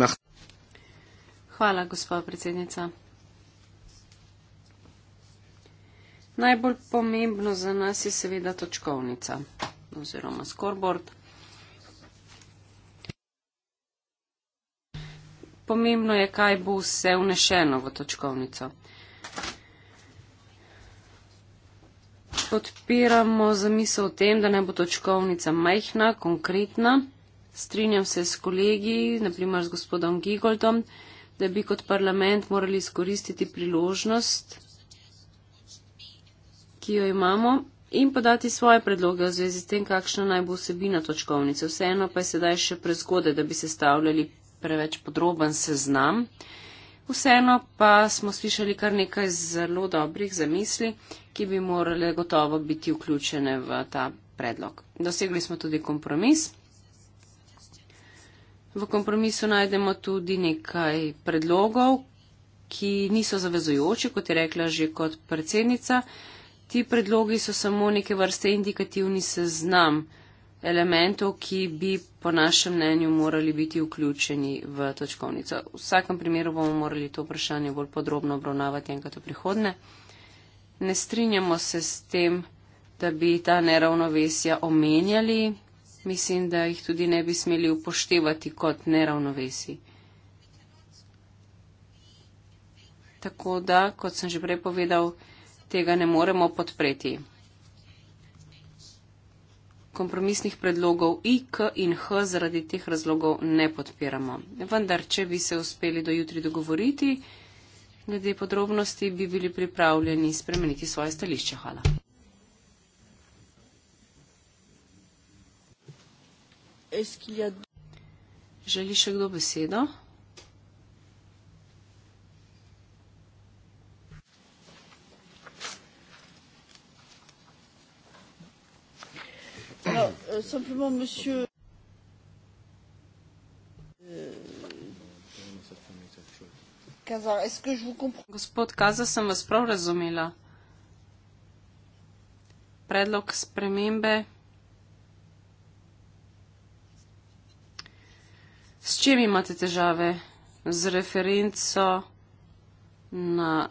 Hvala, gospa predsednica. Najbolj pomembno za nas je seveda točkovnica oziroma scoreboard. Pomembno je, kaj bo vse vnešeno v točkovnico. Podpiramo zamisel o tem, da ne bo točkovnica majhna, konkretna. Strinjam se s kolegi, naprimer s gospodom Gigoldom da bi kot parlament morali izkoristiti priložnost, ki jo imamo, in podati svoje predloge v zvezi s tem, kakšna naj bo vsebina točkovnice. Vseeno pa je sedaj še prezgode, da bi se stavljali preveč podroben seznam. Vseeno pa smo slišali kar nekaj zelo dobrih zamisli, ki bi morale gotovo biti vključene v ta predlog. Dosegli smo tudi kompromis. V kompromisu najdemo tudi nekaj predlogov, ki niso zavezujoči, kot je rekla že kot predsednica. Ti predlogi so samo neke vrste indikativni seznam elementov, ki bi po našem mnenju morali biti vključeni v točkovnico. V vsakem primeru bomo morali to vprašanje bolj podrobno obravnavati enkrat v prihodne. Ne strinjamo se s tem, da bi ta neravnovesja omenjali mislim, da jih tudi ne bi smeli upoštevati kot neravnovesi. Tako da, kot sem že prej povedal, tega ne moremo podpreti. Kompromisnih predlogov I, K in H zaradi teh razlogov ne podpiramo. Vendar, če bi se uspeli do jutri dogovoriti, glede podrobnosti, bi bili pripravljeni spremeniti svoje stališče. Hvala. Est-ce qu'il y a... Želi še kdo besedo? Euh, simplement, monsieur. Kazar, euh, est-ce que je vous comprends? Gospod Kazar, sem vas prav razumela. Predlog spremembe. S čim imate težave? Z referenco na.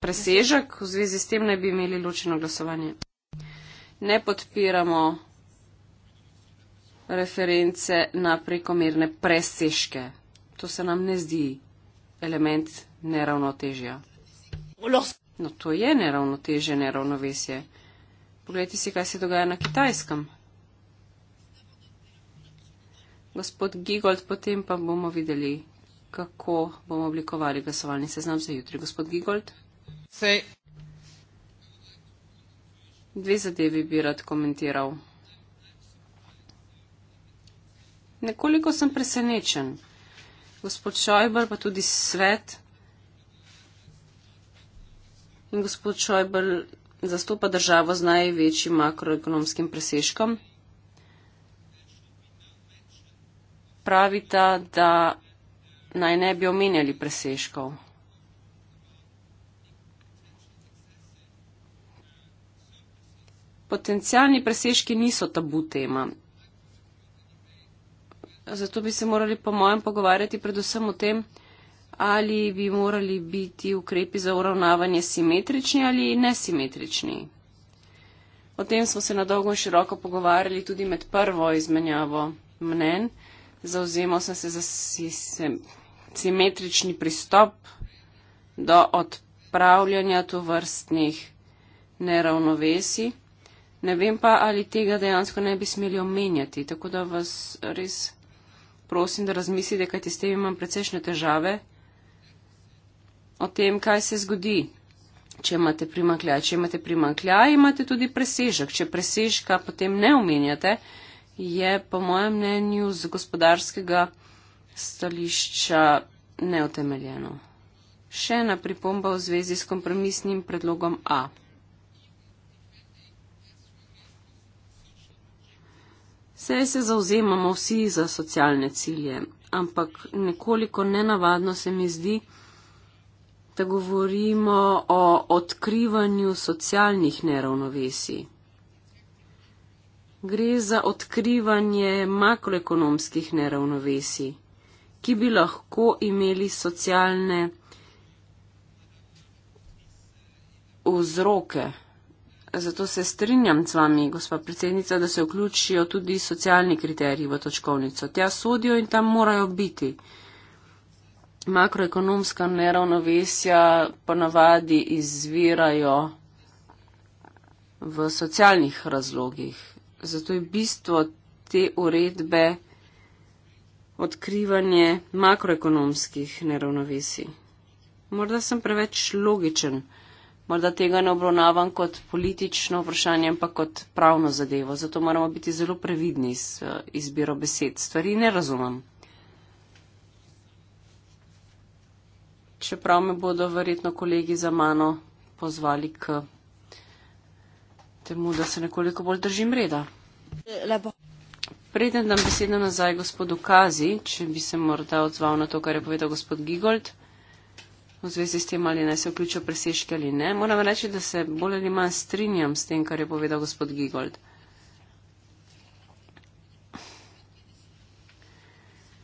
Presežek v zvezi s tem naj bi imeli ločeno glasovanje. Ne podpiramo reference na prekomerne presežke. To se nam ne zdi element neravnotežja. No, to je neravnoteže, neravnovesje. Poglejte si, kaj se dogaja na kitajskem. Gospod Gigold, potem pa bomo videli, kako bomo oblikovali glasovalni seznam za jutri. Gospod Gigold. Sej. Dve zadevi bi rad komentiral. Nekoliko sem presenečen. Gospod Šojbr, pa tudi svet. In gospod Šojbr zastopa državo z največjim makroekonomskim preseškom. Pravita, da naj ne bi omenjali preseškov. Potencijalni preseški niso tabu tema. Zato bi se morali po mojem pogovarjati predvsem o tem, ali bi morali biti ukrepi za uravnavanje simetrični ali nesimetrični. O tem smo se na dolgo in široko pogovarjali tudi med prvo izmenjavo mnen. Zauzemal sem se za si, se, simetrični pristop do odpravljanja tu vrstnih neravnovesi. Ne vem pa, ali tega dejansko ne bi smeli omenjati, tako da vas res prosim, da razmislite, kaj ti s tem imam precejšnje težave o tem, kaj se zgodi. Če imate primankljaj, če imate primankljaj, imate tudi presežek. Če presežka potem ne omenjate, je po mojem mnenju z gospodarskega stališča neotemeljeno. Še ena pripomba v zvezi s kompromisnim predlogom A. Vse se zauzemamo vsi za socialne cilje, ampak nekoliko nenavadno se mi zdi, da da govorimo o odkrivanju socialnih neravnovesij. Gre za odkrivanje makroekonomskih neravnovesij, ki bi lahko imeli socialne vzroke. Zato se strinjam z vami, gospa predsednica, da se vključijo tudi socialni kriteriji v točkovnico. Tja sodijo in tam morajo biti makroekonomska neravnovesja ponavadi izvirajo v socialnih razlogih. Zato je bistvo te uredbe odkrivanje makroekonomskih neravnovesij. Morda sem preveč logičen, morda tega ne obravnavam kot politično vprašanje, ampak kot pravno zadevo. Zato moramo biti zelo previdni z eh, izbiro besed. Stvari ne razumem. čeprav me bodo verjetno kolegi za mano pozvali k temu, da se nekoliko bolj držim reda. Lepo. Preden dam besedo nazaj gospodu Kazi, če bi se morda odzval na to, kar je povedal gospod Gigold, v zvezi s tem, ali naj se vključijo presežki ali ne, moram reči, da se bolj ali manj strinjam s tem, kar je povedal gospod Gigold.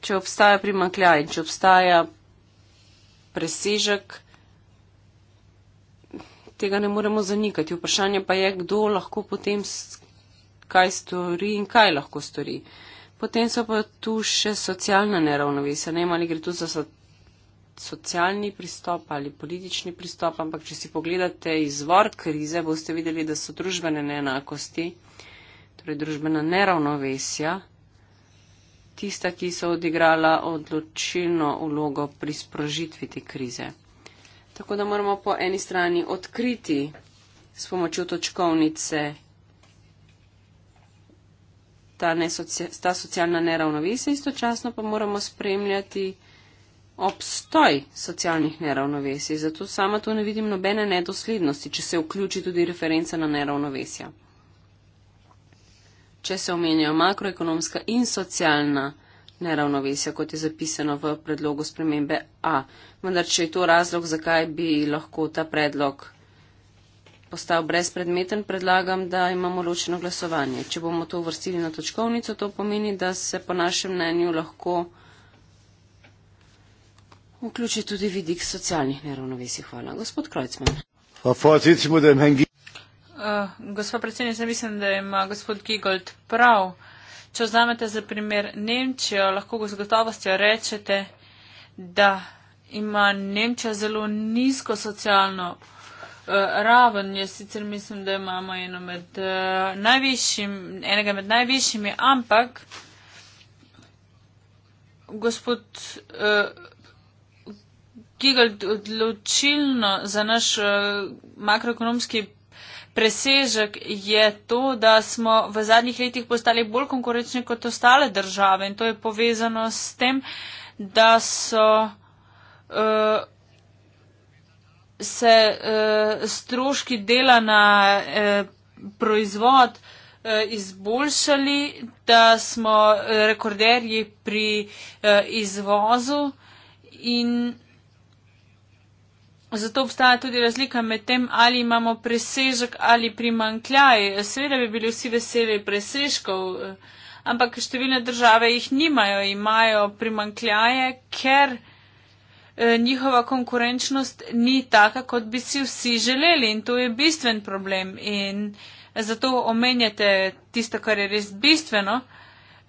Če obstaja primankljaj, če obstaja presežek, tega ne moremo zanikati. Vprašanje pa je, kdo lahko potem kaj stori in kaj lahko stori. Potem so pa tu še socialna neravnovesja. Ne vem, ali gre tu za so socialni pristop ali politični pristop, ampak če si pogledate izvor krize, boste videli, da so družbene neenakosti, torej družbena neravnovesja tista, ki so odigrala odločilno vlogo pri sprožitvi te krize. Tako da moramo po eni strani odkriti s pomočjo točkovnice ta, nesoci, ta socialna neravnovesja, istočasno pa moramo spremljati obstoj socialnih neravnovesij. Zato sama tu ne vidim nobene nedoslednosti, če se vključi tudi referenca na neravnovesja če se omenjajo makroekonomska in socialna neravnovesja, kot je zapisano v predlogu spremembe A. Vendar, če je to razlog, zakaj bi lahko ta predlog postal brezpredmeten, predlagam, da imamo ločeno glasovanje. Če bomo to uvrstili na točkovnico, to pomeni, da se po našem mnenju lahko vključi tudi vidik socialnih neravnovesij. Hvala. Gospod Krojcman. Hvala, Eh, gospa predsednica, mislim, da ima gospod Gigold prav. Če vzamete za primer Nemčijo, lahko z gotovostjo rečete, da ima Nemčija zelo nizko socialno eh, raven. Jaz sicer mislim, da imamo eno med eh, najvišjim, enega med najvišjimi, ampak gospod Gigold odločilno za naš makroekonomski presežek je to, da smo v zadnjih letih postali bolj konkurenčni kot ostale države in to je povezano s tem, da so uh, se uh, stroški dela na uh, proizvod izboljšali, da smo rekorderji pri izvozu in Zato obstaja tudi razlika med tem, ali imamo presežek ali primankljaj. Seveda bi bili vsi veseli presežkov, ampak številne države jih nimajo, imajo primankljaje, ker e, njihova konkurenčnost ni taka, kot bi si vsi želeli in to je bistven problem. In zato omenjate tisto, kar je res bistveno.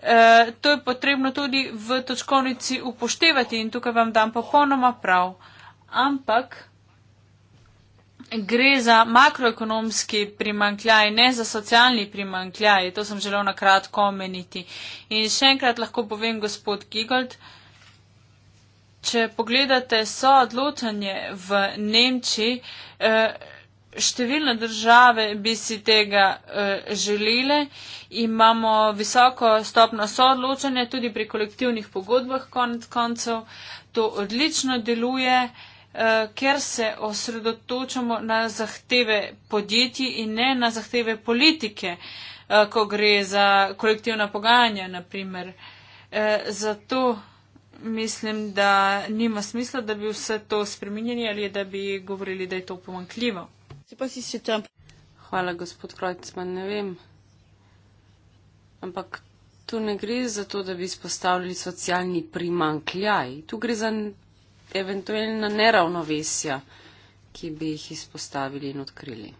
E, to je potrebno tudi v točkovnici upoštevati in tukaj vam dam popolnoma prav. Ampak gre za makroekonomski primankljaj, ne za socialni primankljaj. To sem želel na kratko omeniti. In še enkrat lahko povem, gospod Gigold, če pogledate so odločanje v Nemčiji, eh, številne države bi si tega eh, želele. Imamo visoko stopno so odločanje tudi pri kolektivnih pogodbah konec koncev. To odlično deluje. Eh, ker se osredotočamo na zahteve podjetij in ne na zahteve politike, eh, ko gre za kolektivna pogajanja, naprimer. Eh, zato mislim, da nima smisla, da bi vse to spreminjali ali da bi govorili, da je to pomankljivo. Hvala, gospod Krojcman, ne vem. Ampak tu ne gre za to, da bi izpostavili socialni primankljaj. Tu gre za eventualna neravnovesja, ki bi jih izpostavili in odkrili.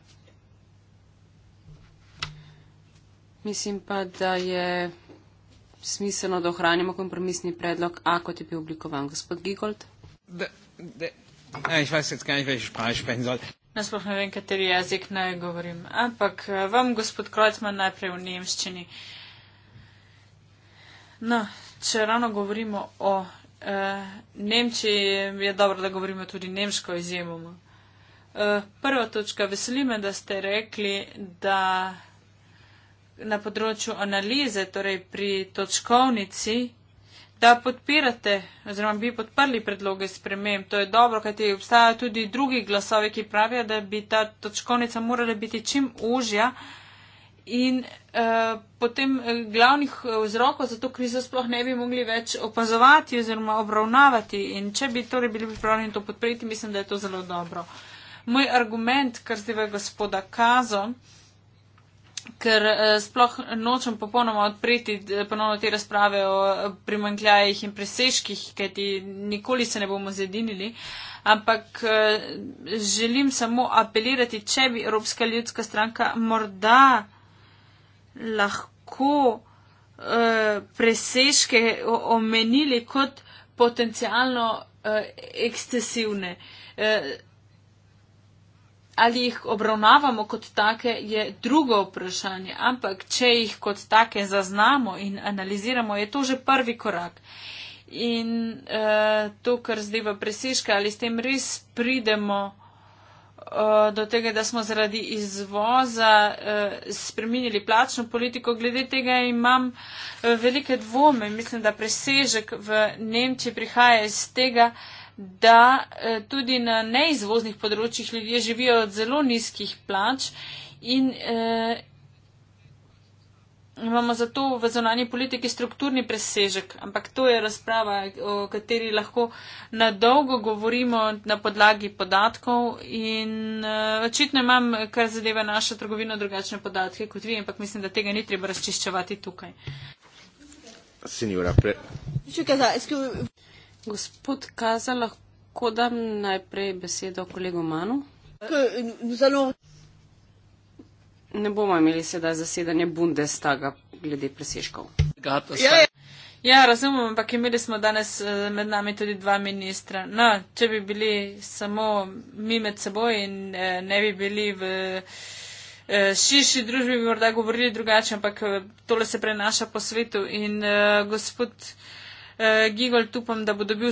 Mislim pa, da je smiselno, da ohranimo kompromisni predlog A, kot je bil oblikovan gospod Gigold. Ja, Nasploh ne vem, kateri jezik naj govorim. Ampak eh, vam, gospod Krojcman, najprej v nemščini. No, če ravno govorimo o Uh, Nemčiji je dobro, da govorimo tudi nemško izjemoma. Uh, prva točka, veseli me, da ste rekli, da na področju analize, torej pri točkovnici, da podpirate oziroma bi podprli predloge sprememb. To je dobro, kajti obstajajo tudi drugi glasovi, ki pravijo, da bi ta točkovnica morala biti čim užja, uh, In uh, potem eh, glavnih eh, vzrokov za to krizo sploh ne bi mogli več opazovati oziroma obravnavati. In če bi torej bili pripravljeni to podpreti, mislim, da je to zelo dobro. Moj argument, kar zdaj gospoda Kazo, ker uh, sploh nočem popolnoma odpreti ponovno te razprave o primankljajih in preseških, kajti nikoli se ne bomo zedinili. Ampak uh, želim samo apelirati, če bi Evropska ljudska stranka morda lahko uh, presežke omenili kot potencialno uh, ekscesivne. Uh, ali jih obravnavamo kot take, je drugo vprašanje, ampak če jih kot take zaznamo in analiziramo, je to že prvi korak. In uh, to, kar zdaj v presežke, ali s tem res pridemo. Eh, do tega, da smo zaradi izvoza eh, spremenili plačno politiko. Glede tega imam eh, velike dvome. Mislim, da presežek v Nemčiji prihaja iz tega, da tudi na neizvoznih področjih ljudje živijo od zelo nizkih plač in, imamo zato v zonanji politiki strukturni presežek, ampak to je razprava, o kateri lahko na dolgo govorimo na podlagi podatkov in e, očitno imam, kar zadeva našo trgovino, drugačne podatke kot vi, ampak mislim, da tega ni treba razčiščevati tukaj. Senjora, pre... Gospod Kaza, lahko dam najprej besedo kolegu Manu. Zalo ne bomo imeli sedaj zasedanje Bundestaga glede presežkov. Ja, ja. ja, razumem, ampak imeli smo danes eh, med nami tudi dva ministra. No, če bi bili samo mi med seboj in eh, ne bi bili v eh, širši družbi, bi morda govorili drugače, ampak tole se prenaša po svetu. In gospod Gigol, upam, da bo dobil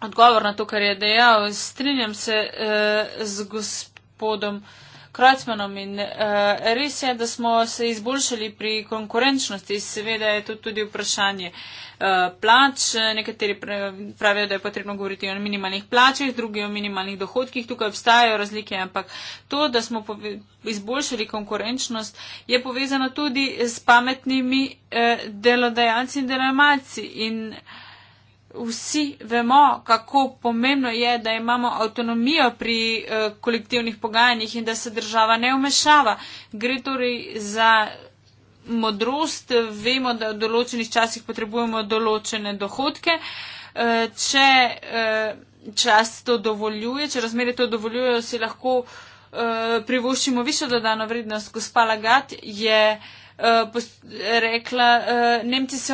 odgovor na to, kar je dejal. Strinjam se z gospodom. Kratmanom in uh, eh, res je, da smo se izboljšali pri konkurenčnosti, seveda je to tudi vprašanje uh, plač. Nekateri pravijo, da je potrebno govoriti o minimalnih plačih, drugi o minimalnih dohodkih, tukaj obstajajo razlike, ampak to, da smo izboljšali konkurenčnost, je povezano tudi s pametnimi uh, delodajalci in delojemalci vsi vemo, kako pomembno je, da imamo avtonomijo pri uh, kolektivnih pogajanjih in da se država ne umešava. Gre torej za modrost, vemo, da v določenih časih potrebujemo določene dohodke. Uh, če uh, čas to dovoljuje, če razmere to dovoljujejo, si lahko uh, privoščimo višjo dodano vrednost. Gospa Lagat je. Uh, uh, rekla, uh, Nemci se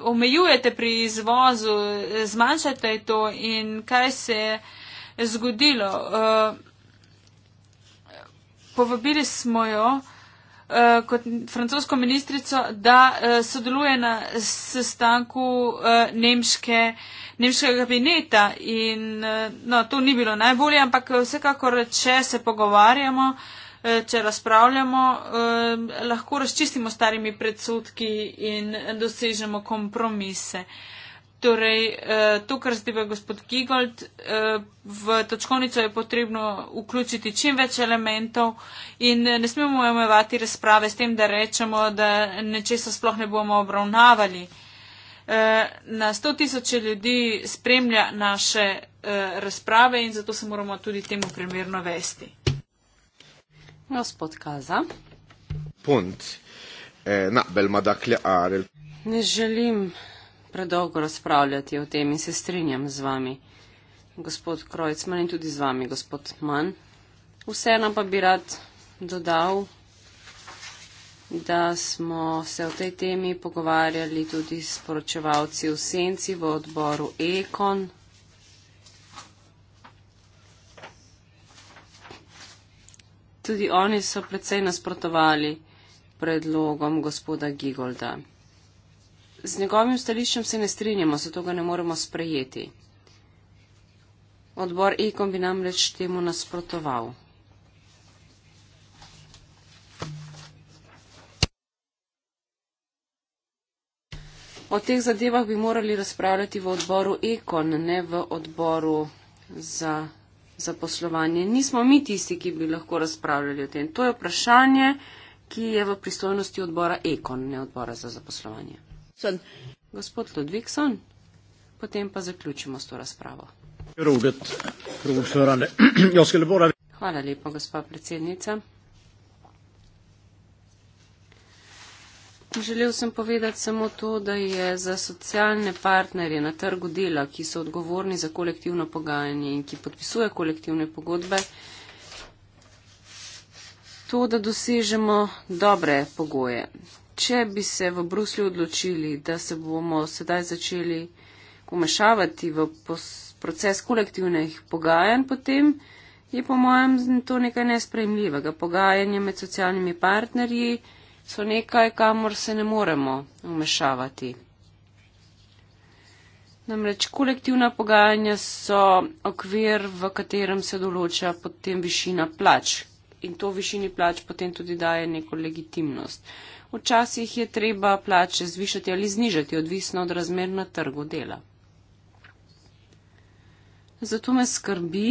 omejujete pri izvozu, eh, zmanjšate to in kaj se je zgodilo. Uh, povabili smo jo kot francosko ministrico, da sodeluje na sestanku nemške, nemškega kabineta. In, no, to ni bilo najbolje, ampak vsekakor, če se pogovarjamo, uh, Eh, če razpravljamo, eh, lahko razčistimo starimi predsotki in dosežemo kompromise. Torej, eh, to, kar zdiva gospod Gigold, v točkovnico je potrebno vključiti čim več elementov in ne smemo omejevati razprave s tem, da rečemo, da nečesa sploh ne bomo obravnavali. Na sto tisoče ljudi spremlja naše razprave in zato se moramo tudi temu primerno vesti. Gospod Kaza. Punt. E, na, belmadak le arel. Ne želim predolgo razpravljati o tem in se strinjam z vami. Gospod Krojcman in tudi z vami, gospod Mann. Vseeno pa bi rad dodal, da smo se o tej temi pogovarjali tudi s poročevalci v senci v odboru Ekon, tudi oni so precej nasprotovali predlogom gospoda Gigolda. Z njegovim stališčem se ne strinjamo, zato ga ne moremo sprejeti. Odbor Ekom bi namreč temu nasprotoval. O teh zadevah bi morali razpravljati v odboru Ekon, ne v odboru za za poslovanje. Nismo mi tisti, ki bi lahko razpravljali o tem. To je vprašanje, ki je v pristojnosti odbora Ekon, ne odbora za zaposlovanje. Son. Gospod Ludvikson, potem pa zaključimo s to razpravo. Hvala lepa, gospa predsednica. Želel sem povedati samo to, da je za socialne partnerje na trgu dela, ki so odgovorni za kolektivno pogajanje in ki podpisuje kolektivne pogodbe, to, da dosežemo dobre pogoje. Če bi se v Bruslju odločili, da se bomo sedaj začeli umešavati v proces kolektivnih pogajanj, potem je po mojem to nekaj nespremljivega. Pogajanje med socialnimi partnerji so nekaj, kamor se ne moremo umešavati. Namreč kolektivna pogajanja so okvir, v katerem se določa potem višina plač in to višini plač potem tudi daje neko legitimnost. Včasih je treba plače zvišati ali znižati, odvisno od razmer na trgu dela. Zato me skrbi,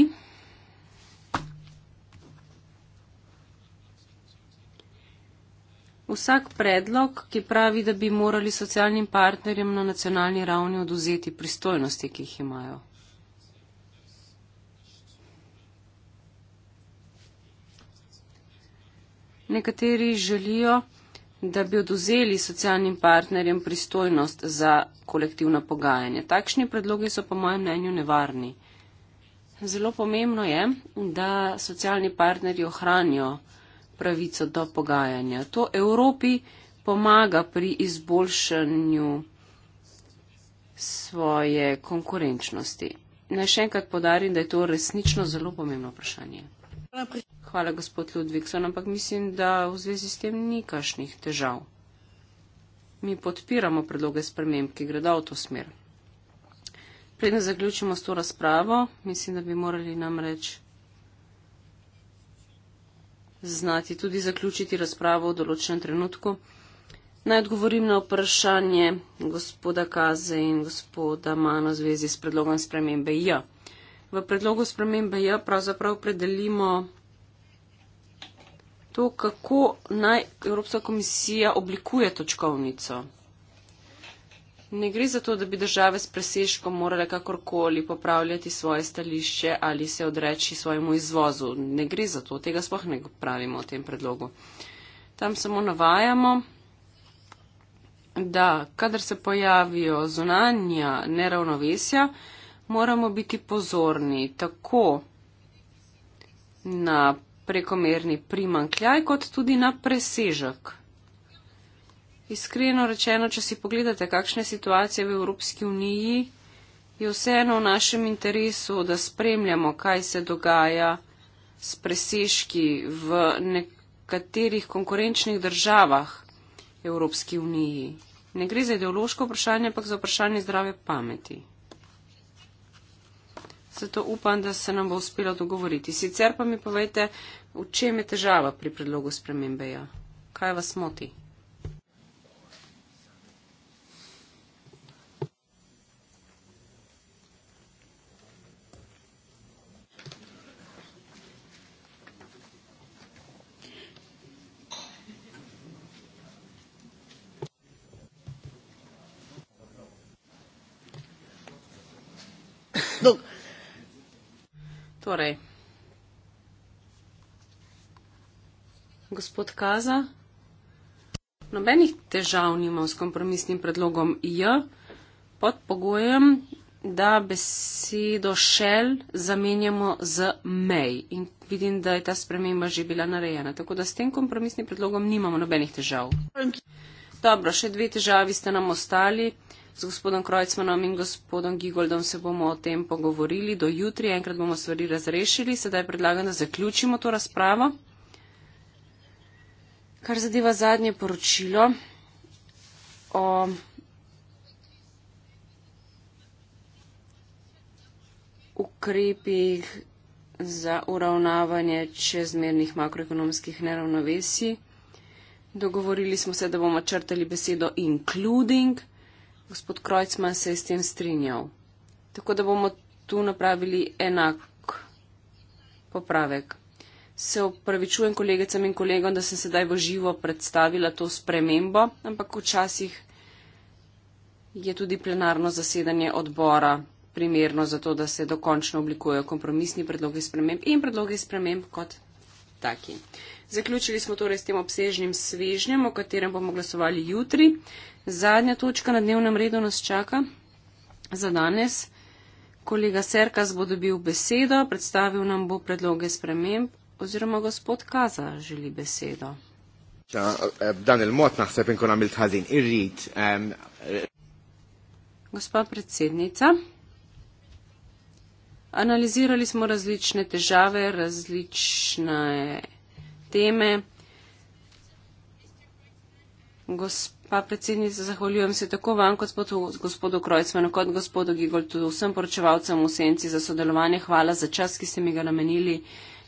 Vsak predlog, ki pravi, da bi morali socialnim partnerjem na nacionalni ravni oduzeti pristojnosti, ki jih imajo. Nekateri želijo, da bi oduzeli socialnim partnerjem pristojnost za kolektivno pogajanje. Takšni predlogi so po mojem mnenju nevarni. Zelo pomembno je, da socialni partnerji ohranijo pravico do pogajanja. To Evropi pomaga pri izboljšanju svoje konkurenčnosti. Naj še enkrat podarim, da je to resnično zelo pomembno vprašanje. Hvala, gospod Ludvikson, ampak mislim, da v zvezi s tem ni kašnih težav. Mi podpiramo predloge sprememb, ki gredo v to smer. Preden zaključimo s to razpravo, mislim, da bi morali namreč znati tudi zaključiti razpravo v določenem trenutku. Naj odgovorim na vprašanje gospoda Kaze in gospoda Mano v zvezi s predlogom spremembe J. V predlogu spremembe J pravzaprav predelimo to, kako naj Evropska komisija oblikuje točkovnico. Ne gre za to, da bi države s presežkom morale kakorkoli popravljati svoje stališče ali se odreči svojemu izvozu. Ne gre za to, tega sploh ne pravimo v tem predlogu. Tam samo navajamo, da kadar se pojavijo zunanja neravnovesja, moramo biti pozorni tako na prekomerni primankljaj, kot tudi na presežek iskreno rečeno, če si pogledate, kakšne situacije v Evropski uniji, je vseeno v našem interesu, da spremljamo, kaj se dogaja s presežki v nekaterih konkurenčnih državah Evropski uniji. Ne gre za ideološko vprašanje, ampak za vprašanje zdrave pameti. Zato upam, da se nam bo uspelo dogovoriti. Sicer pa mi povejte, v čem je težava pri predlogu spremembeja? Kaj vas moti? jasno. Torej. Gospod Kaza, nobenih težav nimam s kompromisnim predlogom J pod pogojem, da besedo šel zamenjamo z mej. In vidim, da je ta sprememba že bila narejena. Tako da s tem kompromisnim predlogom nimamo nobenih težav. Dobro, še dve težavi ste nam ostali. Z gospodom Krojcmanom in gospodom Gigoldom se bomo o tem pogovorili do jutri. Enkrat bomo stvari razrešili. Sedaj predlagam, da zaključimo to razpravo. Kar zadeva zadnje poročilo o ukrepih za uravnavanje čezmernih makroekonomskih neravnovesij. Dogovorili smo se, da bomo črtali besedo including gospod Krojcman se je s tem strinjal. Tako da bomo tu napravili enak popravek. Se opravičujem kolegicam in kolegom, da sem sedaj v živo predstavila to spremembo, ampak včasih je tudi plenarno zasedanje odbora primerno za to, da se dokončno oblikujejo kompromisni predlogi sprememb in predlogi sprememb kot taki. Zaključili smo torej s tem obsežnim svežnjem, o katerem bomo glasovali jutri. Zadnja točka na dnevnem redu nas čaka za danes. Kolega Serkas bo dobil besedo, predstavil nam bo predloge sprememb oziroma gospod Kaza želi besedo. Ja, eh, Gospa predsednica, analizirali smo različne težave, različne teme. Gospod Gospa predsednica, zahvaljujem se tako vam kot gospodu Krojcmanu kot gospodu Gigol, tudi vsem poročevalcem v Senci za sodelovanje. Hvala za čas, ki ste mi ga namenili.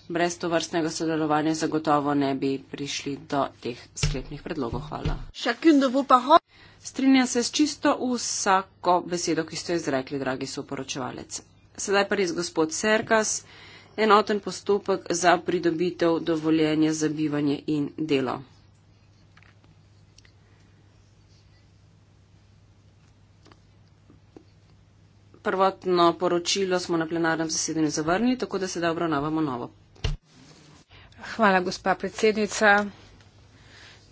Brez to vrstnega sodelovanja zagotovo ne bi prišli do teh sklepnih predlogov. Hvala. Strinjam se s čisto vsako besedo, ki ste jo izrekli, dragi soporočevalec. Sedaj pa res gospod Serkas, enoten postopek za pridobitev dovoljenja za bivanje in delo. prvotno poročilo smo na plenarnem zasedanju zavrnili, tako da sedaj obravnavamo novo. Hvala, gospa predsednica.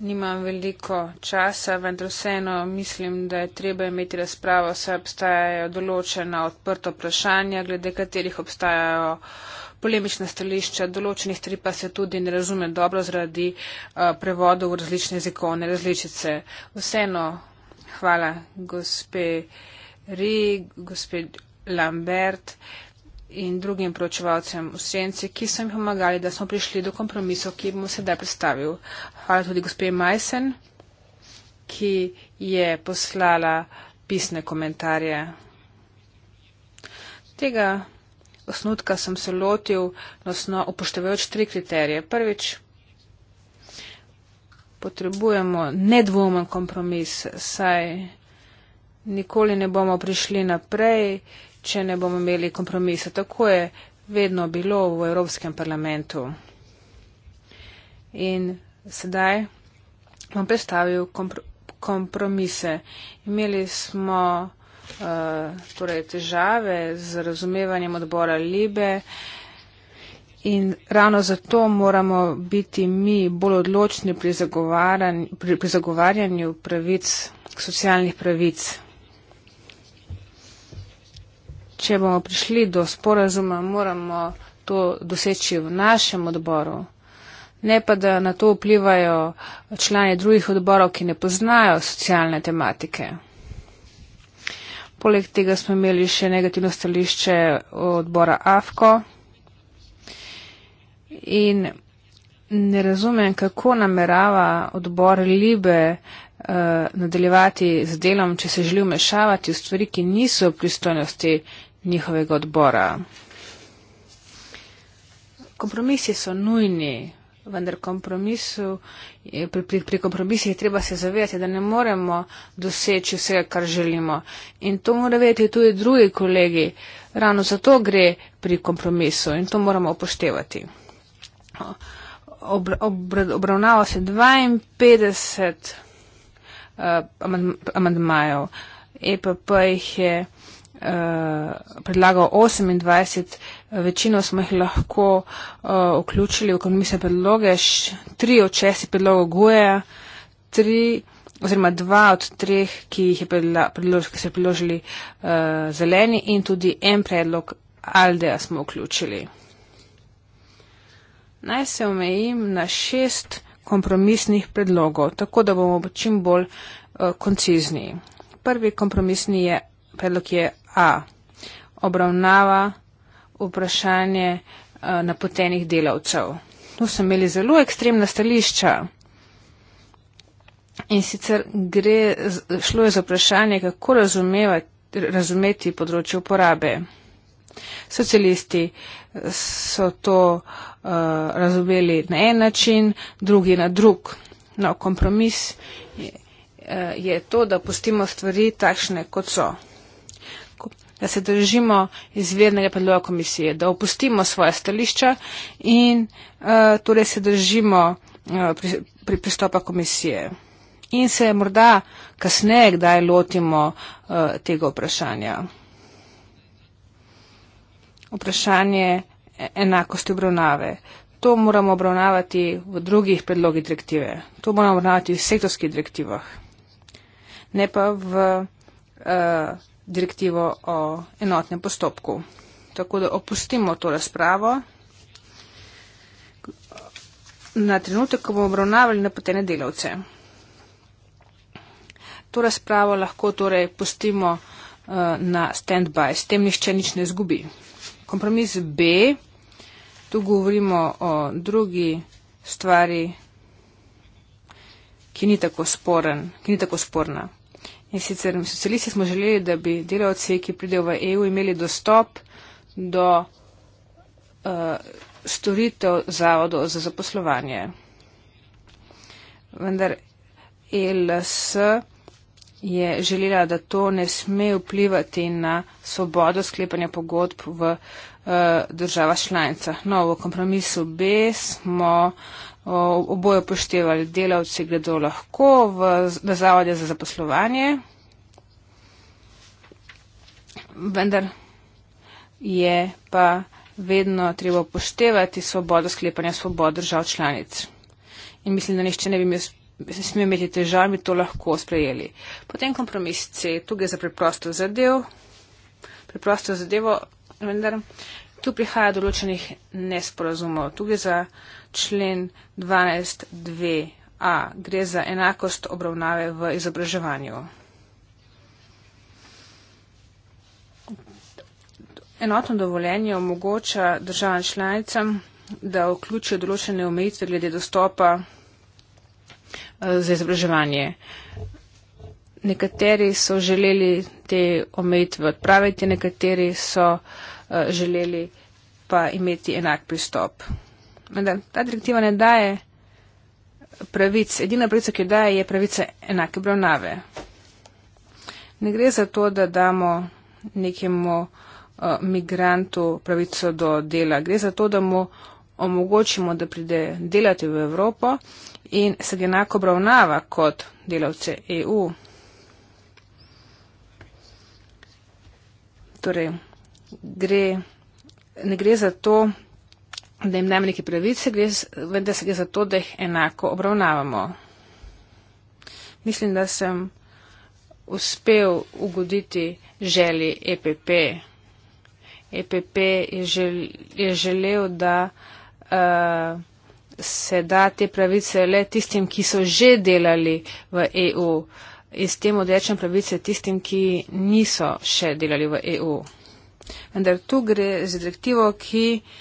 Nimam veliko časa, vendar vseeno mislim, da je treba imeti razpravo, saj obstajajo določena odprta vprašanja, glede katerih obstajajo polemična stališča, določenih tri pa se tudi ne razume dobro zaradi eh, prevodov v različne jezikovne različice. Vseeno hvala, gospe. Ri, gospod Lambert in drugim pročevalcem v senci, ki so jim pomagali, da smo prišli do kompromisov, ki bomo sedaj predstavil. Hvala tudi gospe Majsen, ki je poslala pisne komentarje. Tega osnutka sem se lotil nosno upoštevajoč tri kriterije. Prvič, potrebujemo nedvomen kompromis, saj nikoli ne bomo prišli naprej, če ne bomo imeli kompromisa. Tako je vedno bilo v Evropskem parlamentu. In sedaj bom predstavil kompr kompromise. Imeli smo uh, torej težave z razumevanjem odbora Libe. In ravno zato moramo biti mi bolj odločni pri zagovarjanju, pri, pri zagovarjanju pravic, socialnih pravic če bomo prišli do sporazuma, moramo to doseči v našem odboru. Ne pa, da na to vplivajo člani drugih odborov, ki ne poznajo socialne tematike. Poleg tega smo imeli še negativno stališče odbora AFKO in ne razumem, kako namerava odbor Libe eh, nadaljevati z delom, če se želi umešavati v stvari, ki niso v pristojnosti njihovega odbora. Kompromisi so nujni, vendar pri, pri, pri kompromisih treba se zavedati, da ne moremo doseči vsega, kar želimo. In to mora vedeti tudi drugi kolegi. Ravno zato gre pri kompromisu in to moramo upoštevati. Ob, ob, obravnava se 52 uh, eh, amandmajev. EPP jih je. Eh, predlagal 28, večino smo jih lahko eh, vključili v komisijo predloge, tri od šestih predlogov Gueja, tri oziroma dva od treh, ki, jih predlož, ki so jih priložili uh, eh, zeleni in tudi en predlog Aldeja smo vključili. Naj se omejim na šest kompromisnih predlogov, tako da bomo čim bolj uh, koncizni. Prvi kompromisni je, predlog je A. Obravnava vprašanje eh, napotenih delavcev. Tu so imeli zelo ekstremna stališča. In sicer gre, šlo je za vprašanje, kako razumeti področje uporabe. Socialisti eh, so to uh, razumeli na en način, drugi na drug. No, kompromis je, je to, da pustimo stvari takšne, kot so da se držimo izvirnega predloga komisije, da opustimo svoje stališča in uh, torej se držimo uh, pri, pri pristopa komisije. In se morda kasneje, kdaj lotimo uh, tega vprašanja. Vprašanje enakosti obravnave. To moramo obravnavati v drugih predlogih direktive. To moramo obravnavati v sektorskih direktivah. Ne pa v. Uh, direktivo o enotnem postopku. Tako da opustimo to razpravo. Na trenutek, ko bomo obravnavali napotene delavce. To razpravo lahko torej pustimo uh, na stand-by, s tem nišče nič ne zgubi. Kompromis B, tu govorimo o drugi stvari, ki ni tako, sporen, ki ni tako sporna. In sicer socialisti smo želeli, da bi delavci, ki pridejo v EU, imeli dostop do uh, storitev zavodov za zaposlovanje. Vendar ELS je želela, da to ne sme vplivati na svobodo sklepanja pogodb v uh, eh, država članica. No, v kompromisu B smo uh, oboje upoštevali. Delavci gredo lahko v, na zavode za zaposlovanje, vendar je pa vedno treba upoštevati svobodo sklepanja svobod držav članic. In mislim, da nišče ne bi smel imeti težav, bi to lahko sprejeli. Potem kompromis C, tukaj za preprosto zadev, preprosto zadevo, vendar tu prihaja določenih nesporazumov. Tukaj za člen 12.2a. Gre za enakost obravnave v izobraževanju. Enotno dovoljenje omogoča državam članicam, da vključijo določene omejitve glede dostopa eh, za izobraževanje. Nekateri so želeli te omejitve odpraviti, nekateri so eh, želeli pa imeti enak pristop vendar ta direktiva ne daje pravic. Edina pravica, ki jo daje, je pravica enake obravnave. Ne gre za to, da damo nekemu uh, migrantu pravico do dela. Gre za to, da mu omogočimo, da pride delati v Evropo in se enako obravnava kot delavce EU. Torej, gre, ne gre za to, da jim dajemo neke pravice, vendar se gre za to, da jih enako obravnavamo. Mislim, da sem uspel ugoditi želji EPP. EPP je, žel, je želel, da uh, se da te pravice le tistim, ki so že delali v EU in s tem odrečem pravice tistim, ki niso še delali v EU. Vendar tu gre za direktivo, ki uh,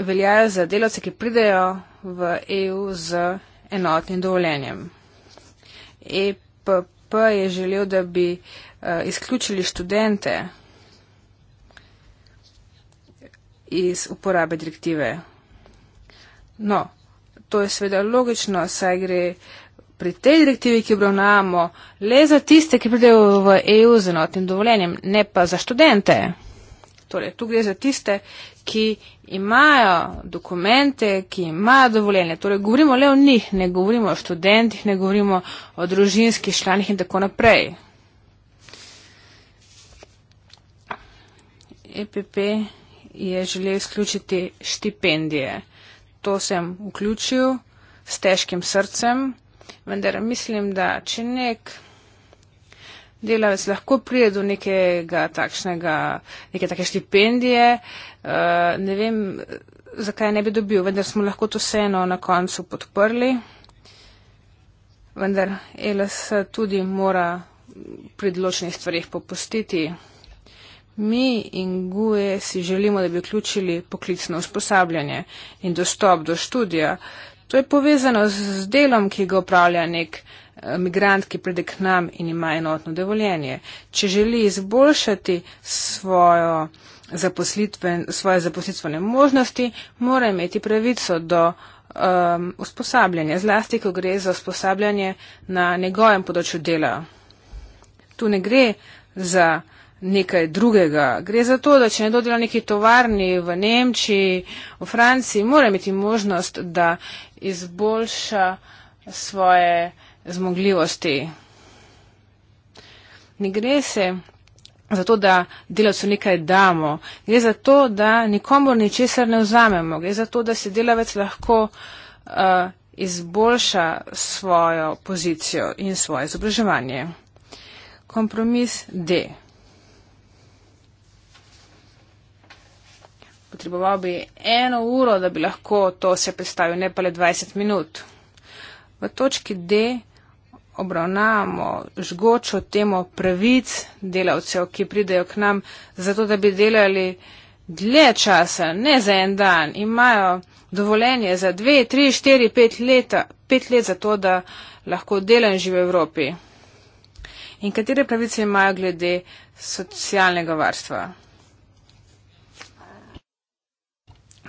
veljajo za delavce, ki pridejo v EU z enotnim dovoljenjem. EPP je želel, da bi uh, izključili študente iz uporabe direktive. No, to je seveda logično, saj gre pri tej direktivi, ki obravnavamo, le za tiste, ki pridejo v EU z enotnim dovoljenjem, ne pa za študente. Torej, tu gre za tiste, ki imajo dokumente, ki imajo dovoljenje. Torej, govorimo le o njih, ne govorimo o študentih, ne govorimo o družinskih članih in tako naprej. EPP je želel izključiti štipendije. To sem vključil s težkim srcem, vendar mislim, da če nek delavec lahko prije do nekega takšnega, neke take štipendije. Eh, ne vem, zakaj ne bi dobil, vendar smo lahko to vseeno na koncu podprli. Vendar LS tudi mora pri določenih stvarih popustiti. Mi in GUE si želimo, da bi vključili poklicno usposabljanje in dostop do študija. To je povezano z delom, ki ga upravlja nek uh, Eh, migrant, ki pride k nam in ima enotno dovoljenje. Če želi izboljšati svojo zaposlitven, svoje zaposlitvene možnosti, mora imeti pravico do um, usposabljanja, zlasti, ko gre za usposabljanje na njegovem področju dela. Tu ne gre za nekaj drugega. Gre za to, da če nekdo dela neki tovarni v Nemčiji, v Franciji, mora imeti možnost, da izboljša svoje uh, zmogljivosti. Ne gre se za to, da delavcu nekaj damo, gre za to, da nikomu ničesar ne vzamemo, gre za to, da se delavec lahko uh, izboljša svojo pozicijo in svoje izobraževanje. Kompromis D. Potreboval bi eno uro, da bi lahko to vse predstavil, ne pa le 20 minut. V točki D obravnavamo žgočo temo pravic delavcev, ki pridejo k nam zato, da bi delali dlje časa, ne za en dan, imajo dovoljenje za dve, tri, štiri, pet, leta, pet let za to, da lahko delajo in živijo v Evropi. In katere pravice imajo glede socialnega varstva?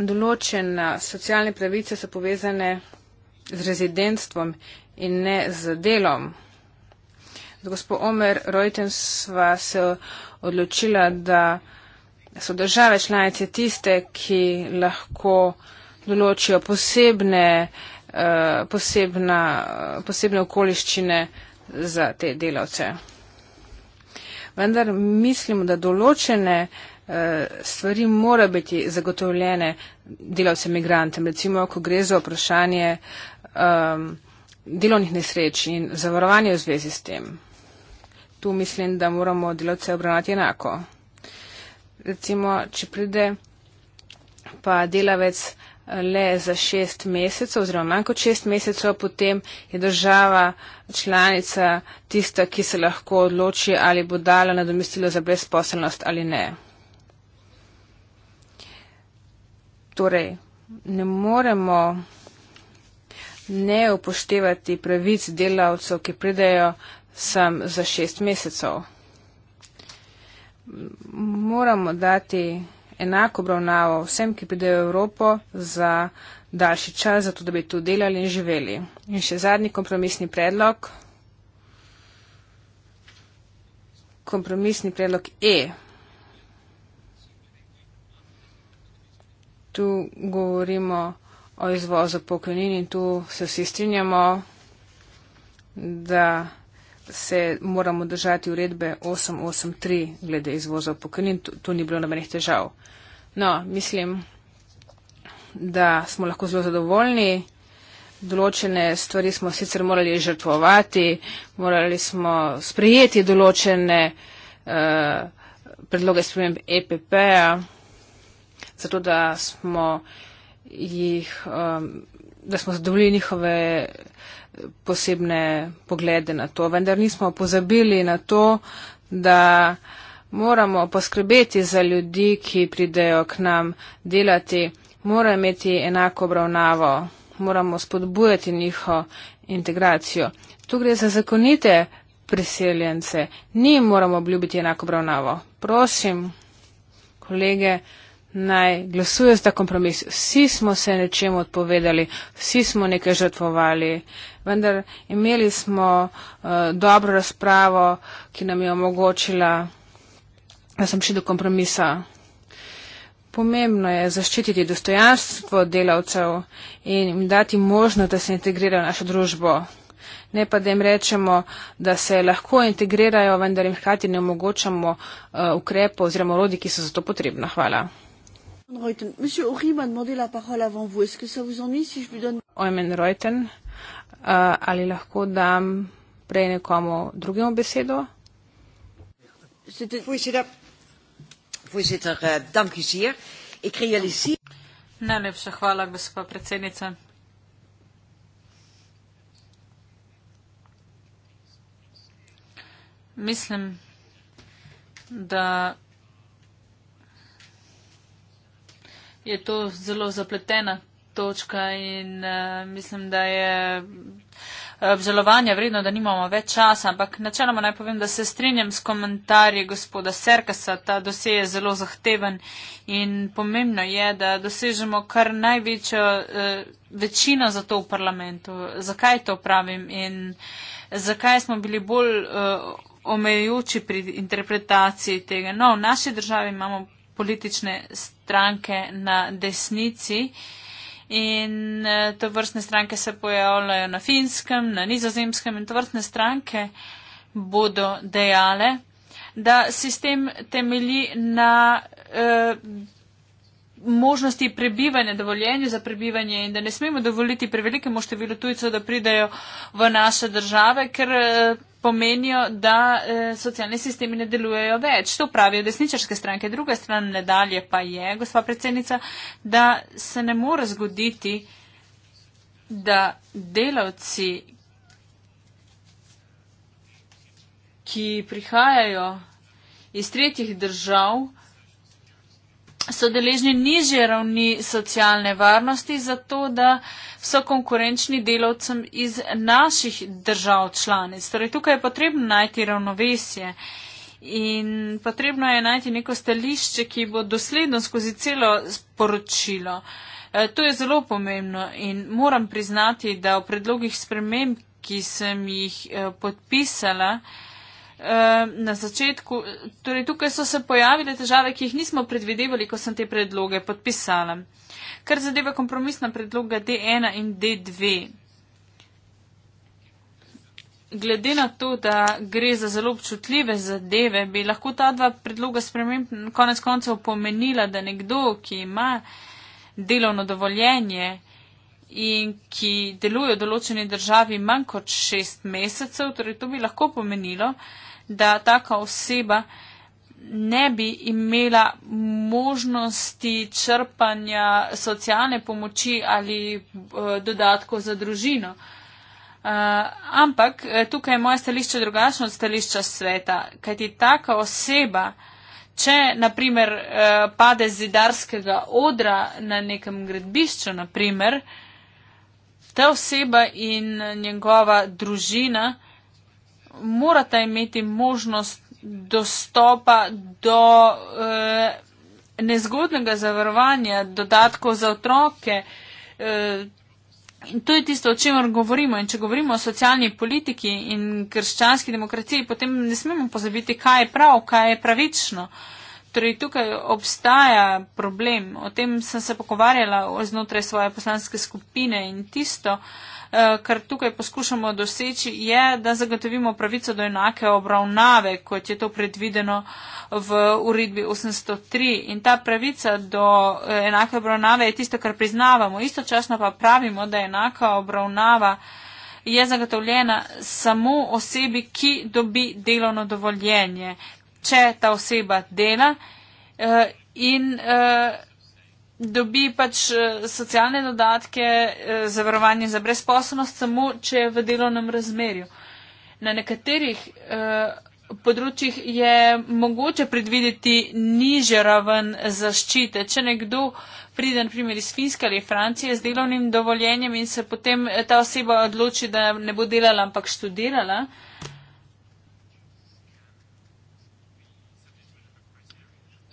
Določene socialne pravice so povezane z rezidentstvom in ne z delom. Gospod Omer Reutens sva se odločila, da so države članice tiste, ki lahko določijo posebne, eh, posebna, posebne okoliščine za te delavce. Vendar mislimo, da določene eh, stvari mora biti zagotovljene delavcem migrantem. Recimo, ko gre za vprašanje um, delovnih nesreč in zavarovanje v zvezi s tem. Tu mislim, da moramo delovce obravnati enako. Recimo, če pride pa delavec eh, le za šest mesecev oziroma manj kot šest mesecev, potem je država članica tista, ki se lahko odloči, ali bo dala nadomestilo za brezposelnost ali ne. Torej, ne moremo ne upoštevati pravic delavcev, ki pridejo sem za šest mesecev. Moramo dati enako obravnavo vsem, ki pridejo v Evropo za daljši čas, zato da bi tu delali in živeli. In še zadnji kompromisni predlog. Kompromisni predlog E. Tu govorimo o izvozu pokojnin in tu se vsi strinjamo, da se moramo držati uredbe 883 glede izvoza pokojnin, tu, tu ni bilo nobenih težav. No, mislim, da smo lahko zelo zadovoljni. Določene stvari smo sicer morali žrtvovati, morali smo sprejeti določene uh, predloge sprememb EPP-a, zato da smo uh, jih, um, da smo zadovoljili njihove posebne poglede na to. Vendar nismo pozabili na to, da moramo poskrbeti za ljudi, ki pridejo k nam delati, morajo imeti enako obravnavo, moramo spodbujati njihovo integracijo. Tu gre za zakonite priseljence, njim moramo obljubiti enako obravnavo. Prosim, kolege, naj glasuje za ta kompromis. Vsi smo se nečemu odpovedali, vsi smo nekaj žrtvovali, vendar imeli smo uh, dobro razpravo, ki nam je omogočila, da sem šli do kompromisa. Pomembno je zaščititi dostojanstvo delavcev in jim dati možnost, da se integrirajo v našo družbo. Ne pa, da jim rečemo, da se lahko integrirajo, vendar jim hkrati ne omogočamo uh, ukrepov oziroma rodi, ki so za to potrebna. Hvala. Monsieur Horry m'a demandé la parole avant vous. Est-ce que ça vous ennuie si je lui donne. Oymen Reuten, uh, ali lahko dam prej nekomu drugemu besedo? Eh, Najlepša hvala, gospa predsednica. Mislim, da je to zelo zapletena točka in uh, mislim, da je eh, obžalovanje vredno, da nimamo več časa, ampak načeloma naj povem, da se strinjam s komentarji gospoda Serkasa, ta dosej je zelo zahteven in pomembno je, da dosežemo kar največjo uh, večino za to v parlamentu. Zakaj to pravim in zakaj smo bili bolj uh, omejujoči pri interpretaciji tega? No, v naši državi imamo politične stvari stranke na desnici. In eh, to vrstne stranke se pojavljajo na finskem, na nizozemskem in to vrstne stranke bodo dejale, da sistem temelji na eh, možnosti prebivanja, dovoljenju za prebivanje in da ne smemo dovoliti prevelikemu številu tujcev, da pridejo v naše države, ker. Eh, pomenijo, da e, socialni sistemi ne delujejo več. To pravijo desničarske stranke. Druga stran nadalje pa je, gospa predsednica, da se ne more zgoditi, da delavci, ki prihajajo iz tretjih držav, so deležni nižje ravni socialne varnosti, zato da so konkurenčni delavcem iz naših držav članic. Torej, tukaj je potrebno najti ravnovesje in potrebno je najti neko stališče, ki bo dosledno skozi celo sporočilo. E, to je zelo pomembno in moram priznati, da v predlogih sprememb, ki sem jih e, podpisala, na začetku, torej tukaj so se pojavile težave, ki jih nismo predvidevali, ko sem te predloge podpisala. Kar zadeva kompromisna predloga D1 in D2. Glede na to, da gre za zelo občutljive zadeve, bi lahko ta dva predloga sprememb konec koncev pomenila, da nekdo, ki ima delovno dovoljenje in ki deluje v določeni državi manj kot šest mesecev, torej to bi lahko pomenilo, da taka oseba ne bi imela možnosti črpanja socialne pomoči ali eh, dodatkov za družino. Eh, ampak eh, tukaj je moje stališče drugačno od stališča sveta, kajti taka oseba, če naprimer pade z zidarskega odra na nekem gradbišču, naprimer, ta oseba in njegova družina, morate imeti možnost dostopa do e, nezgodnega zavarovanja, dodatkov za otroke. E, In to je tisto, o čemer govorimo. In če govorimo o socialni politiki in krščanski demokraciji, potem ne smemo pozabiti, kaj je prav, kaj je pravično. Torej, tukaj obstaja problem. O tem sem se pogovarjala znotraj svoje poslanske skupine in tisto, uh, Eh, kar tukaj poskušamo doseči, je, da zagotovimo pravico do enake obravnave, kot je to predvideno v uredbi 803. In ta pravica do eh, enake obravnave je tisto, kar priznavamo. Istočasno pa pravimo, da je enaka obravnava je zagotovljena samo osebi, ki dobi delovno dovoljenje, če ta oseba dela eh, in dobi pač eh, socialne dodatke, eh, zavarovanje za brezposobnost, samo če je v delovnem razmerju. Na nekaterih uh, področjih je mogoče predvideti nižjo raven zaščite. Če nekdo pride, na primer, iz Finske ali Francije z delovnim dovoljenjem in se potem ta oseba odloči, da ne bo delala, ampak študirala, uh,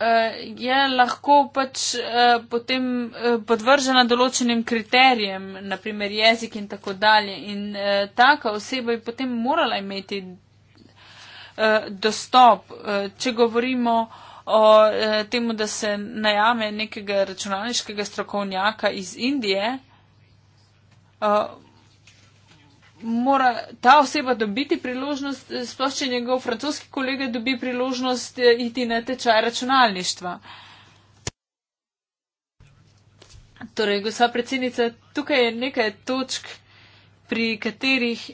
uh, je lahko pač uh, potem uh, podvržena določenim kriterijem, naprimer jezik in tako dalje. In uh, taka oseba je potem morala imeti uh, dostop, uh, če govorimo o uh, temu, da se najame nekega računalniškega strokovnjaka iz Indije. Uh, mora ta oseba dobiti priložnost, eh, sploh če njegov francoski kolega dobi priložnost eh, iti na tečaj računalništva. Torej, gospa predsednica, tukaj je nekaj točk, pri katerih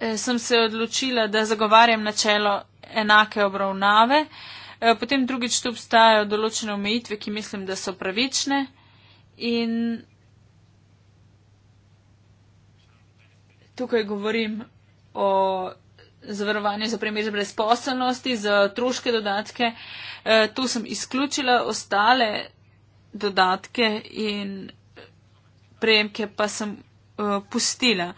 eh, sem se odločila, da zagovarjam načelo enake obravnave. Potem drugič tu obstajajo določene omejitve, ki mislim, da so pravične. In tukaj govorim o zavarovanju za primer brezposelnosti, za troške dodatke. E, tu sem izključila ostale dodatke in prejemke pa sem e, pustila.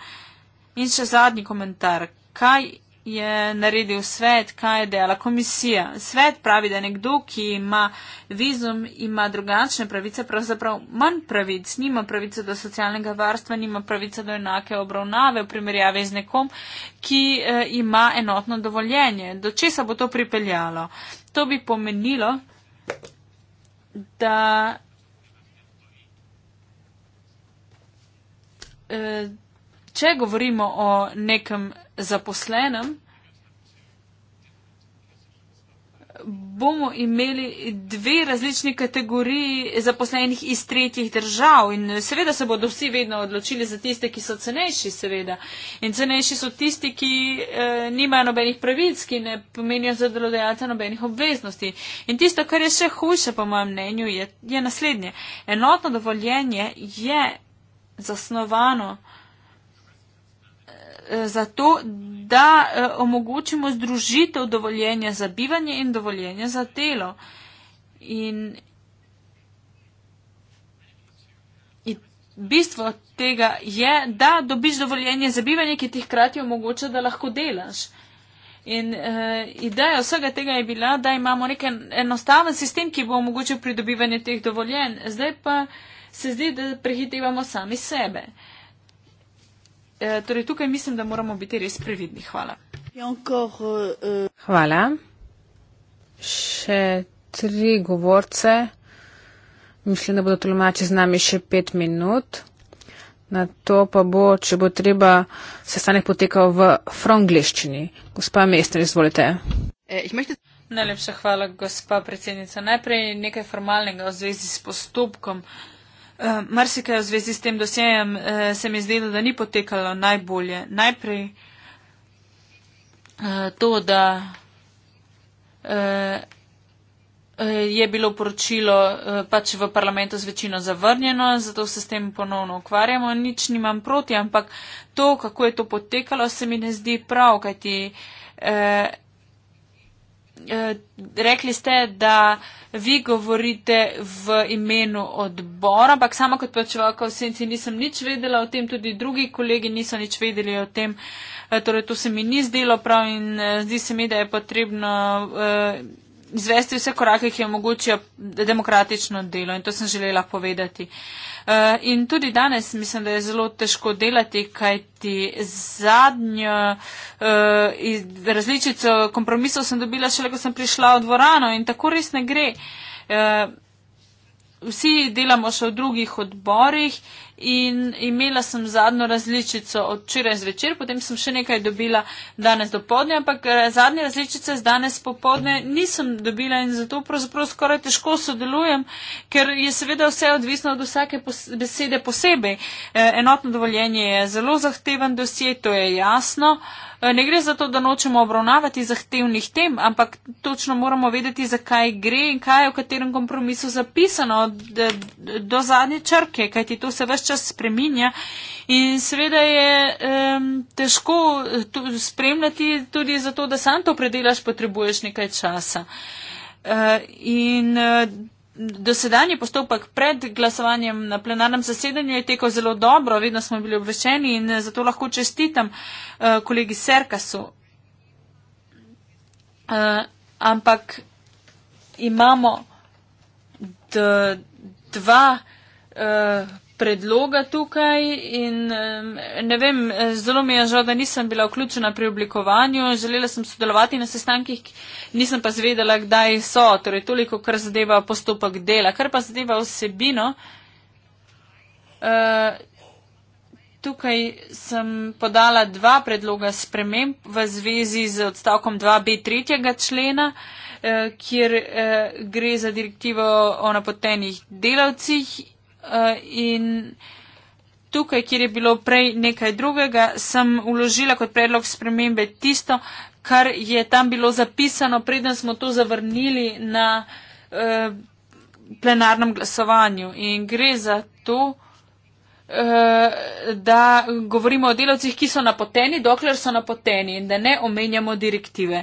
In še zadnji komentar. Kaj je naredil svet, kaj je dejala komisija. Svet pravi, da nekdo, ki ima vizum, ima drugačne pravice, pravzaprav manj pravic, nima pravice do socialnega varstva, nima pravice do enake obravnave v primerjavi z nekom, ki eh, ima enotno dovoljenje. Do česa bo to pripeljalo? To bi pomenilo, da. Eh, če govorimo o nekem zaposlenem, bomo imeli dve različni kategoriji zaposlenih iz tretjih držav in seveda se bodo vsi vedno odločili za tiste, ki so cenejši, seveda. In cenejši so tisti, ki eh, nimajo nobenih pravic, ki ne pomenijo za delodajalca nobenih obveznosti. In tisto, kar je še hujše, po mojem mnenju, je, je naslednje. Enotno dovoljenje je zasnovano. Eh, za to, da eh, omogočimo združitev dovoljenja za bivanje in dovoljenja za telo. In bistvo tega je, da dobiš dovoljenje za bivanje, ki ti hkrati omogoča, da lahko delaš. In uh, ideja vsega tega je bila, da imamo nek enostaven sistem, ki bo omogočil pridobivanje teh dovoljenj. Zdaj pa se zdi, da prehitevamo sami sebe. Uh, Eh, torej tukaj mislim, da moramo biti res previdni. Hvala. Eh, eh, hvala. Še tri govorce. Mislim, da bodo tolmači z nami še pet minut. Na to pa bo, če bo treba, sestanek potekal v frangliščini. Gospa Mestner, izvolite. Najlepša hvala, gospa predsednica. Najprej nekaj formalnega v zvezi s postopkom. Uh, Uh, eh, Mrzikaj v zvezi s tem dosjejem uh, se mi zdelo, da ni potekalo najbolje. Najprej uh, to, da uh, uh, je bilo poročilo uh, pač v parlamentu z večino zavrnjeno, zato se s tem ponovno ukvarjamo. Nič nimam proti, ampak to, kako je to potekalo, se mi ne zdi prav, kajti uh, Eh, rekli ste, da vi govorite v imenu odbora, ampak sama kot plačevalka v senci nisem nič vedela o tem, tudi drugi kolegi niso nič vedeli o tem. Eh, torej, to se mi ni zdelo prav in eh, zdi se mi, da je potrebno izvesti vse korake, ki je omogočijo demokratično delo in to sem želela povedati. Eh, in tudi danes mislim, da je zelo težko delati, kajti zadnjo eh, različico kompromisov sem dobila šele, ko sem prišla v dvorano in tako res ne gre. Eh, vsi delamo še v drugih odborih in imela sem zadnjo različico od včeraj zvečer, potem sem še nekaj dobila danes do podne, ampak eh, zadnje različice z danes popodne nisem dobila in zato pravzaprav skoraj težko sodelujem, ker je seveda vse odvisno od vsake besede posebej. Eh, enotno dovoljenje je zelo zahteven dosje, to je jasno. Eh, ne gre za to, da nočemo obravnavati zahtevnih tem, ampak točno moramo vedeti, zakaj gre in kaj je v katerem kompromisu zapisano do zadnje črke, kajti to se vse čas spreminja in seveda je um, težko eh, spremljati tudi zato, da sam to predelaš, potrebuješ nekaj časa. Uh, in uh, dosedanji postopek pred glasovanjem na plenarnem zasedanju je tekel zelo dobro, vedno smo bili obveščeni in zato lahko čestitam uh, kolegi Serkasu. Uh, ampak imamo dva uh, predloga tukaj in ne vem, zelo mi je žal, da nisem bila vključena pri oblikovanju. Želela sem sodelovati na sestankih, nisem pa zvedela, kdaj so, torej toliko, kar zadeva postopek dela. Kar pa zadeva vsebino, eh, tukaj sem podala dva predloga sprememb v zvezi z odstavkom 2b3. člena eh, kjer eh, gre za direktivo o napotenih delavcih Eh, in tukaj, kjer je bilo prej nekaj drugega, sem uložila kot predlog spremembe tisto, kar je tam bilo zapisano, preden smo to zavrnili na eh, plenarnem glasovanju. In gre za to, eh, da govorimo o delavcih, ki so napoteni, dokler so napoteni in da ne omenjamo direktive.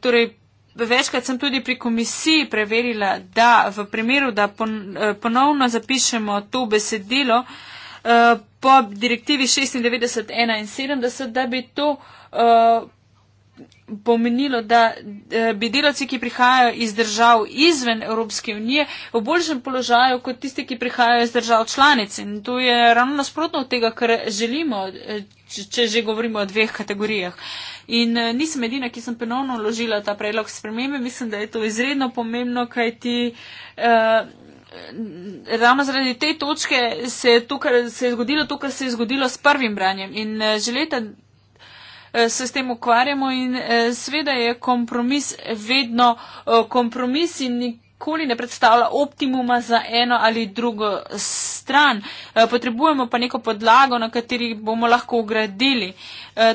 Torej, večkrat sem tudi pri komisiji preverila, da v primeru, da pon, eh, ponovno zapišemo to besedilo eh, po direktivi 96.71, da bi to uh, pomenilo, da eh, bi delavci, ki prihajajo iz držav izven Evropske unije, v boljšem položaju kot tisti, ki prihajajo iz držav članic. In to je ravno nasprotno od tega, kar želimo, eh, če že govorimo o dveh kategorijah. In eh, nisem edina, ki sem ponovno vložila ta predlog spremembe. Mislim, da je to izredno pomembno, kaj ti. Uh, Ravno zaradi te točke se je, to, kar, se je zgodilo to, kar se je zgodilo s prvim branjem. In že leta Eh, se s tem ukvarjamo in eh, sveda je kompromis vedno eh, kompromis in nikoli ne predstavlja optimuma za eno ali drugo stran. Potrebujemo pa neko podlago, na kateri bomo lahko ugradili.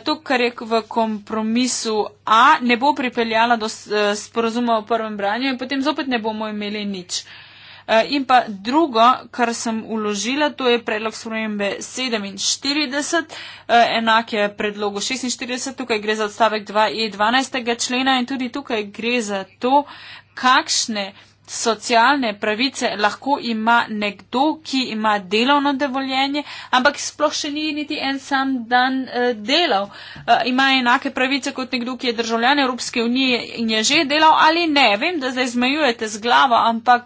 To, kar je v kompromisu A, ne bo pripeljalo do sporozuma v prvem branju in potem zopet ne bomo imeli nič. Eh, in pa drugo, kar sem uložila, to je predlog spremembe 47, eh, enak je predlogu 46, tukaj gre za odstavek 2.12. E člena in tudi tukaj gre za to, kakšne socialne pravice lahko ima nekdo, ki ima delovno dovoljenje, ampak sploh še ni niti en sam dan uh, delal. Uh, ima enake pravice kot nekdo, ki je državljan Evropske unije in je že delal ali ne. Vem, da zdaj zmajujete z glavo, ampak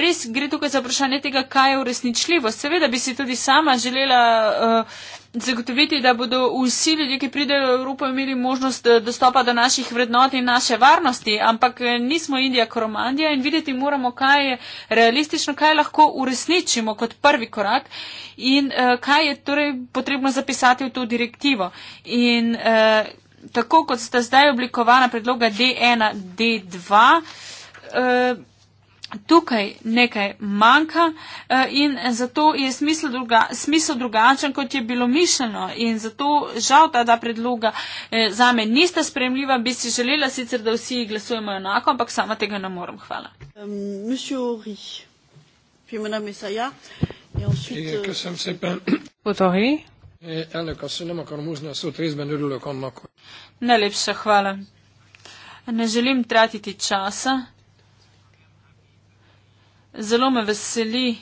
res gre tukaj za vprašanje tega, kaj je uresničljivo. Seveda bi si tudi sama želela. Uh, zagotoviti, da bodo vsi ljudje, ki pridejo v Evropo, imeli možnost eh, dostopa do naših vrednot in naše varnosti. Ampak eh, nismo Indija Koromandija in videti moramo, kaj je realistično, kaj lahko uresničimo kot prvi korak in eh, kaj je torej potrebno zapisati v to direktivo. In tako kot sta zdaj oblikovana predloga D1, D2, Tukaj nekaj manjka eh, in zato je smisel, druga, smisel drugačen, kot je bilo mišljeno in zato žal ta dva predloga eh, za me nista spremljiva, bi si želela sicer, da vsi glasujemo enako, ampak sama tega ne morem. Hvala. Euh, euh, eh, Najlepša hvala. Ne želim tratiti časa. Zelo me veseli,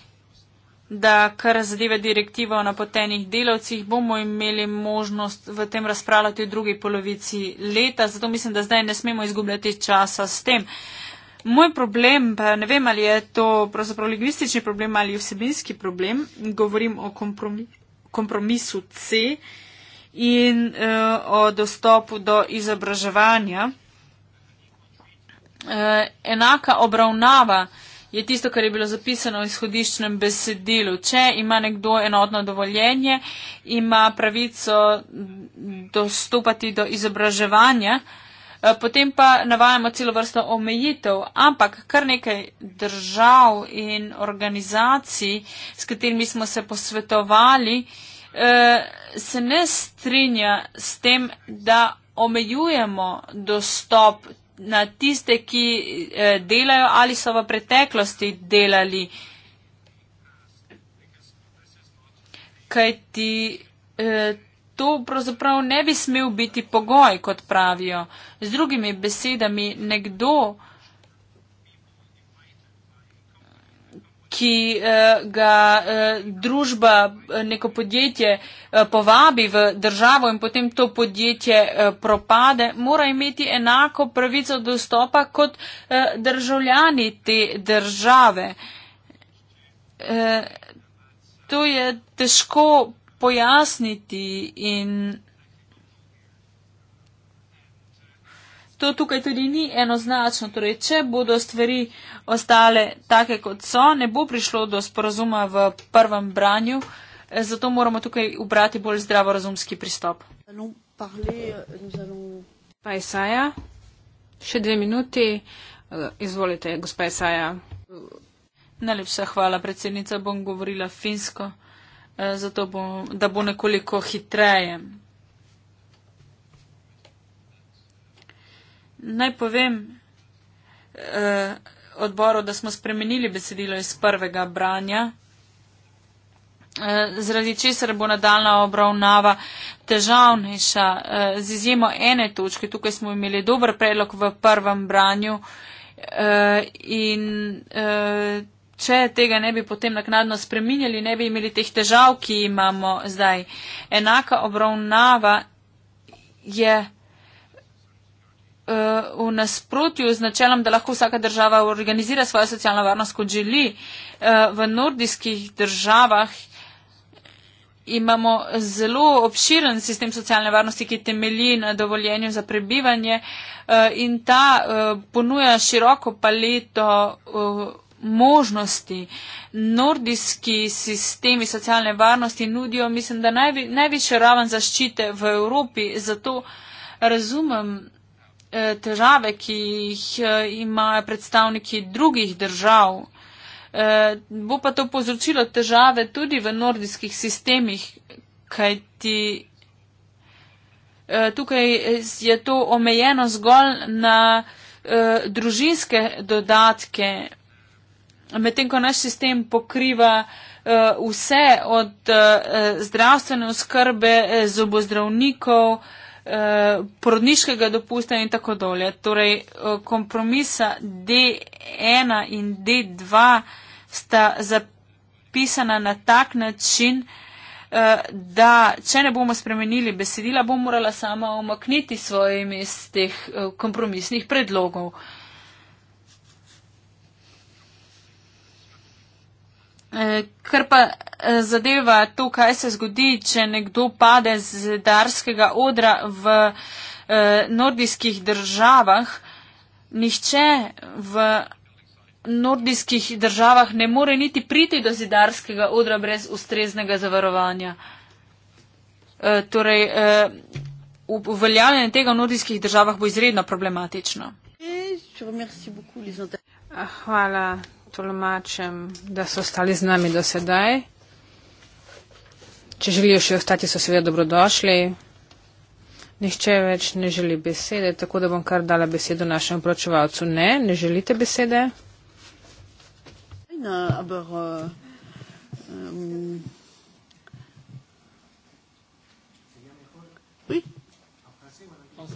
da kar zadeva direktiva o napotenih delavcih, bomo imeli možnost v tem razpravljati v drugi polovici leta, zato mislim, da zdaj ne smemo izgubljati časa s tem. Moj problem, pa ne vem, ali je to pravzaprav lingvistični problem ali vsebinski problem, govorim o kompromis, kompromisu C in uh, o dostopu do izobraževanja. Uh, enaka obravnava uh, je tisto, kar je bilo zapisano v izhodiščnem besedilu. Če ima nekdo enotno dovoljenje, ima pravico dostopati do izobraževanja, eh, potem pa navajamo celo vrsto omejitev, ampak kar nekaj držav in organizacij, s katerimi smo se posvetovali, eh, se ne strinja s tem, da omejujemo dostop na tiste, ki eh, delajo ali so v preteklosti delali. Kaj ti eh, to pravzaprav ne bi smel biti pogoj, kot pravijo. Z drugimi besedami, nekdo, ki eh, ga eh, družba, eh, neko podjetje eh, povabi v državo in potem to podjetje eh, propade, mora imeti enako pravico dostopa kot eh, državljani te države. Eh, to je težko pojasniti in. to tukaj tudi ni enoznačno. Torej, če bodo stvari ostale take, kot so, ne bo prišlo do sporazuma v prvem branju, eh, zato moramo tukaj ubrati bolj zdravorazumski pristop. Pa Isaja, še dve minuti. Eh, izvolite, gospa Isaja. Najlepša hvala, predsednica. Bom govorila finsko, eh, zato bom, da bo nekoliko hitreje. Naj povem eh, odboru, da smo spremenili besedilo iz prvega branja, eh, zaradi česar bo nadaljna obravnava težavnejša. Eh, z izjemo ene točke, tukaj smo imeli dober predlog v prvem branju eh, in eh, če tega ne bi potem naknadno spremenjali, ne bi imeli teh težav, ki imamo zdaj. Enaka obravnava je. Eh, v nasprotju z načelom, da lahko vsaka država organizira svojo socialno varnost, kot želi. Eh, v nordijskih državah imamo zelo obširen sistem socialne varnosti, ki temelji na dovoljenju za prebivanje eh, in ta eh, ponuja široko paleto možnosti. Nordijski sistemi socialne varnosti nudijo, mislim, da najvi, najvišjo raven zaščite v Evropi, zato razumem, Eh, težave, ki jih eh, imajo predstavniki drugih držav. Eh, bo pa to povzročilo težave tudi v nordijskih sistemih, kajti tukaj je to omejeno zgolj na družinske dodatke, medtem ko naš sistem pokriva vse od zdravstvene oskrbe, zobozdravnikov, Eh, porodniškega dopusta in tako dolje. Torej, eh, kompromisa D1 in D2 sta zapisana na tak način, eh, da če ne bomo spremenili besedila, bom morala sama omakniti svoje ime iz teh kompromisnih predlogov. Kar pa zadeva to, kaj se zgodi, če nekdo pade z darskega odra v nordijskih državah, nihče v nordijskih državah ne more niti priti do zidarskega odra brez ustreznega zavarovanja. E, torej, e, uveljavljanje tega v nordijskih državah bo izredno problematično. Hvala tolmačem, da so ostali z nami do sedaj. Če želijo še ostati, so seveda dobrodošli. Nihče več ne želi besede, tako da bom kar dala besedo našemu pročevalcu. Ne, ne želite besede? No, aber, uh, um,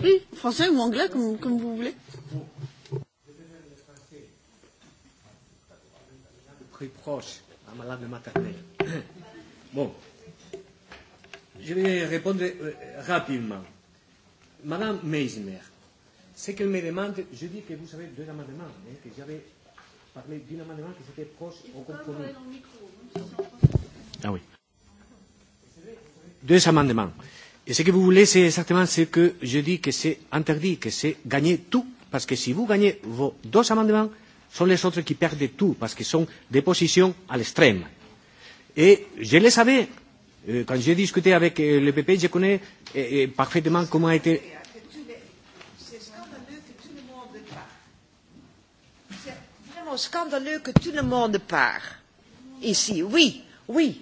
Oui, français ou anglais, comme, comme vous voulez. plus proche, à ma maternelle. Bon, je vais répondre euh, rapidement. Madame Meisner, ce qu'elle me demande, je dis que vous avez deux amendements, hein, que j'avais parlé d'un amendement qui était proche au compromis. Ah oui. Deux amendements. Et ce que vous voulez, c'est exactement ce que je dis, que c'est interdit, que c'est gagner tout. Parce que si vous gagnez vos deux amendements, son les autres qui perdent tout parce qu'ils sont des positions à l'extrême. Et je le savais, euh, quand j'ai discuté avec euh, le PP, je connais euh, euh, parfaitement comment a été. scandaleux que tout le monde part ici. Oui, oui.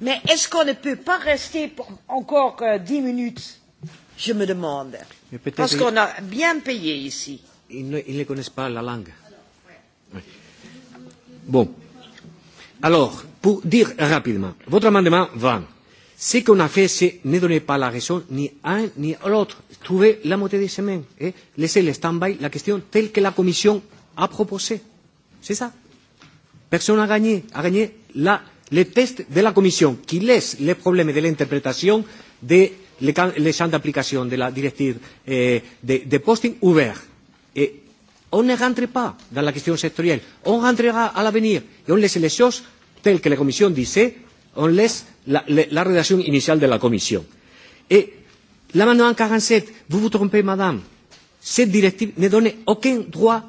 Mais est-ce qu'on ne peut pas rester pour encore euh, dix euh, minutes Je me demande. Parce qu'on a bien payé ici. Ils ne, ils ne connaissent pas la langue. Bon. Alors, pour dire rapidement, votre amendement va. Ce qu'on a fait, c'est ne donner pas la raison ni à un ni à l'autre. Trouver la moitié des semaines. Et laisser le stand-by, la question telle que la Commission a proposée. C'est ça. Personne n'a gagné. A gagné la, le test de la Commission qui laisse les problèmes de l'interprétation des les, les champs d'application de la directive euh, des de postings ouverts. Et on ne rentre pas dans la question sectorielle, on rentrera à l'avenir et on laisse les choses telles que la Commission disait, on laisse la, la, la rédaction initiale de la Commission. Et l'amendement 47, vous vous trompez, madame, cette directive ne donne aucun droit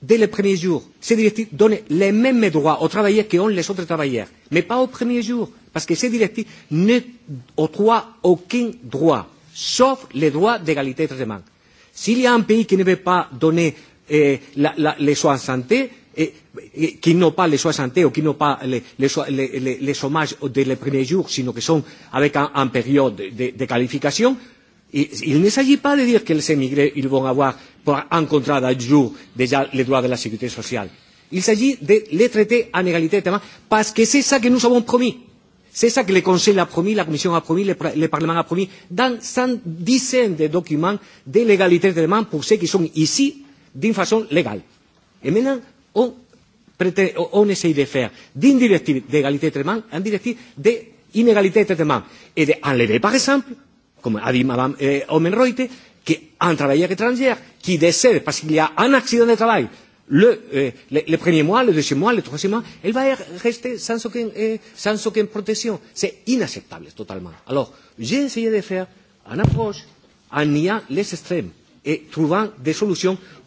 dès les premiers jours. Cette directive donne les mêmes droits aux travailleurs que ont les autres travailleurs, mais pas aux premiers jours, parce que cette directive ne octroie aucun droit, sauf les droits d'égalité de traitement. S'il y a un pays qui ne veut pas donner eh, la, la, le soin santé, eh, eh, qui n'ont pas les soins santé ou qui n'ont pas les, les, les, les, les hommages dès les premiers jours, sino que sont avec un, un période de, de qualification, et, il ne s'agit pas de dire que les émigrés ils vont avoir pour un contrat d'un jour déjà les droits de la sécurité sociale. Il s'agit de les traiter en égalité de témoins, parce que c'est ça que nous avons promis. C'est ça que le Conseil a promis, la Commission a promis, le, le Parlement a promis, dans 110 de documents de l'égalité de témoins pour ceux qui sont ici din fason legal. Hemenan, on, prete, on ese ide fer. Din directiv de egalité de man, han directiv de inegalité de man. E de han levé, par exemple, como ha dit madame eh, Homen Reuter, que han traballé que transgère, qui décède, parce qu'il y a un accident de travail, le, eh, le, le premier mois, le deuxième mois, le troisième mois, elle va rester sans aucun, eh, sans aucun protection. C'est inacceptable, totalement. Alors, j'ai essayé de faire un approche en niant les extrêmes et trouvant des solutions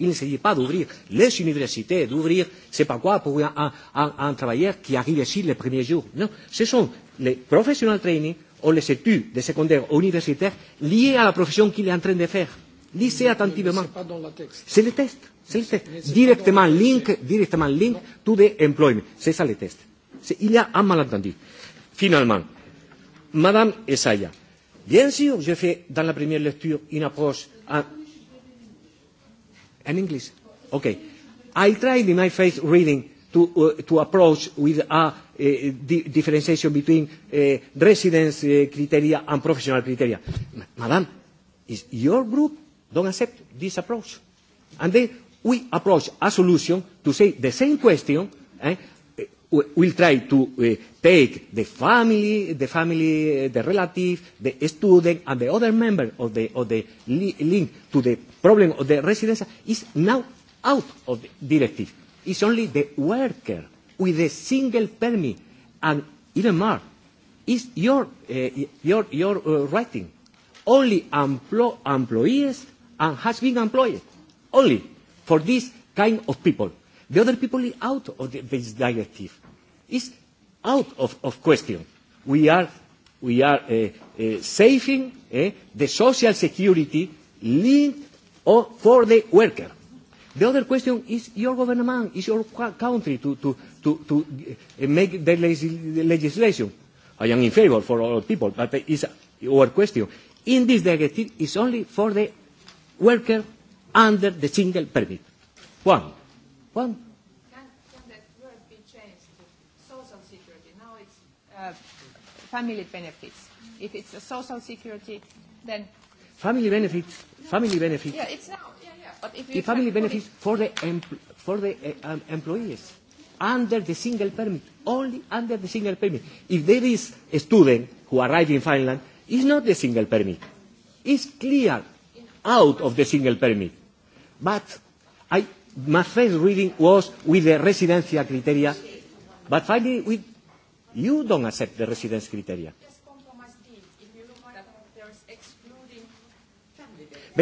Il ne s'agit pas d'ouvrir les universités, d'ouvrir, c'est pas quoi, pour un, un, un, un travailleur qui arrive ici les premiers jours. Non, ce sont les professional training ou les études de secondaire ou universitaire liées à la profession qu'il est en train de faire. Lisez attentivement. C'est le test. C'est le test. Directement link, directement link to the employment. C'est ça le test. Il y a un malentendu. Finalement, Madame Esaya, bien sûr, je fais dans la première lecture une approche. À, and English. Okay. I tried in my faith reading to, uh, to approach with a uh, di- differentiation between uh, residence uh, criteria and professional criteria. M- Madam, is your group don't accept this approach? And then we approach a solution to say the same question. Eh? We'll try to uh, take the family, the family, uh, the relative, the student, and the other member of the, of the li- link to the problem of the residence is now out of the directive. It's only the worker with the single permit and even more. It's your, uh, your, your uh, writing. Only emplo- employees and has been employed. Only for this kind of people. The other people are out of the, this directive. It's out of, of question. We are, we are uh, uh, saving uh, the social security linked or for the worker. The other question is your government, is your country to, to, to, to eh, make the legislation. I am in favor for all people, but it's our question. In this directive, it's only for the worker under the single permit. One. One. Uh, family benefits. If it's a social security, then family benefits, family no. benefits. Yeah, it's now. Yeah, yeah. But if you the family benefits it... for the empl- for the uh, um, employees under the single permit, only under the single permit. If there is a student who arrived in Finland, it's not the single permit. It's clear out of the single permit. But I, my first reading was with the residency criteria. But finally, we, you don't accept the residence criteria. Yes,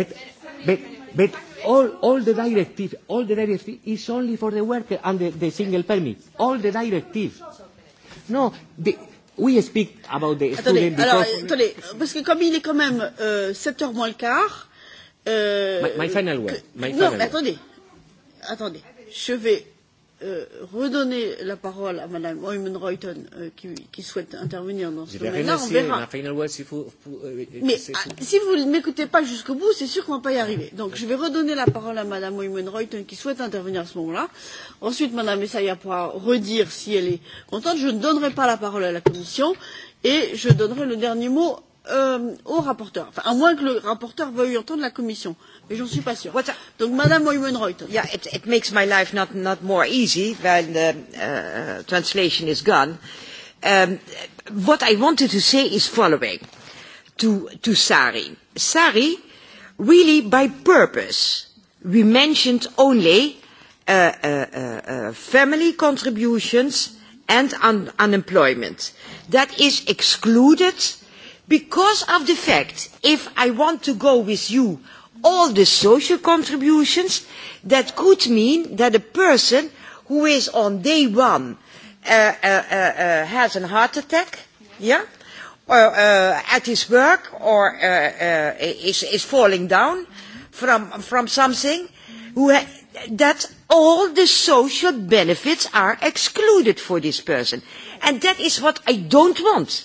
but, but, but all, all the directive, all the directive is only for the worker and the, the single permit. All the directive. No, the, we speak about the attendez, student because... Alors, attendez, parce que comme il est quand même euh, 7 heures moins le quart... Euh, my, my final word. Que, my non, final mais word. attendez. Attendez. Je vais euh, redonner la parole à Mme Oymen-Reuton euh, qui, qui souhaite intervenir dans ce domaine-là, on verra. Euh, Mais ah, si vous ne m'écoutez pas jusqu'au bout, c'est sûr qu'on ne va pas y arriver. Donc je vais redonner la parole à Mme Oymen-Reuton qui souhaite intervenir à ce moment-là. Ensuite, Mme Essaya pourra redire si elle est contente. Je ne donnerai pas la parole à la Commission et je donnerai le dernier mot euh, au rapporteur. Enfin, à moins que le rapporteur veuille entendre la Commission. Euh, Mais j'en suis pas sûr. What's Donc, Madame Wymenreuter. Yeah, it, it makes my life not, not more easy when the uh, translation is gone. Um, what I wanted to say is following to, to Sari. Sari, really by purpose, we mentioned only uh, uh, uh, uh family contributions and un unemployment. That is excluded because of the fact if I want to go with you all the social contributions, that could mean that a person who is on day one uh, uh, uh, uh, has a heart attack, yeah, or uh, at his work, or uh, uh, is, is falling down from, from something, who ha- that all the social benefits are excluded for this person. And that is what I don't want.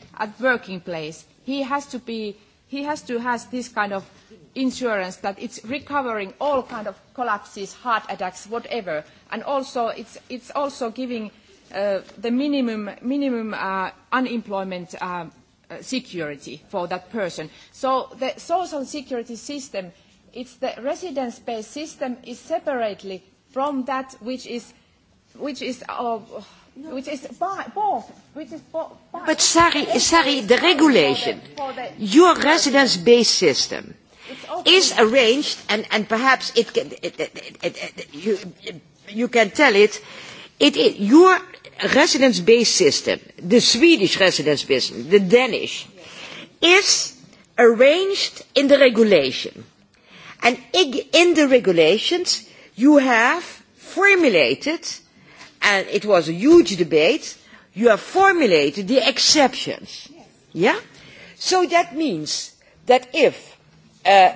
at working place he has to be he has to has this kind of insurance that it's recovering all kind of collapses heart attacks whatever and also it's it's also giving uh, the minimum minimum uh, unemployment uh, uh security for that person so the social security system it's the residence based system is separately from that which is which is of uh, which is by both which is by but sorry sorry the regulation your residence based system is arranged and and perhaps it can it, it, it, it, it, you you can tell it it is your residence based system the swedish residence based the danish is arranged in the regulation and in the regulations you have formulated and it was a huge debate you have formulated the exceptions so that means that uh,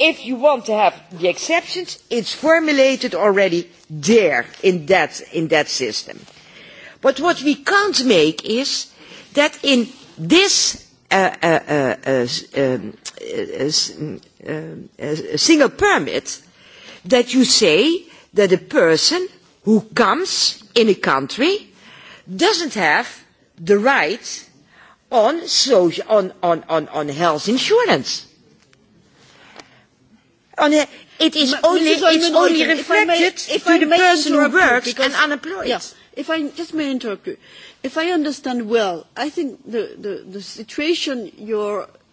if you want to have the exceptions it is formulated already there in that system but what we cannot make is that in this single permit that you say that a person who comes in a country does not have the right to health insurance. It is only, it's only reflected if to the person who works and unemployed. Yeah, if I just may interrupt you, if I understand well, I think the, the, the situation you're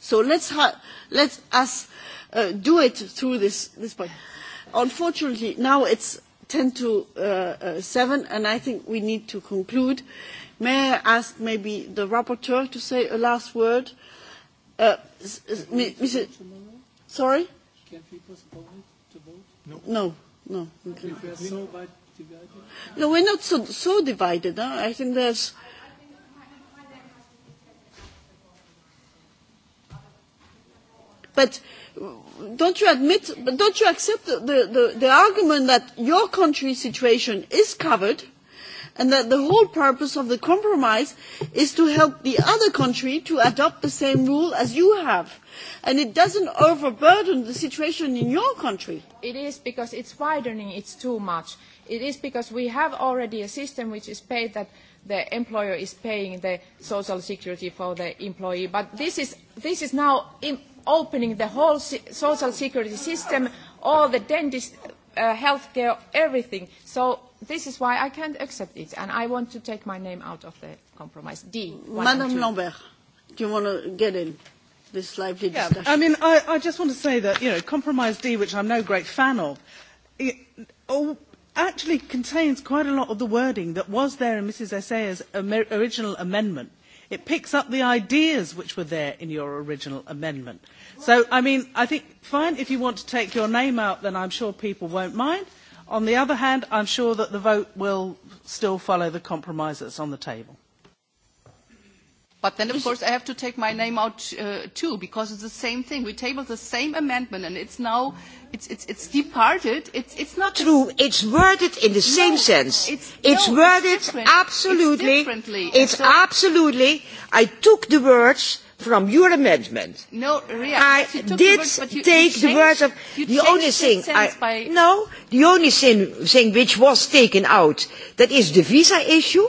so let's, ha let's us uh, do it through this, this point. Unfortunately, now it's 10 to uh, uh, 7, and I think we need to conclude. May I ask maybe the rapporteur to say a last word? Uh, m m m sorry? Can people postpone it to vote? No. No, no. Okay. We are so bad divided. No, we're not so, so divided. Huh? I think there's... I but don't you admit but don't you accept the, the, the argument that your country situation is covered and that the whole purpose of the compromise is to help the other country to adopt the same rule as you have and it doesn't overburden the situation in your country it is because it's widening it's too much it is because we have already a system which is paid that the employer is paying the social security for the employee. But this is, this is now in opening the whole si social security system, all the dentist, uh, health care, everything. So this is why I can't accept it. And I want to take my name out of the compromise. D. Madame Lambert, do you want to get in? this lively discussion. Yeah, I mean, I, I just want to say that, you know, Compromise D, which I'm no great fan of, it, oh, actually contains quite a lot of the wording that was there in Mrs. Essayer's amer- original amendment. It picks up the ideas which were there in your original amendment. So, I mean, I think, fine, if you want to take your name out, then I'm sure people won't mind. On the other hand, I'm sure that the vote will still follow the compromise that's on the table. But then, of course, I have to take my name out uh, too, because it's the same thing. We tabled the same amendment, and it's now it's, it's, it's departed. It's, it's not true. A... It's worded in the same no, sense. It's, it's no, worded it's absolutely. It's, differently. it's so, absolutely. I took the words from your amendment. No, Ria, I yes, you did the words, but you, take you the changed, words of you the only thing. The I, by... No, the only thing, thing which was taken out that is the visa issue.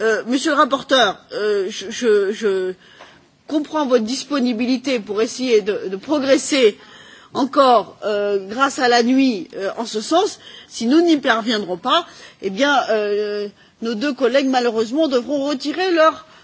Euh, monsieur le rapporteur euh, je comprends votre disponibilité pour essayer de progresser encore euh, grâce à la nuit en ce sens si nous n'y parviendrons pas eh nos deux collègues malheureusement devront retirer leur